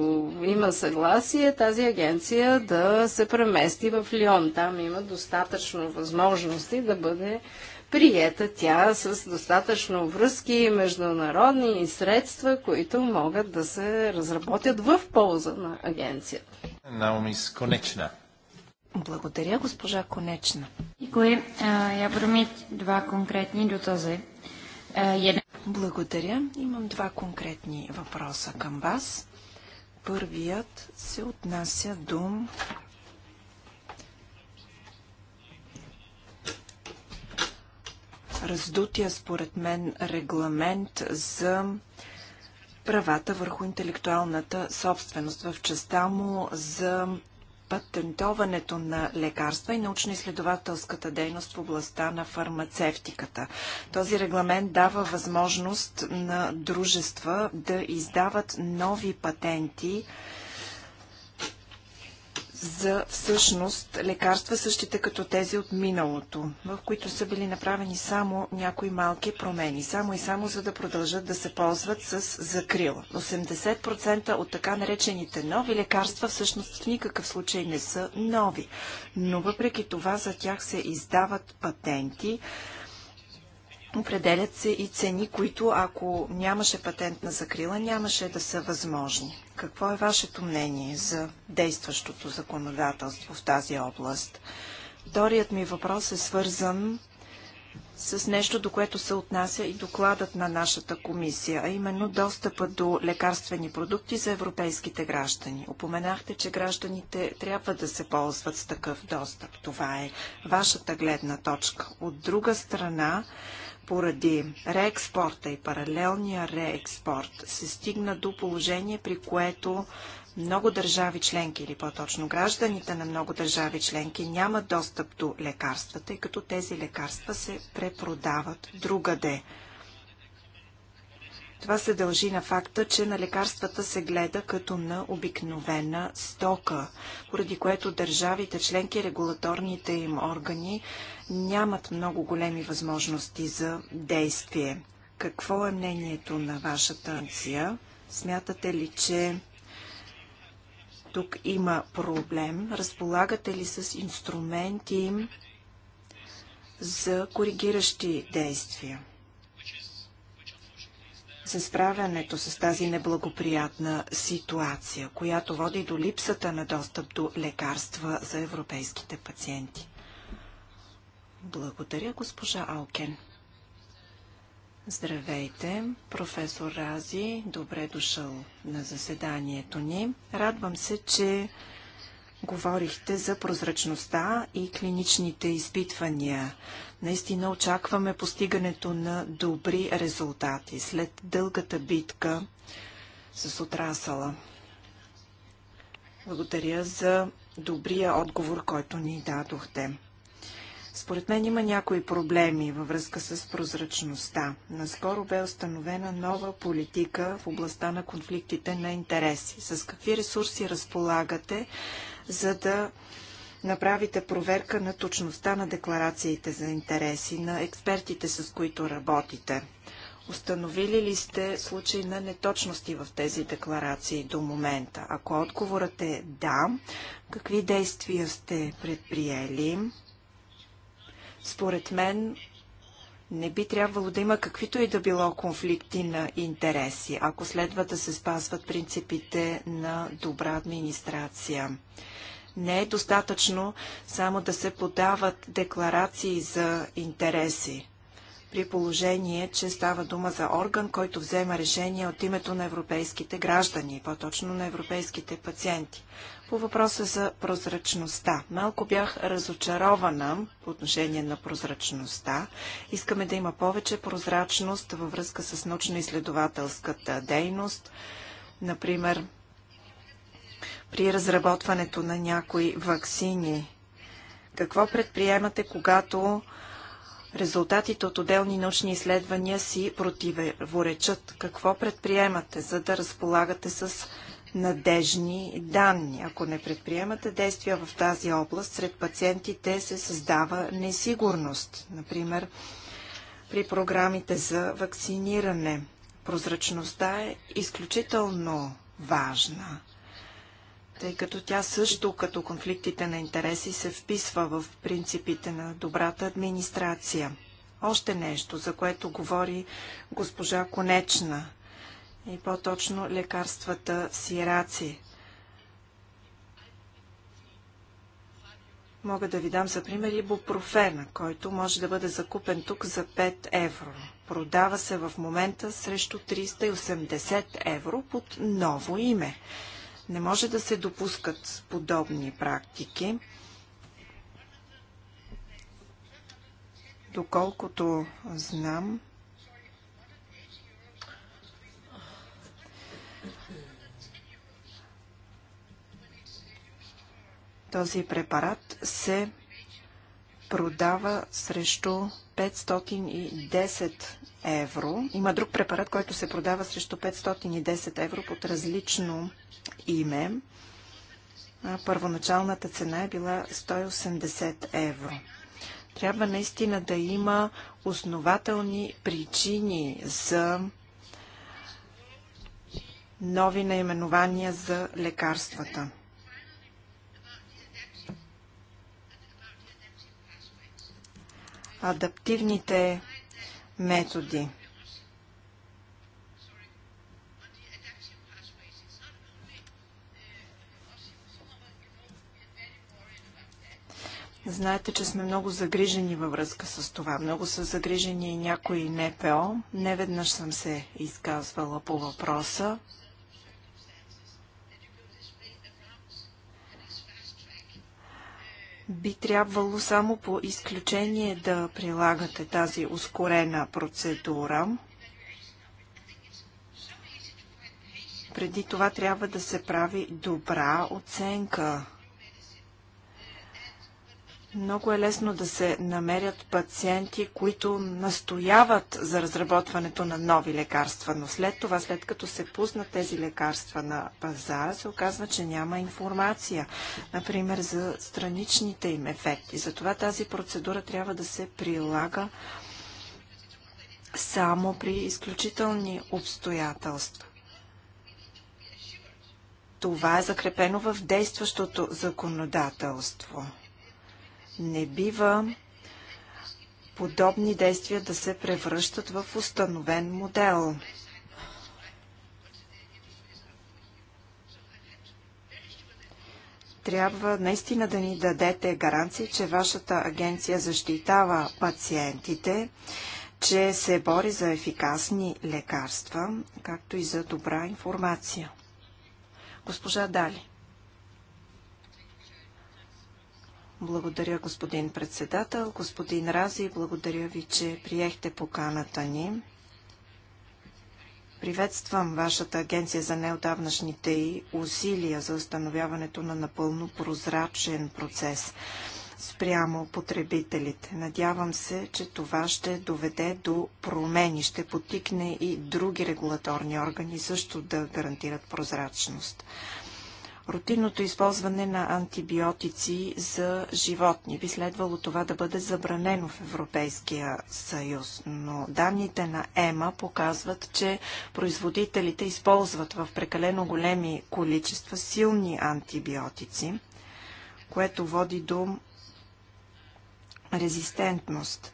има съгласие, тази агенция да се премести в Лион. Там има достатъчно възможности да бъде приета тя с достатъчно връзки, международни и средства, които могат да се разработят в полза на агенцията. Наумис Конечна. Благодаря, госпожа Конечна. Děkuji. Já budu mít dva konkrétní е, Благодаря. Имам два конкретни въпроса към вас. Първият се отнася до раздутия според мен регламент за правата върху интелектуалната собственост в частта му за патентоването на лекарства и научно-изследователската дейност в областта на фармацевтиката. Този регламент дава възможност на дружества да издават нови патенти за всъщност лекарства същите като тези от миналото, в които са били направени само някои малки промени, само и само за да продължат да се ползват с закрила. 80% от така наречените нови лекарства всъщност в никакъв случай не са нови, но въпреки това за тях се издават патенти, Определят се и цени, които ако нямаше патент на закрила, нямаше да са възможни. Какво е вашето мнение за действащото законодателство в тази област? Вторият ми въпрос е свързан с нещо, до което се отнася и докладът на нашата комисия, а именно достъпа до лекарствени продукти за европейските граждани. Опоменахте, че гражданите трябва да се ползват с такъв достъп. Това е вашата гледна точка. От друга страна, поради реекспорта и паралелния реекспорт се стигна до положение, при което много държави членки, или по-точно гражданите на много държави членки, нямат достъп до лекарства, тъй като тези лекарства се препродават другаде. Това се дължи на факта, че на лекарствата се гледа като на обикновена стока, поради което държавите членки, регулаторните им органи нямат много големи възможности за действие. Какво е мнението на вашата анция? Смятате ли, че тук има проблем? Разполагате ли с инструменти за коригиращи действия? за справянето с тази неблагоприятна ситуация, която води до липсата на достъп до лекарства за европейските пациенти. Благодаря, госпожа Алкен. Здравейте, професор Рази. Добре дошъл на заседанието ни. Радвам се, че говорихте за прозрачността и клиничните изпитвания. Наистина очакваме постигането на добри резултати след дългата битка с отрасала. Благодаря за добрия отговор, който ни дадохте. Според мен има някои проблеми във връзка с прозрачността. Наскоро бе установена нова политика в областта на конфликтите на интереси. С какви ресурси разполагате, за да направите проверка на точността на декларациите за интереси, на експертите, с които работите? Установили ли сте случаи на неточности в тези декларации до момента? Ако отговорът е да, какви действия сте предприели? Според мен не би трябвало да има каквито и да било конфликти на интереси, ако следва да се спазват принципите на добра администрация. Не е достатъчно само да се подават декларации за интереси, при положение, че става дума за орган, който взема решение от името на европейските граждани, по-точно на европейските пациенти. По въпроса за прозрачността. Малко бях разочарована по отношение на прозрачността. Искаме да има повече прозрачност във връзка с научно-изследователската дейност. Например, при разработването на някои вакцини. Какво предприемате, когато резултатите от отделни научни изследвания си противоречат? Какво предприемате, за да разполагате с надежни данни. Ако не предприемате действия в тази област, сред пациентите се създава несигурност. Например, при програмите за вакциниране. Прозрачността е изключително важна, тъй като тя също като конфликтите на интереси се вписва в принципите на добрата администрация. Още нещо, за което говори госпожа Конечна – и по-точно лекарствата сираци. Мога да ви дам за пример ибупрофена, който може да бъде закупен тук за 5 евро. Продава се в момента срещу 380 евро под ново име. Не може да се допускат подобни практики. Доколкото знам, Този препарат се продава срещу 510 евро. Има друг препарат, който се продава срещу 510 евро под различно име. Първоначалната цена е била 180 евро. Трябва наистина да има основателни причини за нови наименования за лекарствата. адаптивните методи. Знаете, че сме много загрижени във връзка с това. Много са загрижени и някои НПО. Неведнъж съм се изказвала по въпроса. би трябвало само по изключение да прилагате тази ускорена процедура. Преди това трябва да се прави добра оценка много е лесно да се намерят пациенти, които настояват за разработването на нови лекарства, но след това, след като се пуснат тези лекарства на пазара, се оказва, че няма информация, например, за страничните им ефекти. Затова тази процедура трябва да се прилага само при изключителни обстоятелства. Това е закрепено в действащото законодателство. Не бива подобни действия да се превръщат в установен модел. трябва наистина да ни дадете гаранции, че вашата агенция защитава пациентите, че се бори за ефикасни лекарства, както и за добра информация. Госпожа Дали. Благодаря, господин председател. Господин Рази, благодаря ви, че приехте поканата ни. Приветствам вашата агенция за неодавнашните и усилия за установяването на напълно прозрачен процес спрямо потребителите. Надявам се, че това ще доведе до промени, ще потикне и други регулаторни органи също да гарантират прозрачност рутинното използване на антибиотици за животни. Би следвало това да бъде забранено в Европейския съюз, но данните на ЕМА показват, че производителите използват в прекалено големи количества силни антибиотици, което води до резистентност.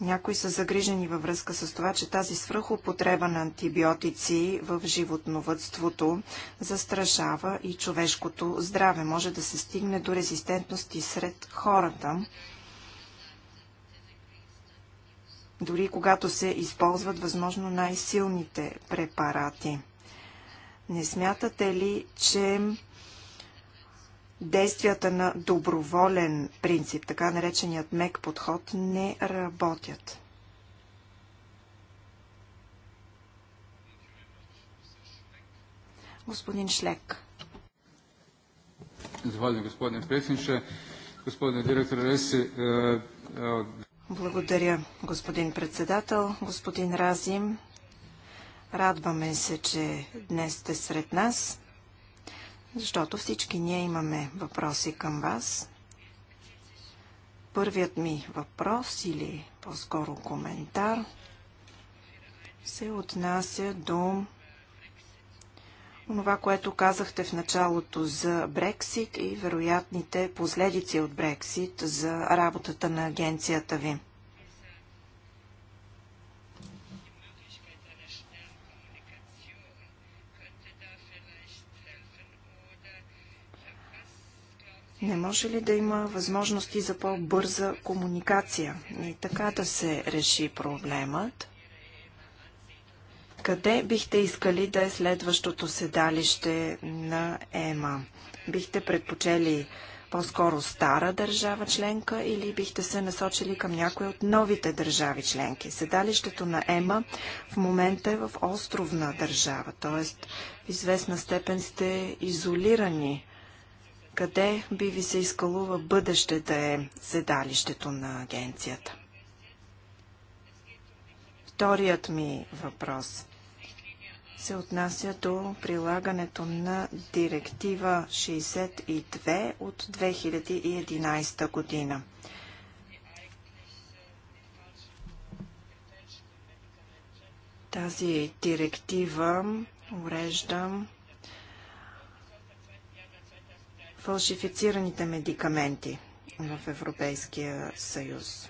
Някои са загрижени във връзка с това, че тази свръхопотреба на антибиотици в животновътството застрашава и човешкото здраве. Може да се стигне до резистентности сред хората, дори когато се използват възможно най-силните препарати. Не смятате ли, че действията на доброволен принцип, така нареченият мек подход, не работят. Господин Шлек. Zahvaljujem господин Пресенше, господин директор Реси. Е, е, благодаря, господин председател, господин Разим. Радваме се, че днес сте сред нас защото всички ние имаме въпроси към вас. Първият ми въпрос или по-скоро коментар се отнася до това, което казахте в началото за Брексит и вероятните последици от Брексит за работата на агенцията ви. Не може ли да има възможности за по-бърза комуникация и така да се реши проблемът? Къде бихте искали да е следващото седалище на ЕМА? Бихте предпочели по-скоро стара държава членка или бихте се насочили към някои от новите държави членки? Седалището на ЕМА в момента е в островна държава, т.е. в известна степен сте изолирани къде би ви се искало в бъдеще да е седалището на агенцията? Вторият ми въпрос се отнася до прилагането на директива 62 от 2011 година. Тази директива урежда фалшифицираните медикаменти в Европейския съюз.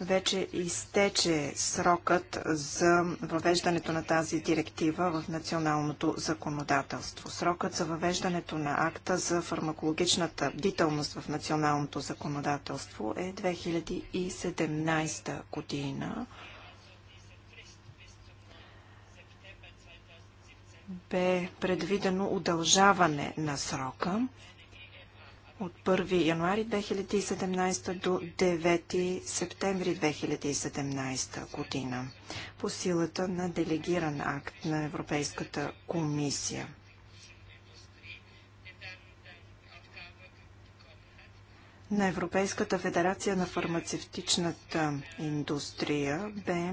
Вече изтече срокът за въвеждането на тази директива в националното законодателство. Срокът за въвеждането на акта за фармакологичната бдителност в националното законодателство е 2017 година. бе предвидено удължаване на срока от 1 януари 2017 до 9 септември 2017 година по силата на делегиран акт на Европейската комисия. На Европейската федерация на фармацевтичната индустрия бе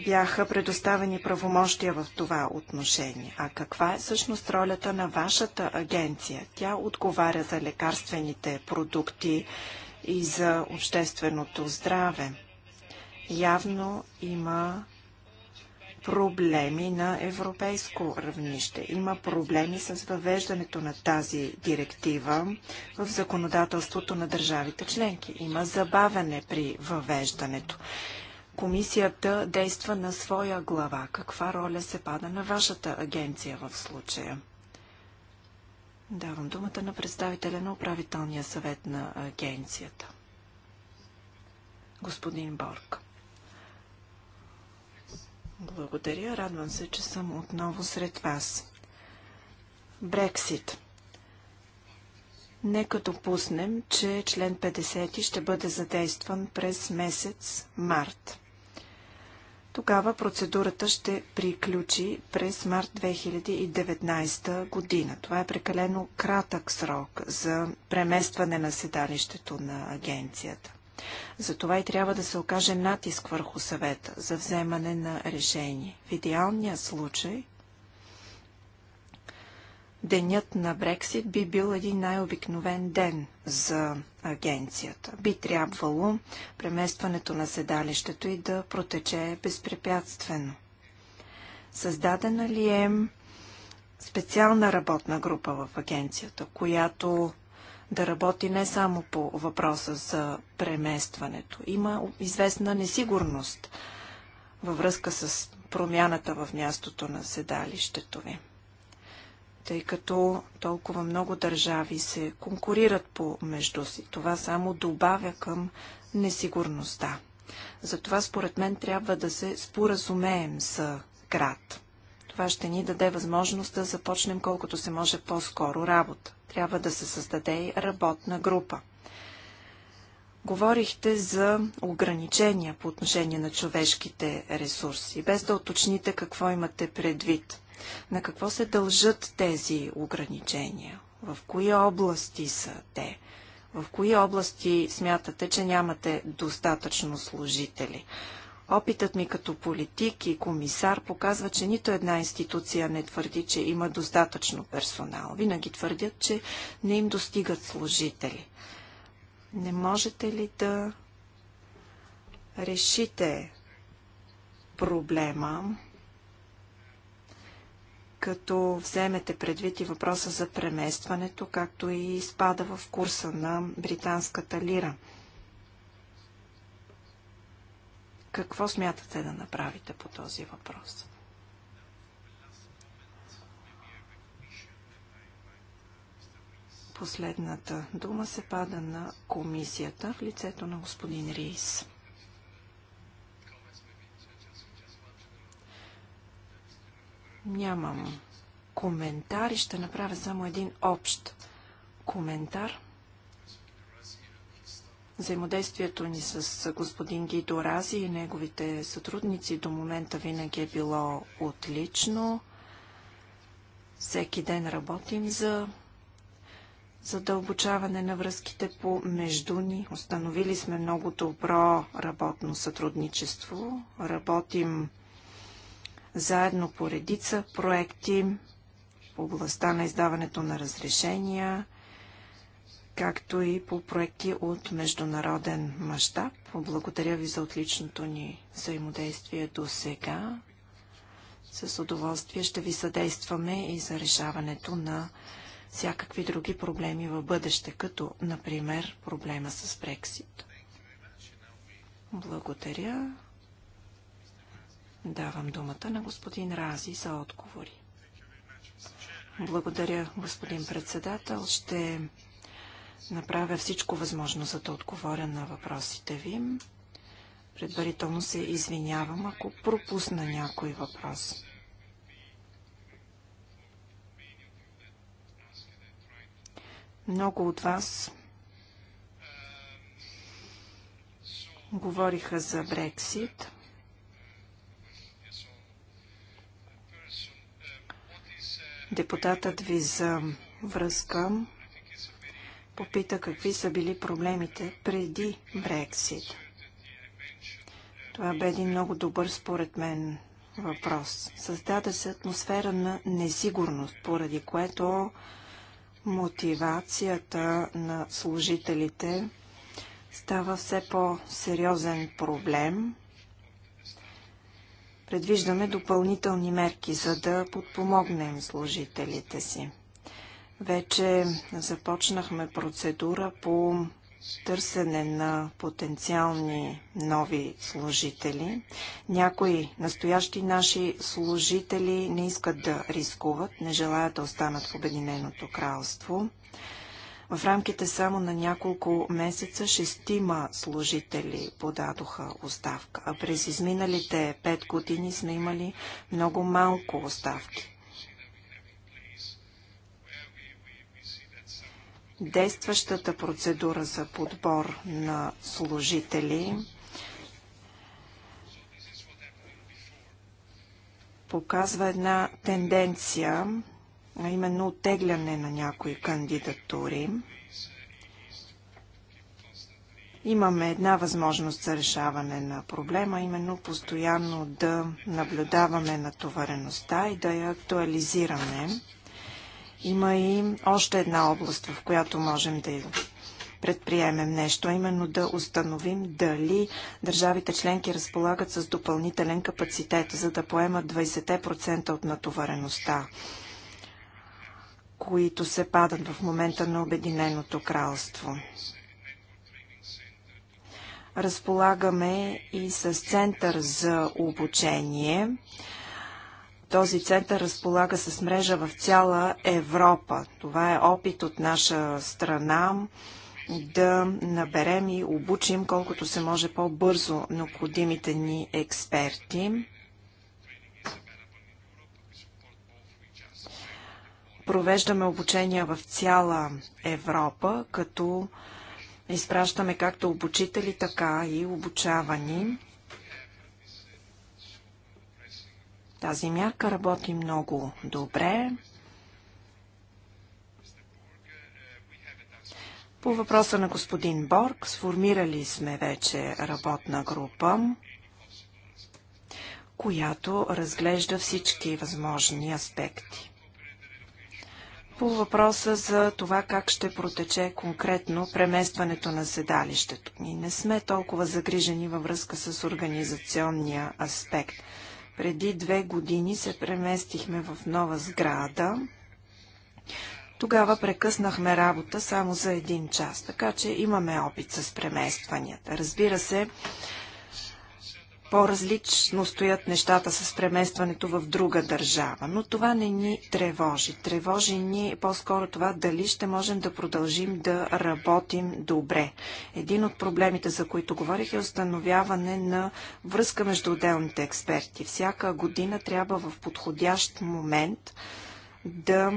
бяха предоставени правомощия в това отношение. А каква е всъщност ролята на вашата агенция? Тя отговаря за лекарствените продукти и за общественото здраве. Явно има проблеми на европейско равнище. Има проблеми с въвеждането на тази директива в законодателството на държавите членки. Има забавене при въвеждането комисията действа на своя глава. Каква роля се пада на вашата агенция в случая? Давам думата на представителя на управителния съвет на агенцията. Господин Борг. Благодаря. Радвам се, че съм отново сред вас. Брексит. Нека допуснем, че член 50 ще бъде задействан през месец март тогава процедурата ще приключи през март 2019 година. Това е прекалено кратък срок за преместване на седалището на агенцията. Затова и трябва да се окаже натиск върху съвета за вземане на решение. В идеалния случай денят на Брексит би бил един най-обикновен ден за агенцията. Би трябвало преместването на седалището и да протече безпрепятствено. Създадена ли е специална работна група в агенцията, която да работи не само по въпроса за преместването. Има известна несигурност във връзка с промяната в мястото на седалището ви тъй като толкова много държави се конкурират помежду си. Това само добавя към несигурността. Затова според мен трябва да се споразумеем с град. Това ще ни даде възможност да започнем колкото се може по-скоро работа. Трябва да се създаде и работна група. Говорихте за ограничения по отношение на човешките ресурси, без да уточните какво имате предвид. На какво се дължат тези ограничения? В кои области са те? В кои области смятате, че нямате достатъчно служители? Опитът ми като политик и комисар показва, че нито една институция не твърди, че има достатъчно персонал. Винаги твърдят, че не им достигат служители. Не можете ли да решите проблема като вземете предвид и въпроса за преместването, както и спада в курса на британската лира. Какво смятате да направите по този въпрос? Последната дума се пада на комисията в лицето на господин Рис. Нямам коментар ще направя само един общ коментар. Взаимодействието ни с господин Гидо Рази и неговите сътрудници до момента винаги е било отлично. Всеки ден работим за задълбочаване на връзките по между ни. Установили сме много добро работно сътрудничество. Работим заедно по редица проекти в областта на издаването на разрешения, както и по проекти от международен мащаб. Благодаря ви за отличното ни взаимодействие до сега. С удоволствие ще ви съдействаме и за решаването на всякакви други проблеми в бъдеще, като, например, проблема с Брексит. Благодаря. Давам думата на господин Рази за отговори. Благодаря, господин председател. Ще направя всичко възможно, за да отговоря на въпросите ви. Предварително се извинявам, ако пропусна някой въпрос. Много от вас говориха за Брексит – Депутатът ви за връзка попита какви са били проблемите преди Брексит. Това бе един много добър, според мен, въпрос. Създаде се атмосфера на несигурност, поради което мотивацията на служителите става все по-сериозен проблем предвиждаме допълнителни мерки, за да подпомогнем служителите си. Вече започнахме процедура по търсене на потенциални нови служители. Някои настоящи наши служители не искат да рискуват, не желаят да останат в Обединеното кралство. В рамките само на няколко месеца шестима служители подадоха оставка, а през изминалите пет години сме имали много малко оставки. Действащата процедура за подбор на служители показва една тенденция а именно оттегляне на някои кандидатури. Имаме една възможност за решаване на проблема, именно постоянно да наблюдаваме натовареността и да я актуализираме. Има и още една област, в която можем да предприемем нещо, именно да установим дали държавите членки разполагат с допълнителен капацитет, за да поемат 20% от натовареността които се падат в момента на Обединеното кралство. Разполагаме и с център за обучение. Този център разполага с мрежа в цяла Европа. Това е опит от наша страна да наберем и обучим колкото се може по-бързо необходимите ни експерти. Провеждаме обучения в цяла Европа, като изпращаме както обучители, така и обучавани. Тази мярка работи много добре. По въпроса на господин Борг, сформирали сме вече работна група, която разглежда всички възможни аспекти. По въпроса за това как ще протече конкретно преместването на седалището. И не сме толкова загрижени във връзка с организационния аспект. Преди две години се преместихме в нова сграда. Тогава прекъснахме работа само за един час, така че имаме опит с преместванията. Разбира се, по-различно стоят нещата с преместването в друга държава, но това не ни тревожи. Тревожи ни по-скоро това дали ще можем да продължим да работим добре. Един от проблемите, за които говорих, е установяване на връзка между отделните експерти. Всяка година трябва в подходящ момент да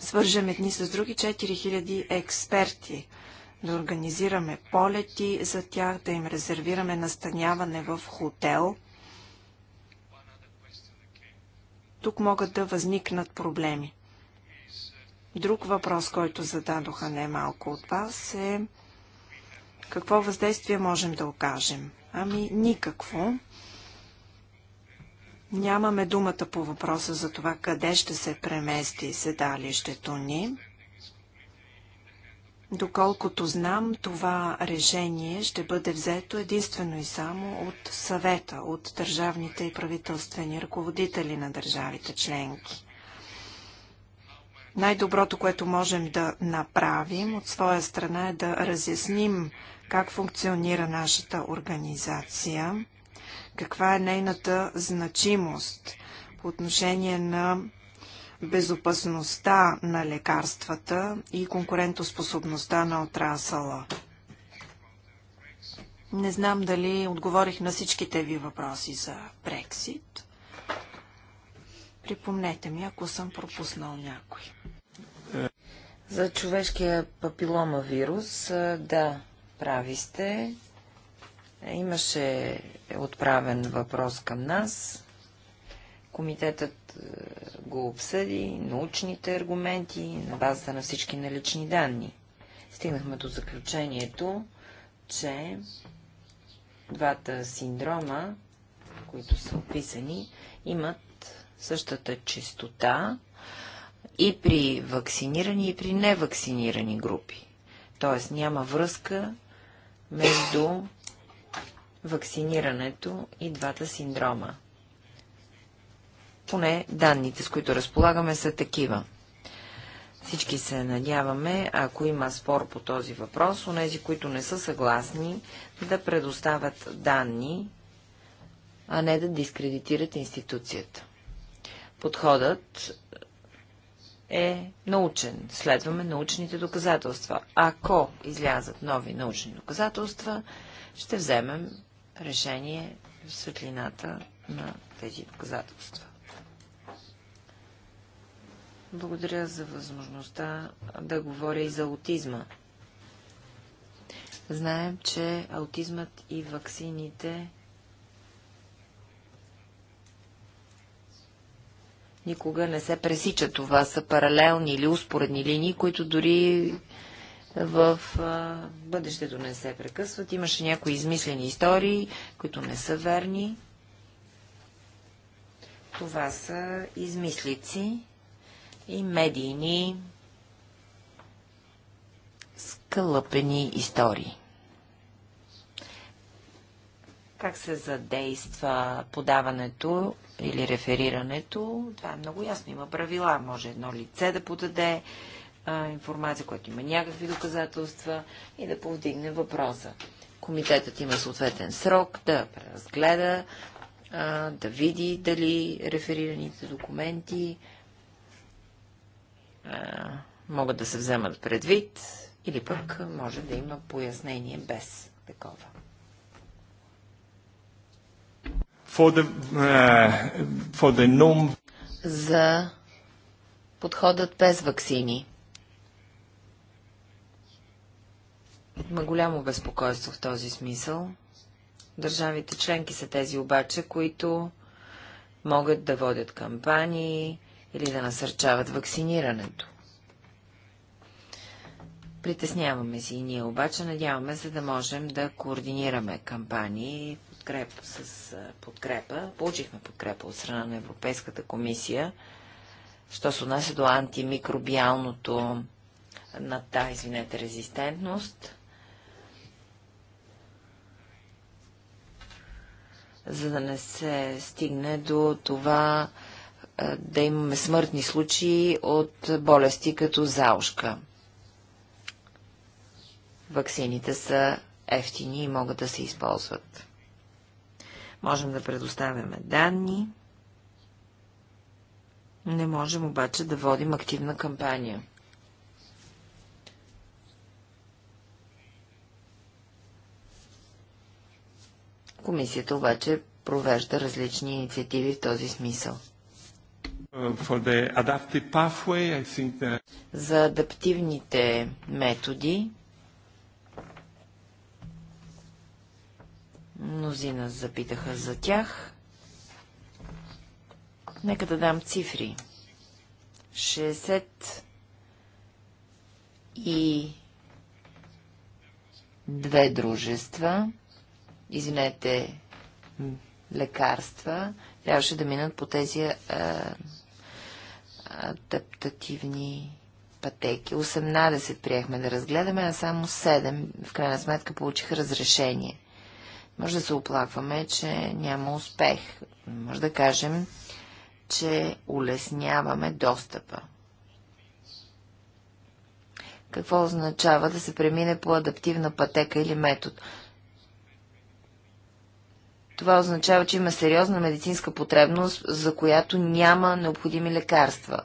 свържем едни с други 4000 експерти – да организираме полети за тях, да им резервираме настаняване в хотел. Тук могат да възникнат проблеми. Друг въпрос, който зададоха немалко от вас е какво въздействие можем да окажем? Ами никакво. Нямаме думата по въпроса за това къде ще се премести седалището ни. Доколкото знам, това решение ще бъде взето единствено и само от съвета, от държавните и правителствени ръководители на държавите членки. Най-доброто, което можем да направим от своя страна е да разясним как функционира нашата организация, каква е нейната значимост по отношение на безопасността на лекарствата и конкурентоспособността на отрасъла. Не знам дали отговорих на всичките ви въпроси за Брексит. Припомнете ми, ако съм пропуснал някой. За човешкия папилома вирус, да, прави сте. Имаше отправен въпрос към нас. Комитетът е, го обсъди, научните аргументи, на базата на всички налични данни. Стигнахме до заключението, че двата синдрома, които са описани, имат същата чистота и при вакцинирани, и при невакцинирани групи. Тоест няма връзка между вакцинирането и двата синдрома. Поне данните, с които разполагаме, са такива. Всички се надяваме, ако има спор по този въпрос, онези, които не са съгласни, да предоставят данни, а не да дискредитират институцията. Подходът е научен. Следваме научните доказателства. Ако излязат нови научни доказателства, ще вземем решение в светлината на тези доказателства. Благодаря за възможността да говоря и за аутизма. Знаем, че аутизмът и ваксините никога не се пресича. Това са паралелни или успоредни линии, които дори в а, бъдещето не се прекъсват. Имаше някои измислени истории, които не са верни. Това са измислици, и медийни скълъпени истории. Как се задейства подаването или реферирането? Това е много ясно. Има правила. Може едно лице да подаде а, информация, която има някакви доказателства и да повдигне въпроса. Комитетът има съответен срок да преразгледа, а, да види дали реферираните документи могат да се вземат предвид или пък може да има пояснение без такова. The, uh, За подходът без вакцини. Има голямо безпокойство в този смисъл. Държавите членки са тези обаче, които могат да водят кампании, или да насърчават вакцинирането. Притесняваме се и ние обаче, надяваме се да можем да координираме кампании подкреп, с подкрепа. Получихме подкрепа от страна на Европейската комисия, що се отнася до антимикробиалното на тази, извинете, резистентност. за да не се стигне до това да имаме смъртни случаи от болести като заушка. Ваксините са ефтини и могат да се използват. Можем да предоставяме данни. Не можем обаче да водим активна кампания. Комисията обаче провежда различни инициативи в този смисъл. Uh, за адаптивните методи мнозина запитаха за тях. Нека да дам цифри. 60 и две дружества, извинете, лекарства, трябваше да минат по тези а, адаптативни пътеки. 18 приехме да разгледаме, а само 7 в крайна сметка получиха разрешение. Може да се оплакваме, че няма успех. Може да кажем, че улесняваме достъпа. Какво означава да се премине по адаптивна пътека или метод? Това означава, че има сериозна медицинска потребност, за която няма необходими лекарства.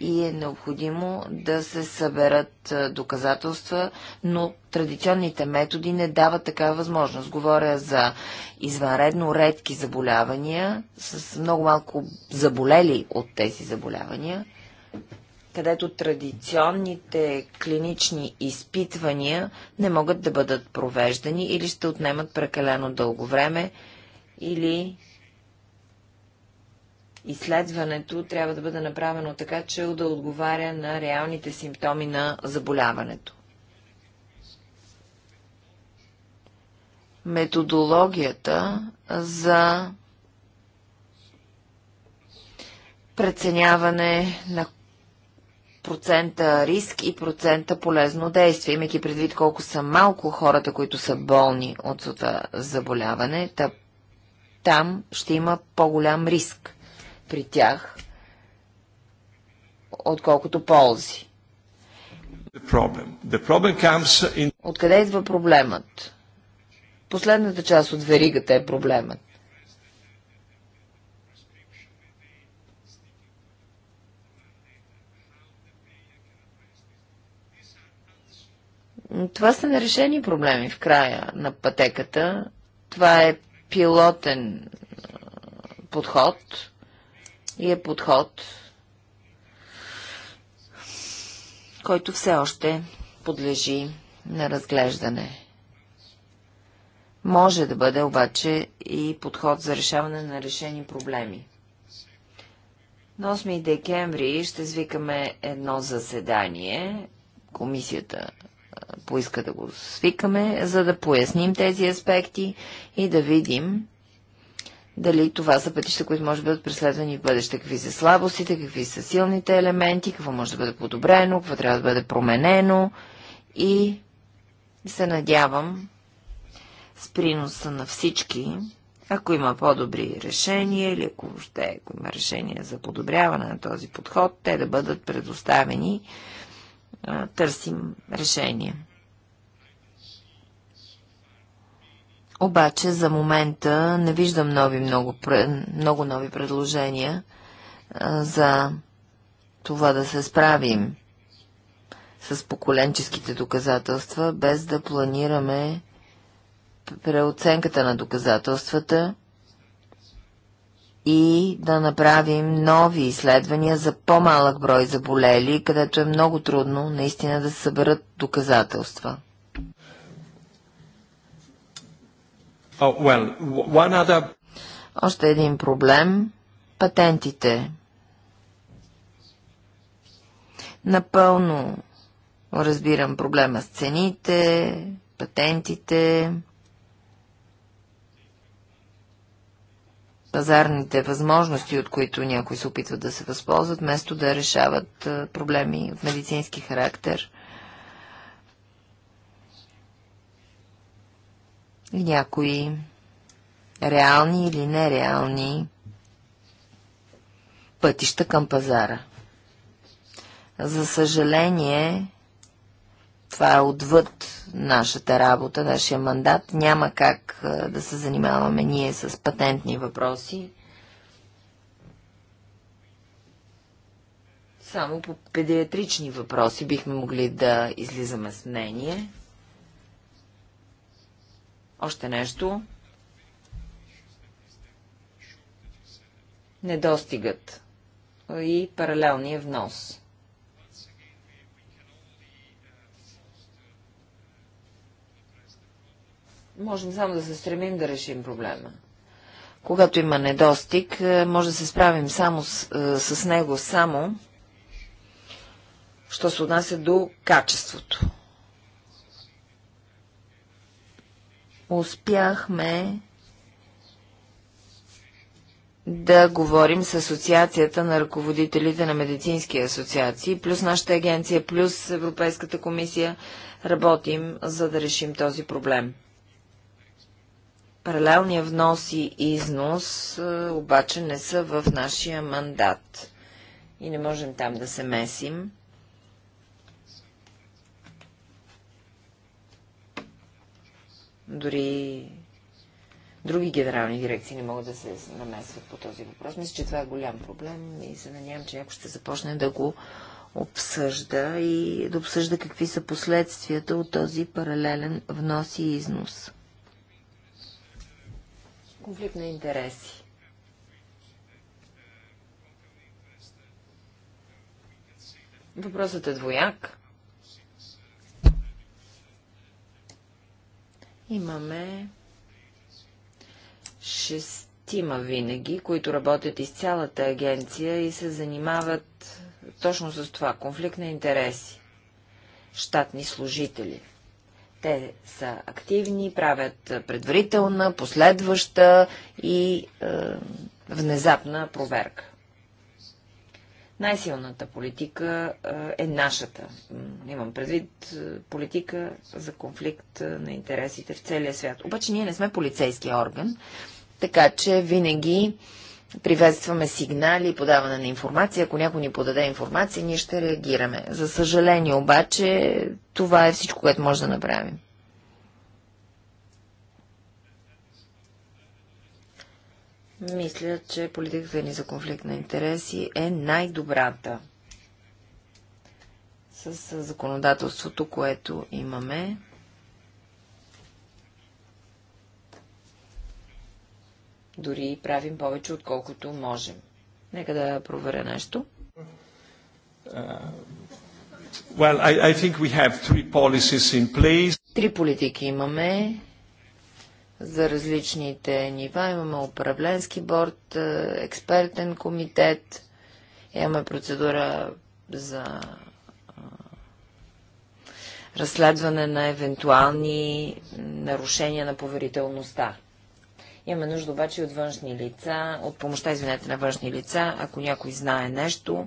И е необходимо да се съберат е, доказателства, но традиционните методи не дават такава възможност. Говоря за извънредно редки заболявания, с много малко заболели от тези заболявания, където традиционните клинични изпитвания не могат да бъдат провеждани или ще отнемат прекалено дълго време или изследването трябва да бъде направено така, че да отговаря на реалните симптоми на заболяването. Методологията за преценяване на процента риск и процента полезно действие, имайки предвид колко са малко хората, които са болни от заболяване. Та там ще има по-голям риск при тях, отколкото ползи. The problem. The problem in... Откъде идва проблемът? Последната част от веригата е проблемът. Това са нерешени проблеми в края на пътеката. Това е пилотен подход и е подход, който все още подлежи на разглеждане. Може да бъде обаче и подход за решаване на решени проблеми. На 8 декември ще свикаме едно заседание, комисията поиска да го свикаме, за да поясним тези аспекти и да видим дали това са пътища, които може да бъдат преследвани в бъдеще, какви са слабостите, какви са силните елементи, какво може да бъде подобрено, какво трябва да бъде променено и се надявам с приноса на всички, ако има по-добри решения или ако ще ако има решения за подобряване на този подход, те да бъдат предоставени търсим решение. Обаче за момента не виждам нови, много, много нови предложения а, за това да се справим с поколенческите доказателства, без да планираме преоценката на доказателствата и да направим нови изследвания за по-малък брой заболели, където е много трудно наистина да се съберат доказателства. Oh, well, one other... Още един проблем – патентите. Напълно разбирам проблема с цените, патентите – пазарните възможности, от които някои се опитват да се възползват, вместо да решават проблеми от медицински характер. И някои реални или нереални пътища към пазара. За съжаление, това е отвъд нашата работа, нашия мандат. Няма как да се занимаваме ние с патентни въпроси. Само по педиатрични въпроси бихме могли да излизаме с мнение. Още нещо. Недостигът и паралелния внос. Можем само да се стремим да решим проблема. Когато има недостиг, е, може да се справим само с, е, с него само, що се отнася до качеството. Успяхме да говорим с Асоциацията на ръководителите на медицински асоциации, плюс нашата агенция, плюс Европейската комисия. Работим, за да решим този проблем. Паралелния внос и износ е, обаче не са в нашия мандат и не можем там да се месим. Дори други генерални дирекции не могат да се намесват по този въпрос. Мисля, че това е голям проблем и се надявам, че някой ще започне да го обсъжда и да обсъжда какви са последствията от този паралелен внос и износ конфликт на интереси. Въпросът е двояк. Имаме шестима винаги, които работят из цялата агенция и се занимават точно с това – конфликт на интереси. Штатни служители. Те са активни, правят предварителна, последваща и е, внезапна проверка. Най-силната политика е, е нашата. Имам предвид е, политика за конфликт е, на интересите в целия свят. Обаче ние не сме полицейски орган, така че винаги Приветстваме сигнали и подаване на информация. Ако някой ни подаде информация, ние ще реагираме. За съжаление обаче, това е всичко, което може да направим. Мисля, че политиката ни за конфликт на интереси е най-добрата с законодателството, което имаме. Дори правим повече, отколкото можем. Нека да проверя нещо. Uh, well, I, I think we have three policies in place. Три политики имаме за различните нива. Имаме управленски борт, е, експертен комитет, имаме процедура за е, разследване на евентуални нарушения на поверителността. Имаме нужда обаче от външни лица, от помощта, извинете, на външни лица. Ако някой знае нещо,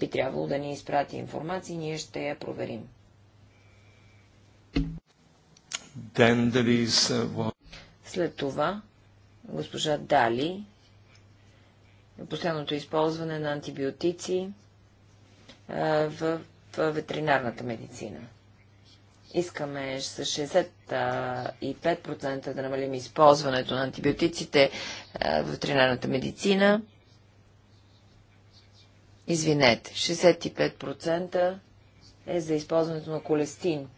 би трябвало да ни изпрати информация и ние ще я проверим. Е, След това госпожа Дали, постоянното използване на антибиотици е, в ветеринарната медицина. Искаме с 65% да намалим използването на антибиотиците е, в ветеринарната медицина. Извинете, 65% е за използването на колестин.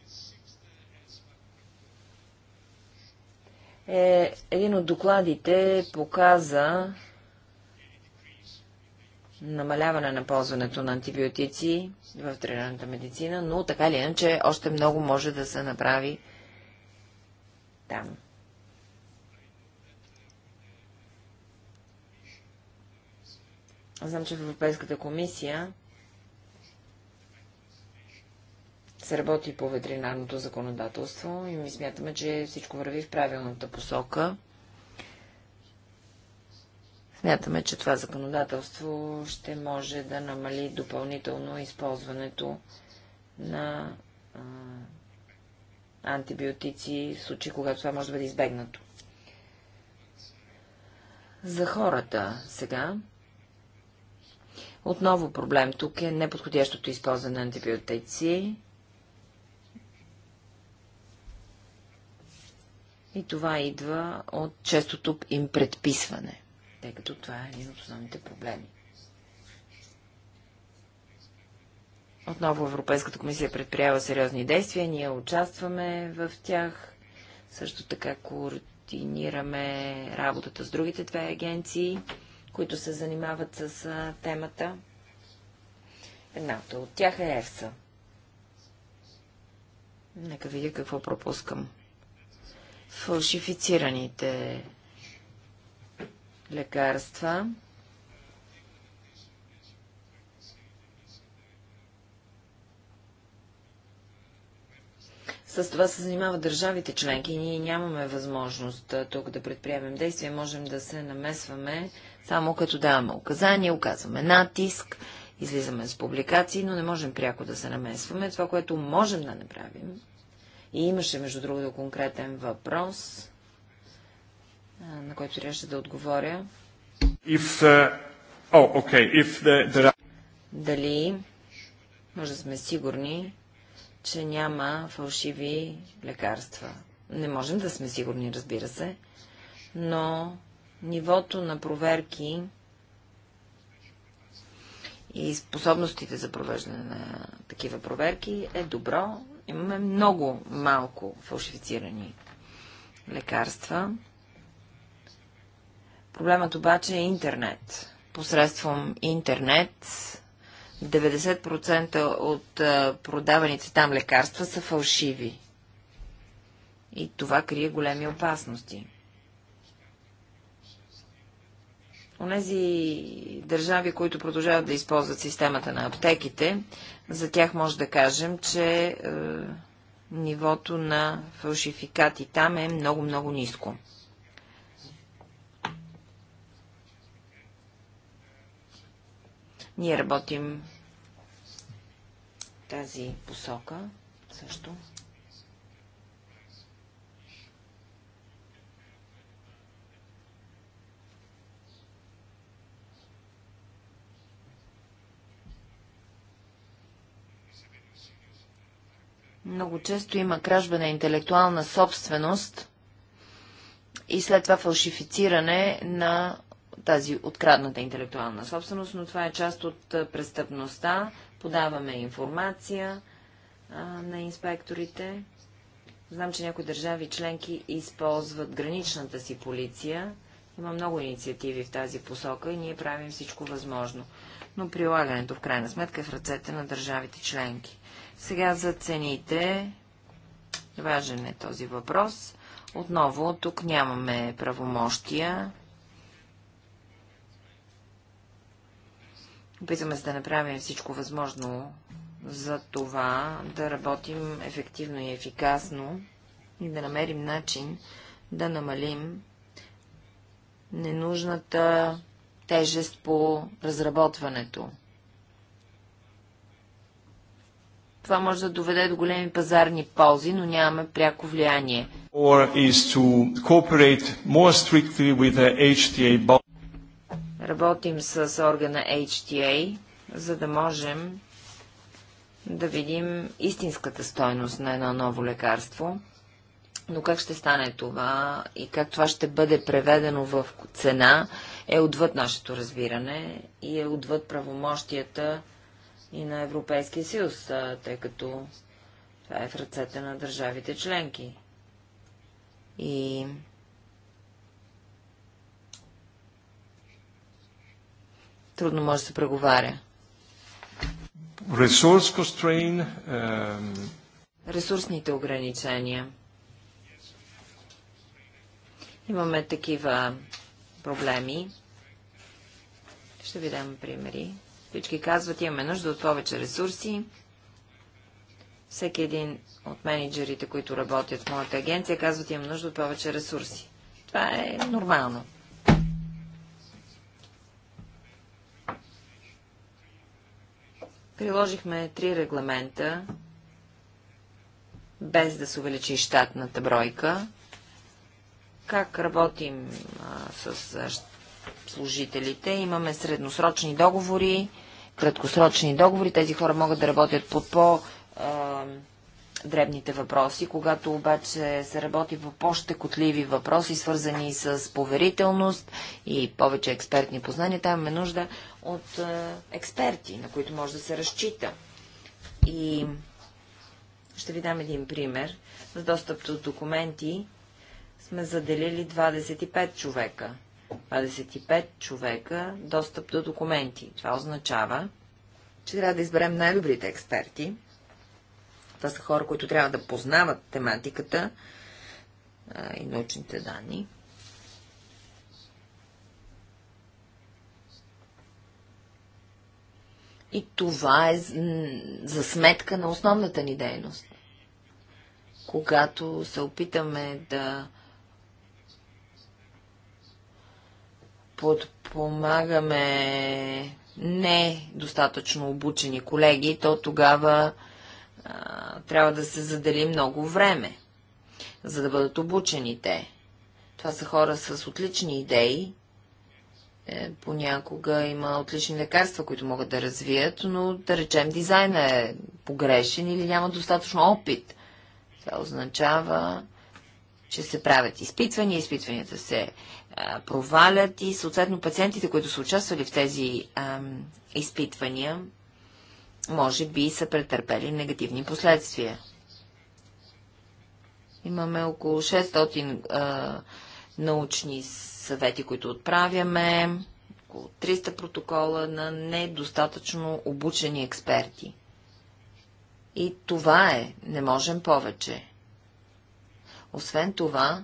Е, един от докладите показа, намаляване на ползването на антибиотици в тренираната медицина, но така ли иначе още много може да се направи там. Знам, че в Европейската комисия се работи по ветеринарното законодателство и ми смятаме, че всичко върви в правилната посока. Смятаме, че това законодателство ще може да намали допълнително използването на а, антибиотици в случай, когато това може да бъде избегнато. За хората сега. Отново проблем тук е неподходящото използване на антибиотици. И това идва от честото им предписване тъй като това е един от основните проблеми. Отново Европейската комисия е предприява сериозни действия, ние участваме в тях, също така координираме работата с другите две агенции, които се занимават с темата. Едната от тях е ЕФСА. Нека видя какво пропускам. Фалшифицираните лекарства. С това се занимават държавите членки. Ние нямаме възможност тук да предприемем действия. Можем да се намесваме само като даваме указания, оказваме натиск, излизаме с публикации, но не можем пряко да се намесваме. Това, което можем да направим, и имаше, между другото, конкретен въпрос на който трябваше да отговоря. If, uh... oh, okay. If the, the... Дали може да сме сигурни, че няма фалшиви лекарства. Не можем да сме сигурни, разбира се, но нивото на проверки и способностите за провеждане на такива проверки е добро. Имаме много малко фалшифицирани лекарства. Проблемът обаче е интернет. Посредством интернет 90% от продаваните там лекарства са фалшиви. И това крие големи опасности. Онези държави, които продължават да използват системата на аптеките, за тях може да кажем, че е, нивото на фалшификати там е много-много ниско. Ние работим тази посока също. Много често има кражба на интелектуална собственост и след това фалшифициране на тази открадната интелектуална собственост, но това е част от престъпността. Подаваме информация а, на инспекторите. Знам, че някои държави членки използват граничната си полиция. Има много инициативи в тази посока и ние правим всичко възможно. Но прилагането в крайна сметка е в ръцете на държавите членки. Сега за цените. Важен е този въпрос. Отново, тук нямаме правомощия Опитваме се да направим всичко възможно за това да работим ефективно и ефикасно и да намерим начин да намалим ненужната тежест по разработването. Това може да доведе до големи пазарни ползи, но нямаме пряко влияние. Or is to cooperate more strictly with the HTA Работим с органа HTA, за да можем да видим истинската стойност на едно ново лекарство. Но как ще стане това и как това ще бъде преведено в цена е отвъд нашето разбиране и е отвъд правомощията и на Европейския съюз, тъй като това е в ръцете на държавите членки. И трудно може да се преговаря. Ресурсните ограничения. Имаме такива проблеми. Ще ви дам примери. Всички казват, имаме нужда от повече ресурси. Всеки един от менеджерите, които работят в моята агенция, казват, имам нужда от повече ресурси. Това е нормално. Приложихме три регламента, без да се увеличи щатната бройка. Как работим а, с а, служителите? Имаме средносрочни договори, краткосрочни договори. Тези хора могат да работят по по- а, дребните въпроси. Когато обаче се работи по по-щекотливи въпроси, свързани с поверителност и повече експертни познания, там имаме нужда от е, експерти, на които може да се разчита. И ще ви дам един пример. За достъп до документи сме заделили 25 човека. 25 човека достъп до документи. Това означава, че трябва да изберем най-добрите експерти – това са хора, които трябва да познават тематиката а, и научните данни. И това е за сметка на основната ни дейност. Когато се опитаме да подпомагаме недостатъчно обучени колеги, то тогава трябва да се задели много време, за да бъдат обучени те. Това са хора с отлични идеи. Е, понякога има отлични лекарства, които могат да развият, но да речем дизайна е погрешен или няма достатъчно опит. Това означава, че се правят изпитвания, изпитванията се провалят и съответно пациентите, които са участвали в тези изпитвания, може би са претърпели негативни последствия. Имаме около 600 а, научни съвети, които отправяме, около 300 протокола на недостатъчно обучени експерти. И това е, не можем повече. Освен това,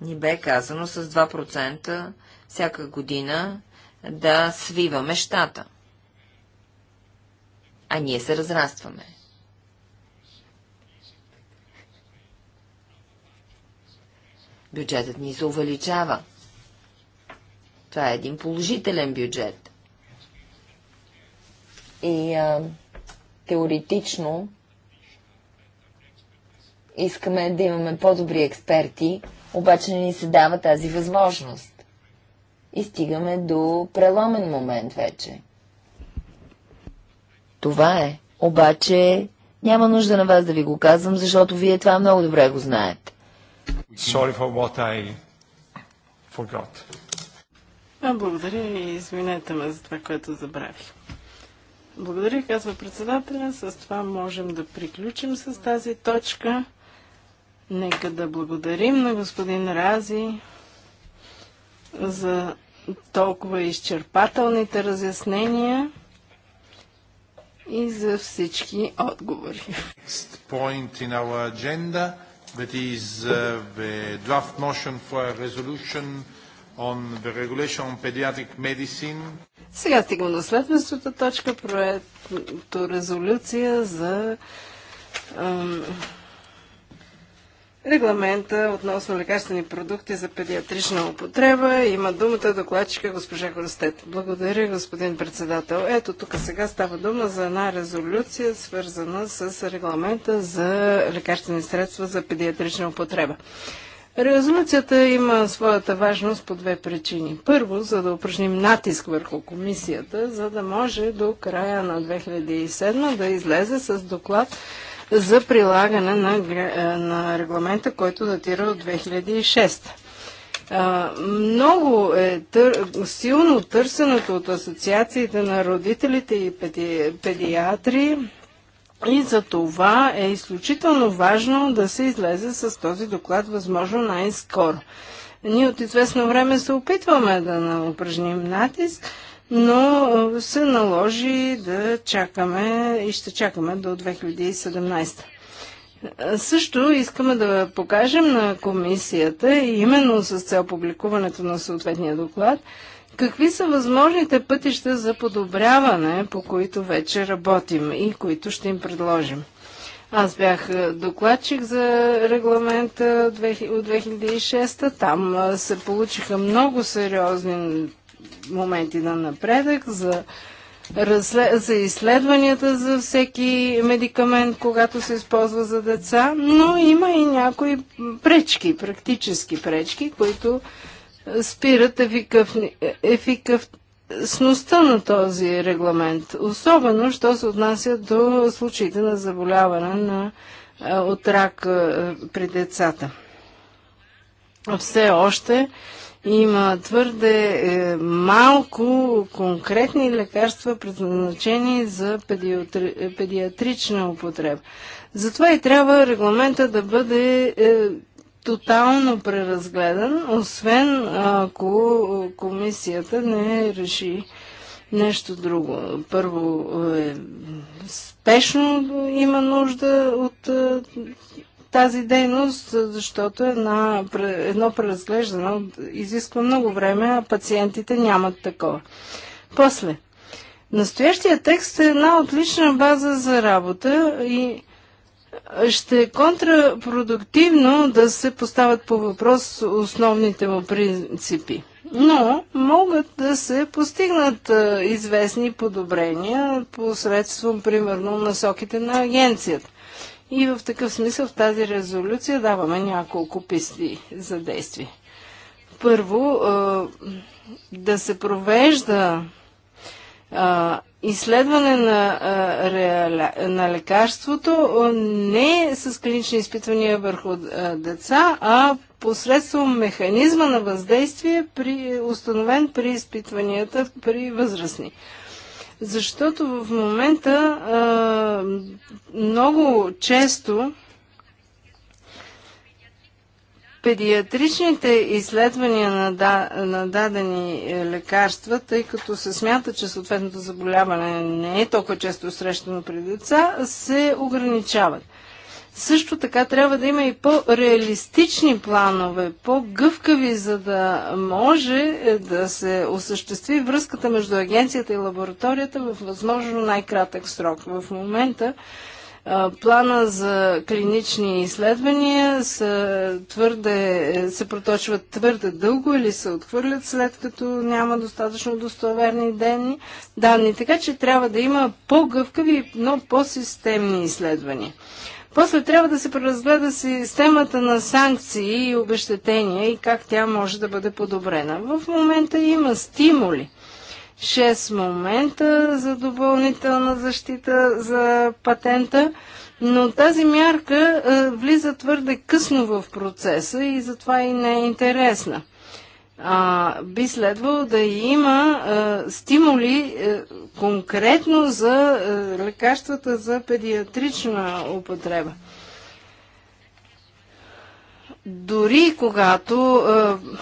ни бе казано с 2% всяка година да свиваме щата а ние се разрастваме. Бюджетът ни се увеличава. Това е един положителен бюджет. И а, теоретично искаме да имаме по-добри експерти, обаче не ни се дава тази възможност. И стигаме до преломен момент вече. Това е. Обаче няма нужда на вас да ви го казвам, защото вие това много добре го знаете. Sorry for what I forgot. А, благодаря и извинете ме за това, което забравих. Благодаря, казва председателя. С това можем да приключим с тази точка. Нека да благодарим на господин Рази за толкова изчерпателните разяснения и за всички отговори. Agenda, is, uh, Сега стигам до следващата точка, проекто резолюция за um, регламента относно лекарствени продукти за педиатрична употреба. Има думата докладчика госпожа Горстет. Благодаря, господин председател. Ето тук сега става дума за една резолюция, свързана с регламента за лекарствени средства за педиатрична употреба. Резолюцията има своята важност по две причини. Първо, за да упражним натиск върху комисията, за да може до края на 2007 да излезе с доклад за прилагане на, е, на регламента, който датира от 2006. Много е тър... силно търсеното от асоциациите на родителите и педи... педиатри и за това е изключително важно да се излезе с този доклад възможно най-скоро. Ние от известно време се опитваме да упражним натиск, но се наложи да чакаме и ще чакаме до 2017. Също искаме да покажем на комисията, именно с цел публикуването на съответния доклад, какви са възможните пътища за подобряване, по които вече работим и които ще им предложим. Аз бях докладчик за регламента от 2006. Там се получиха много сериозни моменти на напредък, за, за изследванията за всеки медикамент, когато се използва за деца, но има и някои пречки, практически пречки, които спират ефикъв... на този регламент. Особено, що се отнася до случаите на заболяване на от рак при децата. Все още има твърде е, малко конкретни лекарства, предназначени за педиатри, е, педиатрична употреба. Затова и трябва регламента да бъде е, тотално преразгледан, освен ако комисията не реши нещо друго. Първо, е, спешно има нужда от е, тази дейност, защото една, едно преразглеждане изисква много време, а пациентите нямат такова. После, настоящия текст е една отлична база за работа и ще е контрапродуктивно да се поставят по въпрос основните му принципи. Но могат да се постигнат известни подобрения посредством, примерно, насоките на агенцията. И в такъв смисъл в тази резолюция даваме няколко писти за действие. Първо, да се провежда изследване на, на лекарството не с клинични изпитвания върху деца, а посредством механизма на въздействие, при, установен при изпитванията при възрастни. Защото в момента много често педиатричните изследвания на, да, на дадени е, лекарства, тъй като се смята, че съответното заболяване не е толкова често срещано при деца, се ограничават. Също така трябва да има и по-реалистични планове, по-гъвкави, за да може е, да се осъществи връзката между агенцията и лабораторията в възможно най-кратък срок. В момента е, плана за клинични изследвания са твърде, е, се проточват твърде дълго или се отхвърлят след като няма достатъчно достоверни данни. данни. Така че трябва да има по-гъвкави, но по-системни изследвания. После трябва да се преразгледа системата на санкции и обещетения и как тя може да бъде подобрена. В момента има стимули. шест момента за допълнителна защита за патента, но тази мярка влиза твърде късно в процеса и затова и не е интересна а, би следвало да има а, стимули а, е, конкретно за а, е, лекарствата за педиатрична употреба. Дори когато а, е,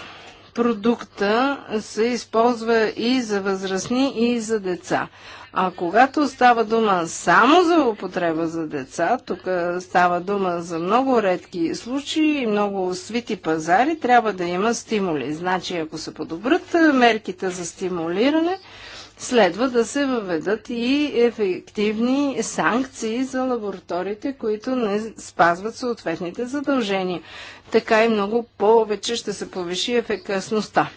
продукта се използва и за възрастни, и за деца. А когато става дума само за употреба за деца, тук е, става дума за много редки случаи и много свити пазари, трябва да има стимули. Значи, ако се подобрат е, мерките за стимулиране, следва да се въведат и ефективни санкции за лабораториите, които не спазват съответните задължения. Така и много повече ще се повиши ефекасността.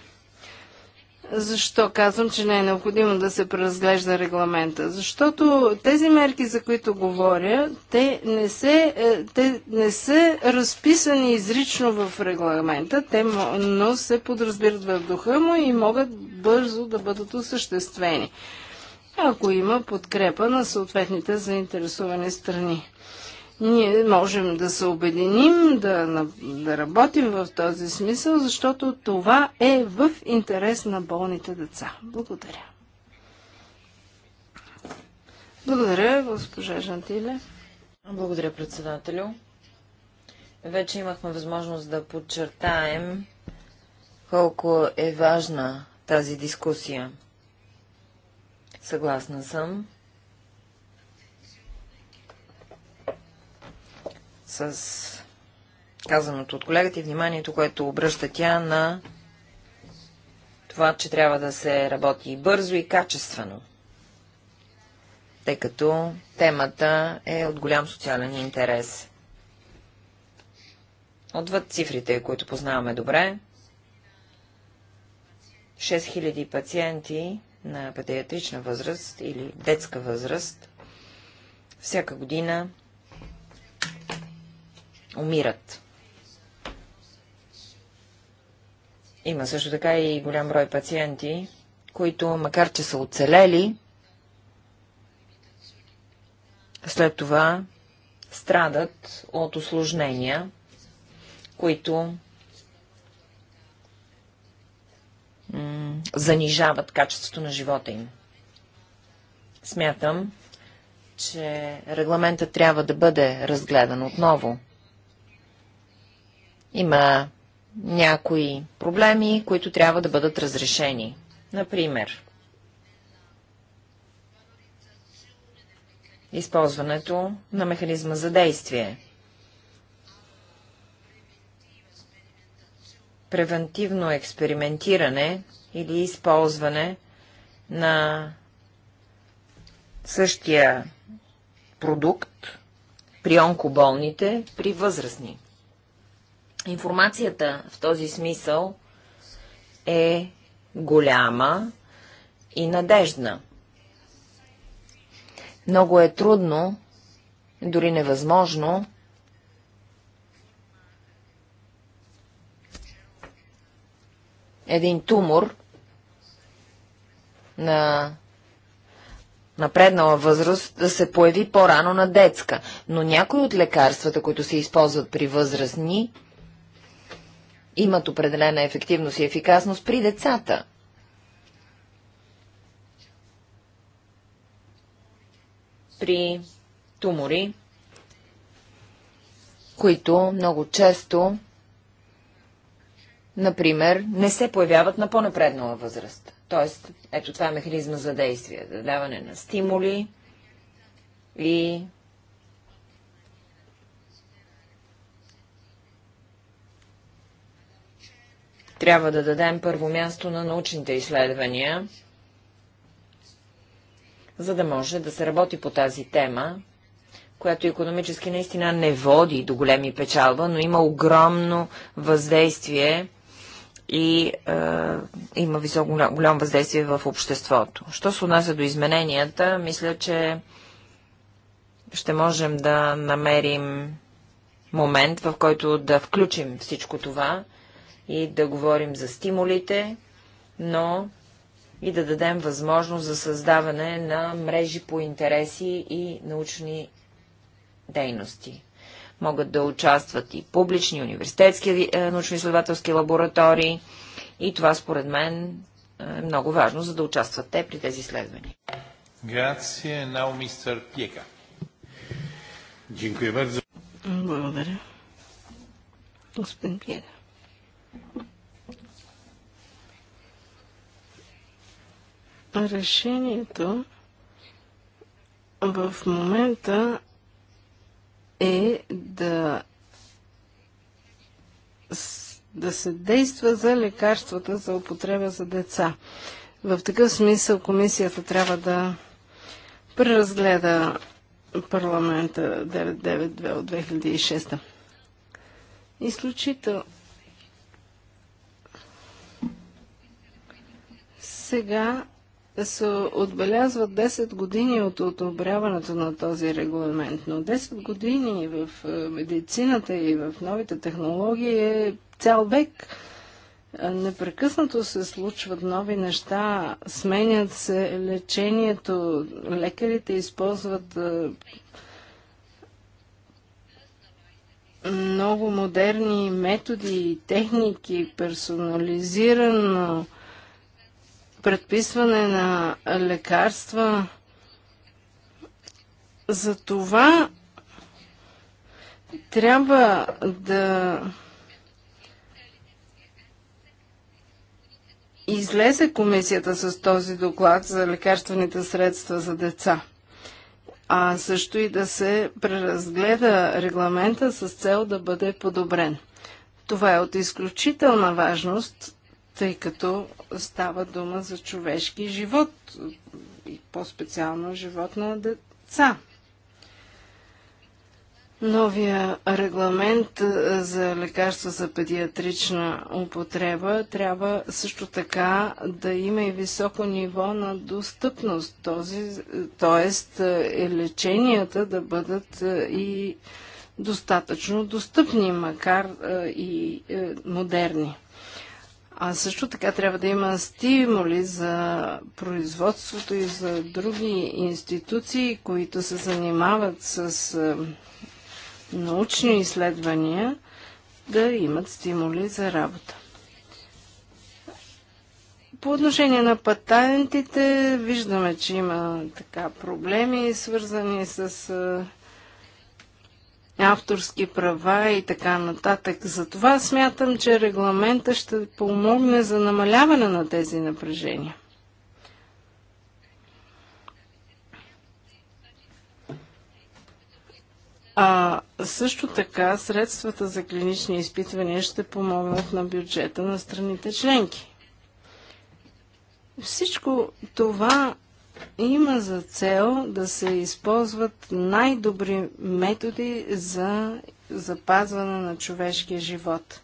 Защо казвам, че не е необходимо да се преразглежда регламента? Защото тези мерки, за които говоря, те не, се, е, те не са разписани изрично в регламента, те, но се подразбират в духа му и могат бързо да бъдат осъществени, ако има подкрепа на съответните заинтересовани страни. Ние можем да се обединим, да, да работим в този смисъл, защото това е в интерес на болните деца. Благодаря. Благодаря, госпожа Жантиле. Благодаря, председателю. Вече имахме възможност да подчертаем колко е важна тази дискусия. Съгласна съм, с казаното от колегата и вниманието, което обръща тя на това, че трябва да се работи и бързо и качествено, тъй като темата е от голям социален интерес. Отвъд цифрите, които познаваме добре, 6000 пациенти на педиатрична възраст или детска възраст всяка година умират. Има също така и голям брой пациенти, които, макар че са оцелели, след това страдат от осложнения, които занижават качеството на живота им. Смятам, че регламентът трябва да бъде разгледан отново. Има някои проблеми, които трябва да бъдат разрешени. Например, използването на механизма за действие. Превентивно експериментиране или използване на същия продукт при онкоболните, при възрастни. Информацията в този смисъл е голяма и надежна. Много е трудно, дори невъзможно, един тумор на напреднала възраст да се появи по-рано на детска, но някои от лекарствата, които се използват при възрастни, имат определена ефективност и ефикасност при децата. При тумори, които много често, например, не се появяват на по-напреднала възраст. Тоест, ето това е механизма за действие, за даване на стимули и Трябва да дадем първо място на научните изследвания, за да може да се работи по тази тема, която економически наистина не води до големи печалба, но има огромно въздействие и е, има високо голямо въздействие в обществото. Що се отнася до измененията, мисля, че ще можем да намерим момент, в който да включим всичко това и да говорим за стимулите, но и да дадем възможност за създаване на мрежи по интереси и научни дейности. Могат да участват и публични, университетски е, научно-изследователски лаборатории и това според мен е много важно, за да участват те при тези изследвания. Грация, на мистер Пьека. Благодаря. Господин Пьека. Решението в момента е да, да се действа за лекарствата за употреба за деца. В такъв смисъл комисията трябва да преразгледа парламента 992 от 2006. Изключително сега се отбелязват 10 години от одобряването на този регламент, но 10 години в е, медицината и в новите технологии е цял век. Е, непрекъснато се случват нови неща, сменят се лечението, лекарите използват е, много модерни методи и техники, персонализирано предписване на лекарства. За това трябва да излезе комисията с този доклад за лекарствените средства за деца, а също и да се преразгледа регламента с цел да бъде подобрен. Това е от изключителна важност, тъй като става дума за човешки живот и по-специално живот на деца. Новия регламент за лекарства за педиатрична употреба трябва също така да има и високо ниво на достъпност, т.е. леченията да бъдат и достатъчно достъпни, макар и е, модерни. А също така трябва да има стимули за производството и за други институции, които се занимават с е, научни изследвания, да имат стимули за работа. По отношение на патентите, виждаме, че има така проблеми, свързани с е, авторски права и така нататък. Затова смятам, че регламента ще помогне за намаляване на тези напрежения. А също така средствата за клинични изпитвания ще помогнат на бюджета на страните членки. Всичко това има за цел да се използват най-добри методи за запазване на човешкия живот.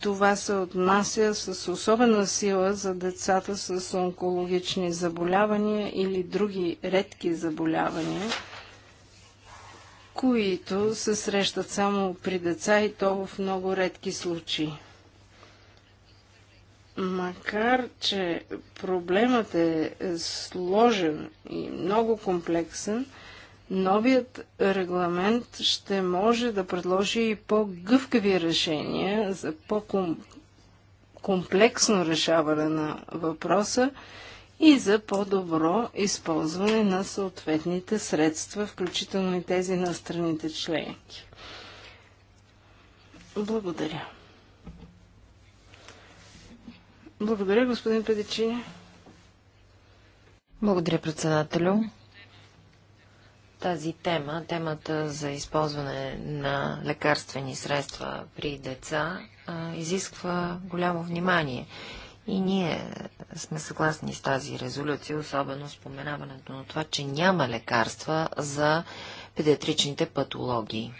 Това се отнася с особена сила за децата с онкологични заболявания или други редки заболявания, които се срещат само при деца и то в много редки случаи. Макар, че проблемът е сложен и много комплексен, новият регламент ще може да предложи и по-гъвкави решения за по-комплексно решаване на въпроса и за по-добро използване на съответните средства, включително и тези на страните членки. Благодаря. Благодаря, господин Педичини. Благодаря, председателю. Тази тема, темата за използване на лекарствени средства при деца, изисква голямо внимание. И ние сме съгласни с тази резолюция, особено споменаването на това, че няма лекарства за педиатричните патологии.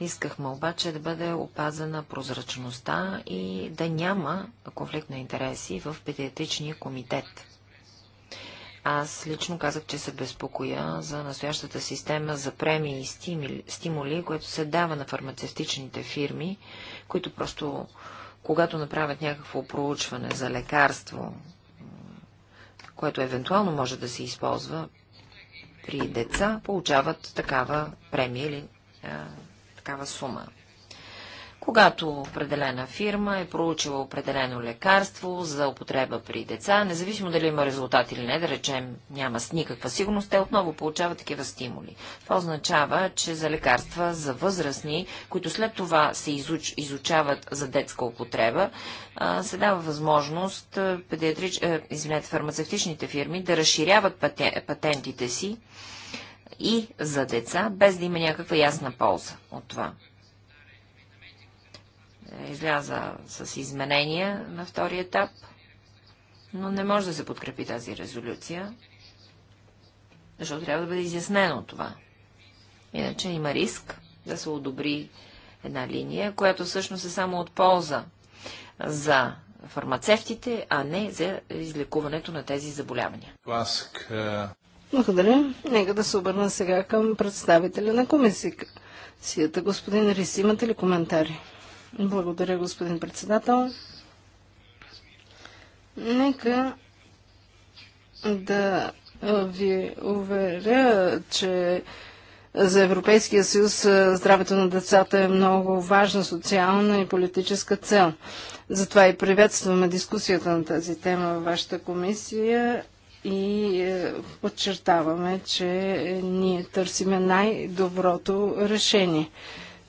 Искахме обаче да бъде опазена прозрачността и да няма конфликт на интереси в педиатричния комитет. Аз лично казах, че се безпокоя за настоящата система за премии и стимули, което се дава на фармацевтичните фирми, които просто, когато направят някакво проучване за лекарство, което евентуално може да се използва при деца, получават такава премия или такава сума. Когато определена фирма е проучила определено лекарство за употреба при деца, независимо дали има резултат или не, да речем няма с никаква сигурност, те отново получават такива стимули. Това означава, че за лекарства за възрастни, които след това се изуч, изучават за детска употреба, а, се дава възможност педиатрич, а, извинете, фармацевтичните фирми да разширяват патентите си и за деца, без да има някаква ясна полза от това. Изляза с изменения на втори етап, но не може да се подкрепи тази резолюция, защото трябва да бъде изяснено това. Иначе има риск да се одобри една линия, която всъщност е само от полза за фармацевтите, а не за излекуването на тези заболявания. Е, благодаря. Нека да се обърна сега към представителя на комисията. Господин Рис, имате ли коментари? Благодаря, господин председател. Нека да ви уверя, че за Европейския съюз здравето на децата е много важна социална и политическа цел. Затова и приветстваме дискусията на тази тема във вашата комисия и е, подчертаваме, че ние търсиме най-доброто решение.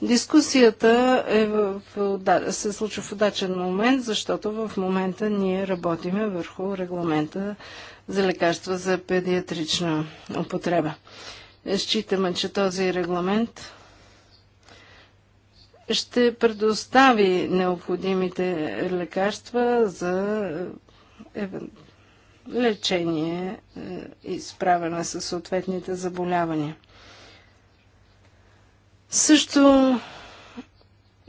Дискусията е в, се случва в удачен момент, защото в момента ние работиме върху регламента за лекарства за педиатрична употреба. Считаме, че този регламент ще предостави необходимите лекарства за лечение е, и справяне с съответните заболявания. Също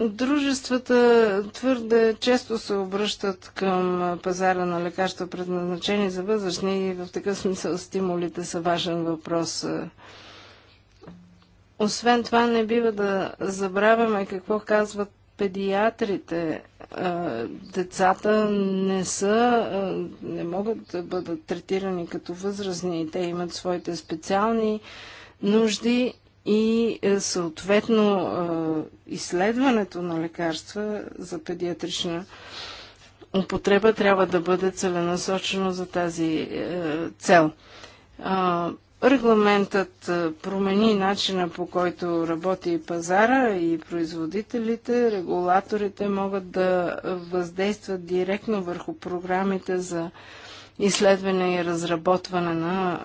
дружествата твърде често се обръщат към пазара на лекарства, предназначени за възрастни и в такъв смисъл стимулите са важен въпрос. Освен това не бива да забравяме какво казват педиатрите. Децата не са, не могат да бъдат третирани като възрастни. Те имат своите специални нужди и е, съответно изследването на лекарства за педиатрична употреба трябва да бъде целенасочено за тази е, цел Регламентът промени начина по който работи и пазара и производителите. Регулаторите могат да въздействат директно върху програмите за изследване и разработване на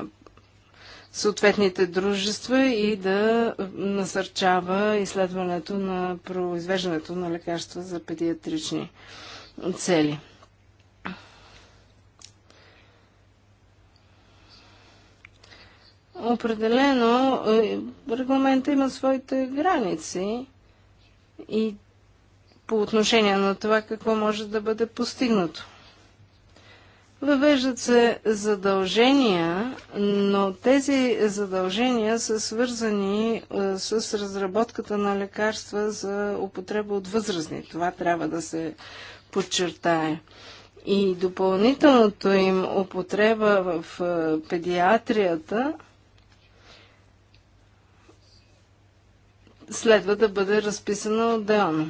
съответните дружества и да насърчава изследването на произвеждането на лекарства за педиатрични цели. Определено е, регламента има своите граници и по отношение на това какво може да бъде постигнато. Въвеждат се задължения, но тези задължения са свързани е, с разработката на лекарства за употреба от възрастни. Това трябва да се подчертае. И допълнителното им употреба в е, педиатрията следва да бъде разписана отделно.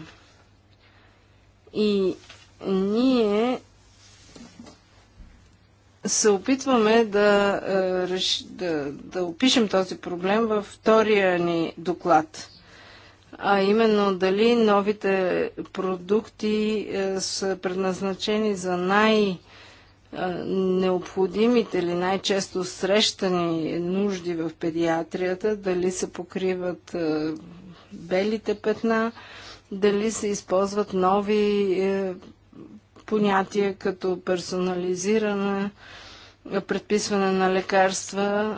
И ние се опитваме да, е, да, да опишем този проблем във втория ни доклад. А именно дали новите продукти е, са предназначени за най- е, необходимите или най-често срещани нужди в педиатрията, дали се покриват белите петна, дали се използват нови е, понятия като персонализиране, предписване на лекарства,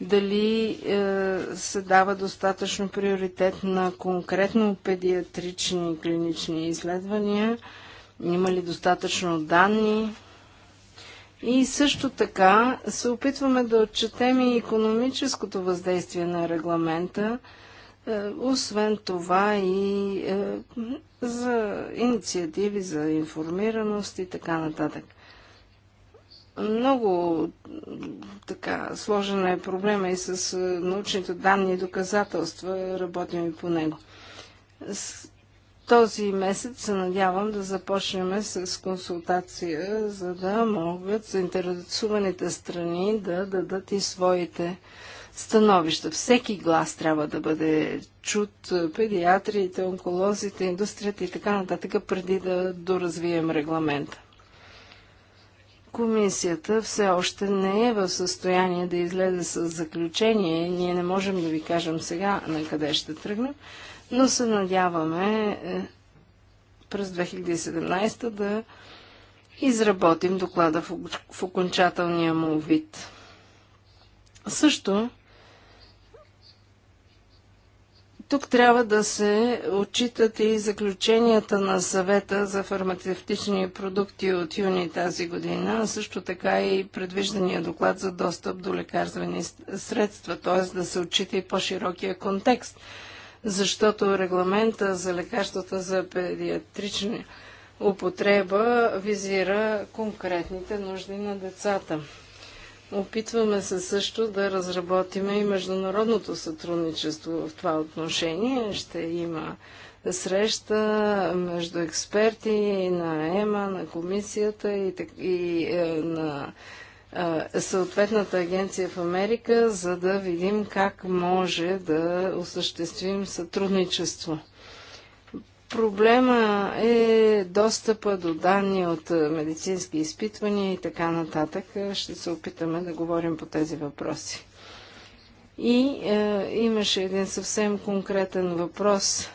дали е, се дава достатъчно приоритет на конкретно педиатрични клинични изследвания, има ли достатъчно данни. И също така се опитваме да отчетем и економическото въздействие на регламента, е, освен това и е, за инициативи за информираност и така нататък. Много така сложен е проблема и с е, научните данни и доказателства. Работим и по него. С този месец се надявам да започнем с консултация, за да могат заинтересуваните страни да дадат и своите становища. Всеки глас трябва да бъде чут, педиатрите, онколозите, индустрията и така нататък, преди да доразвием регламента. Комисията все още не е в състояние да излезе с заключение. Ние не можем да ви кажем сега на къде ще тръгнем, но се надяваме е, през 2017 да изработим доклада в окончателния му вид. Също Тук трябва да се отчитат и заключенията на съвета за фармацевтични продукти от юни тази година, а също така и предвиждания доклад за достъп до лекарствени средства, т.е. да се отчита и по-широкия контекст, защото регламента за лекарствата за педиатрични употреба визира конкретните нужди на децата. Опитваме се също да разработиме и международното сътрудничество в това отношение. Ще има среща между експерти на ЕМА, на комисията и, и е, на е, съответната агенция в Америка, за да видим как може да осъществим сътрудничество. Проблема е достъпа до данни от медицински изпитвания и така нататък. Ще се опитаме да говорим по тези въпроси. И е, имаше един съвсем конкретен въпрос,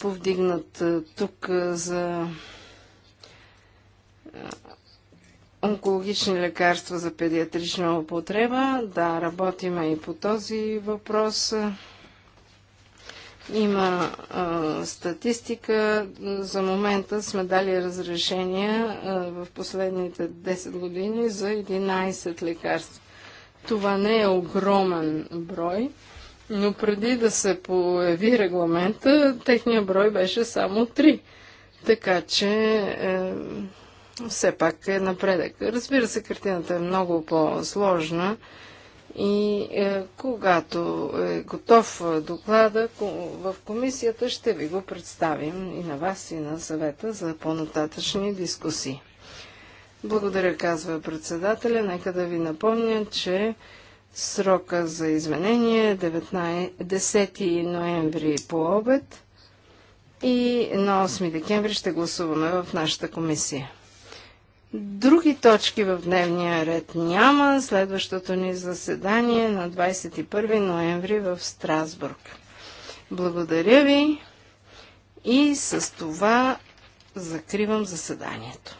повдигнат е, тук е, за онкологични лекарства за педиатрична употреба. Да, работиме и по този въпрос. Е, има а, статистика. За момента сме дали разрешения а, в последните 10 години за 11 лекарства. Това не е огромен брой, но преди да се появи регламента, техния брой беше само 3. Така че е, все пак е напредък. Разбира се, картината е много по-сложна. И е, когато е готов доклада в комисията, ще ви го представим и на вас, и на съвета за по-нататъчни дискусии. Благодаря, казва председателя. Нека да ви напомня, че срока за изменение е 19... 10 ноември по обед и на 8 декември ще гласуваме в нашата комисия. Други точки в дневния ред няма. Следващото ни заседание на 21 ноември в Страсбург. Благодаря ви и с това закривам заседанието.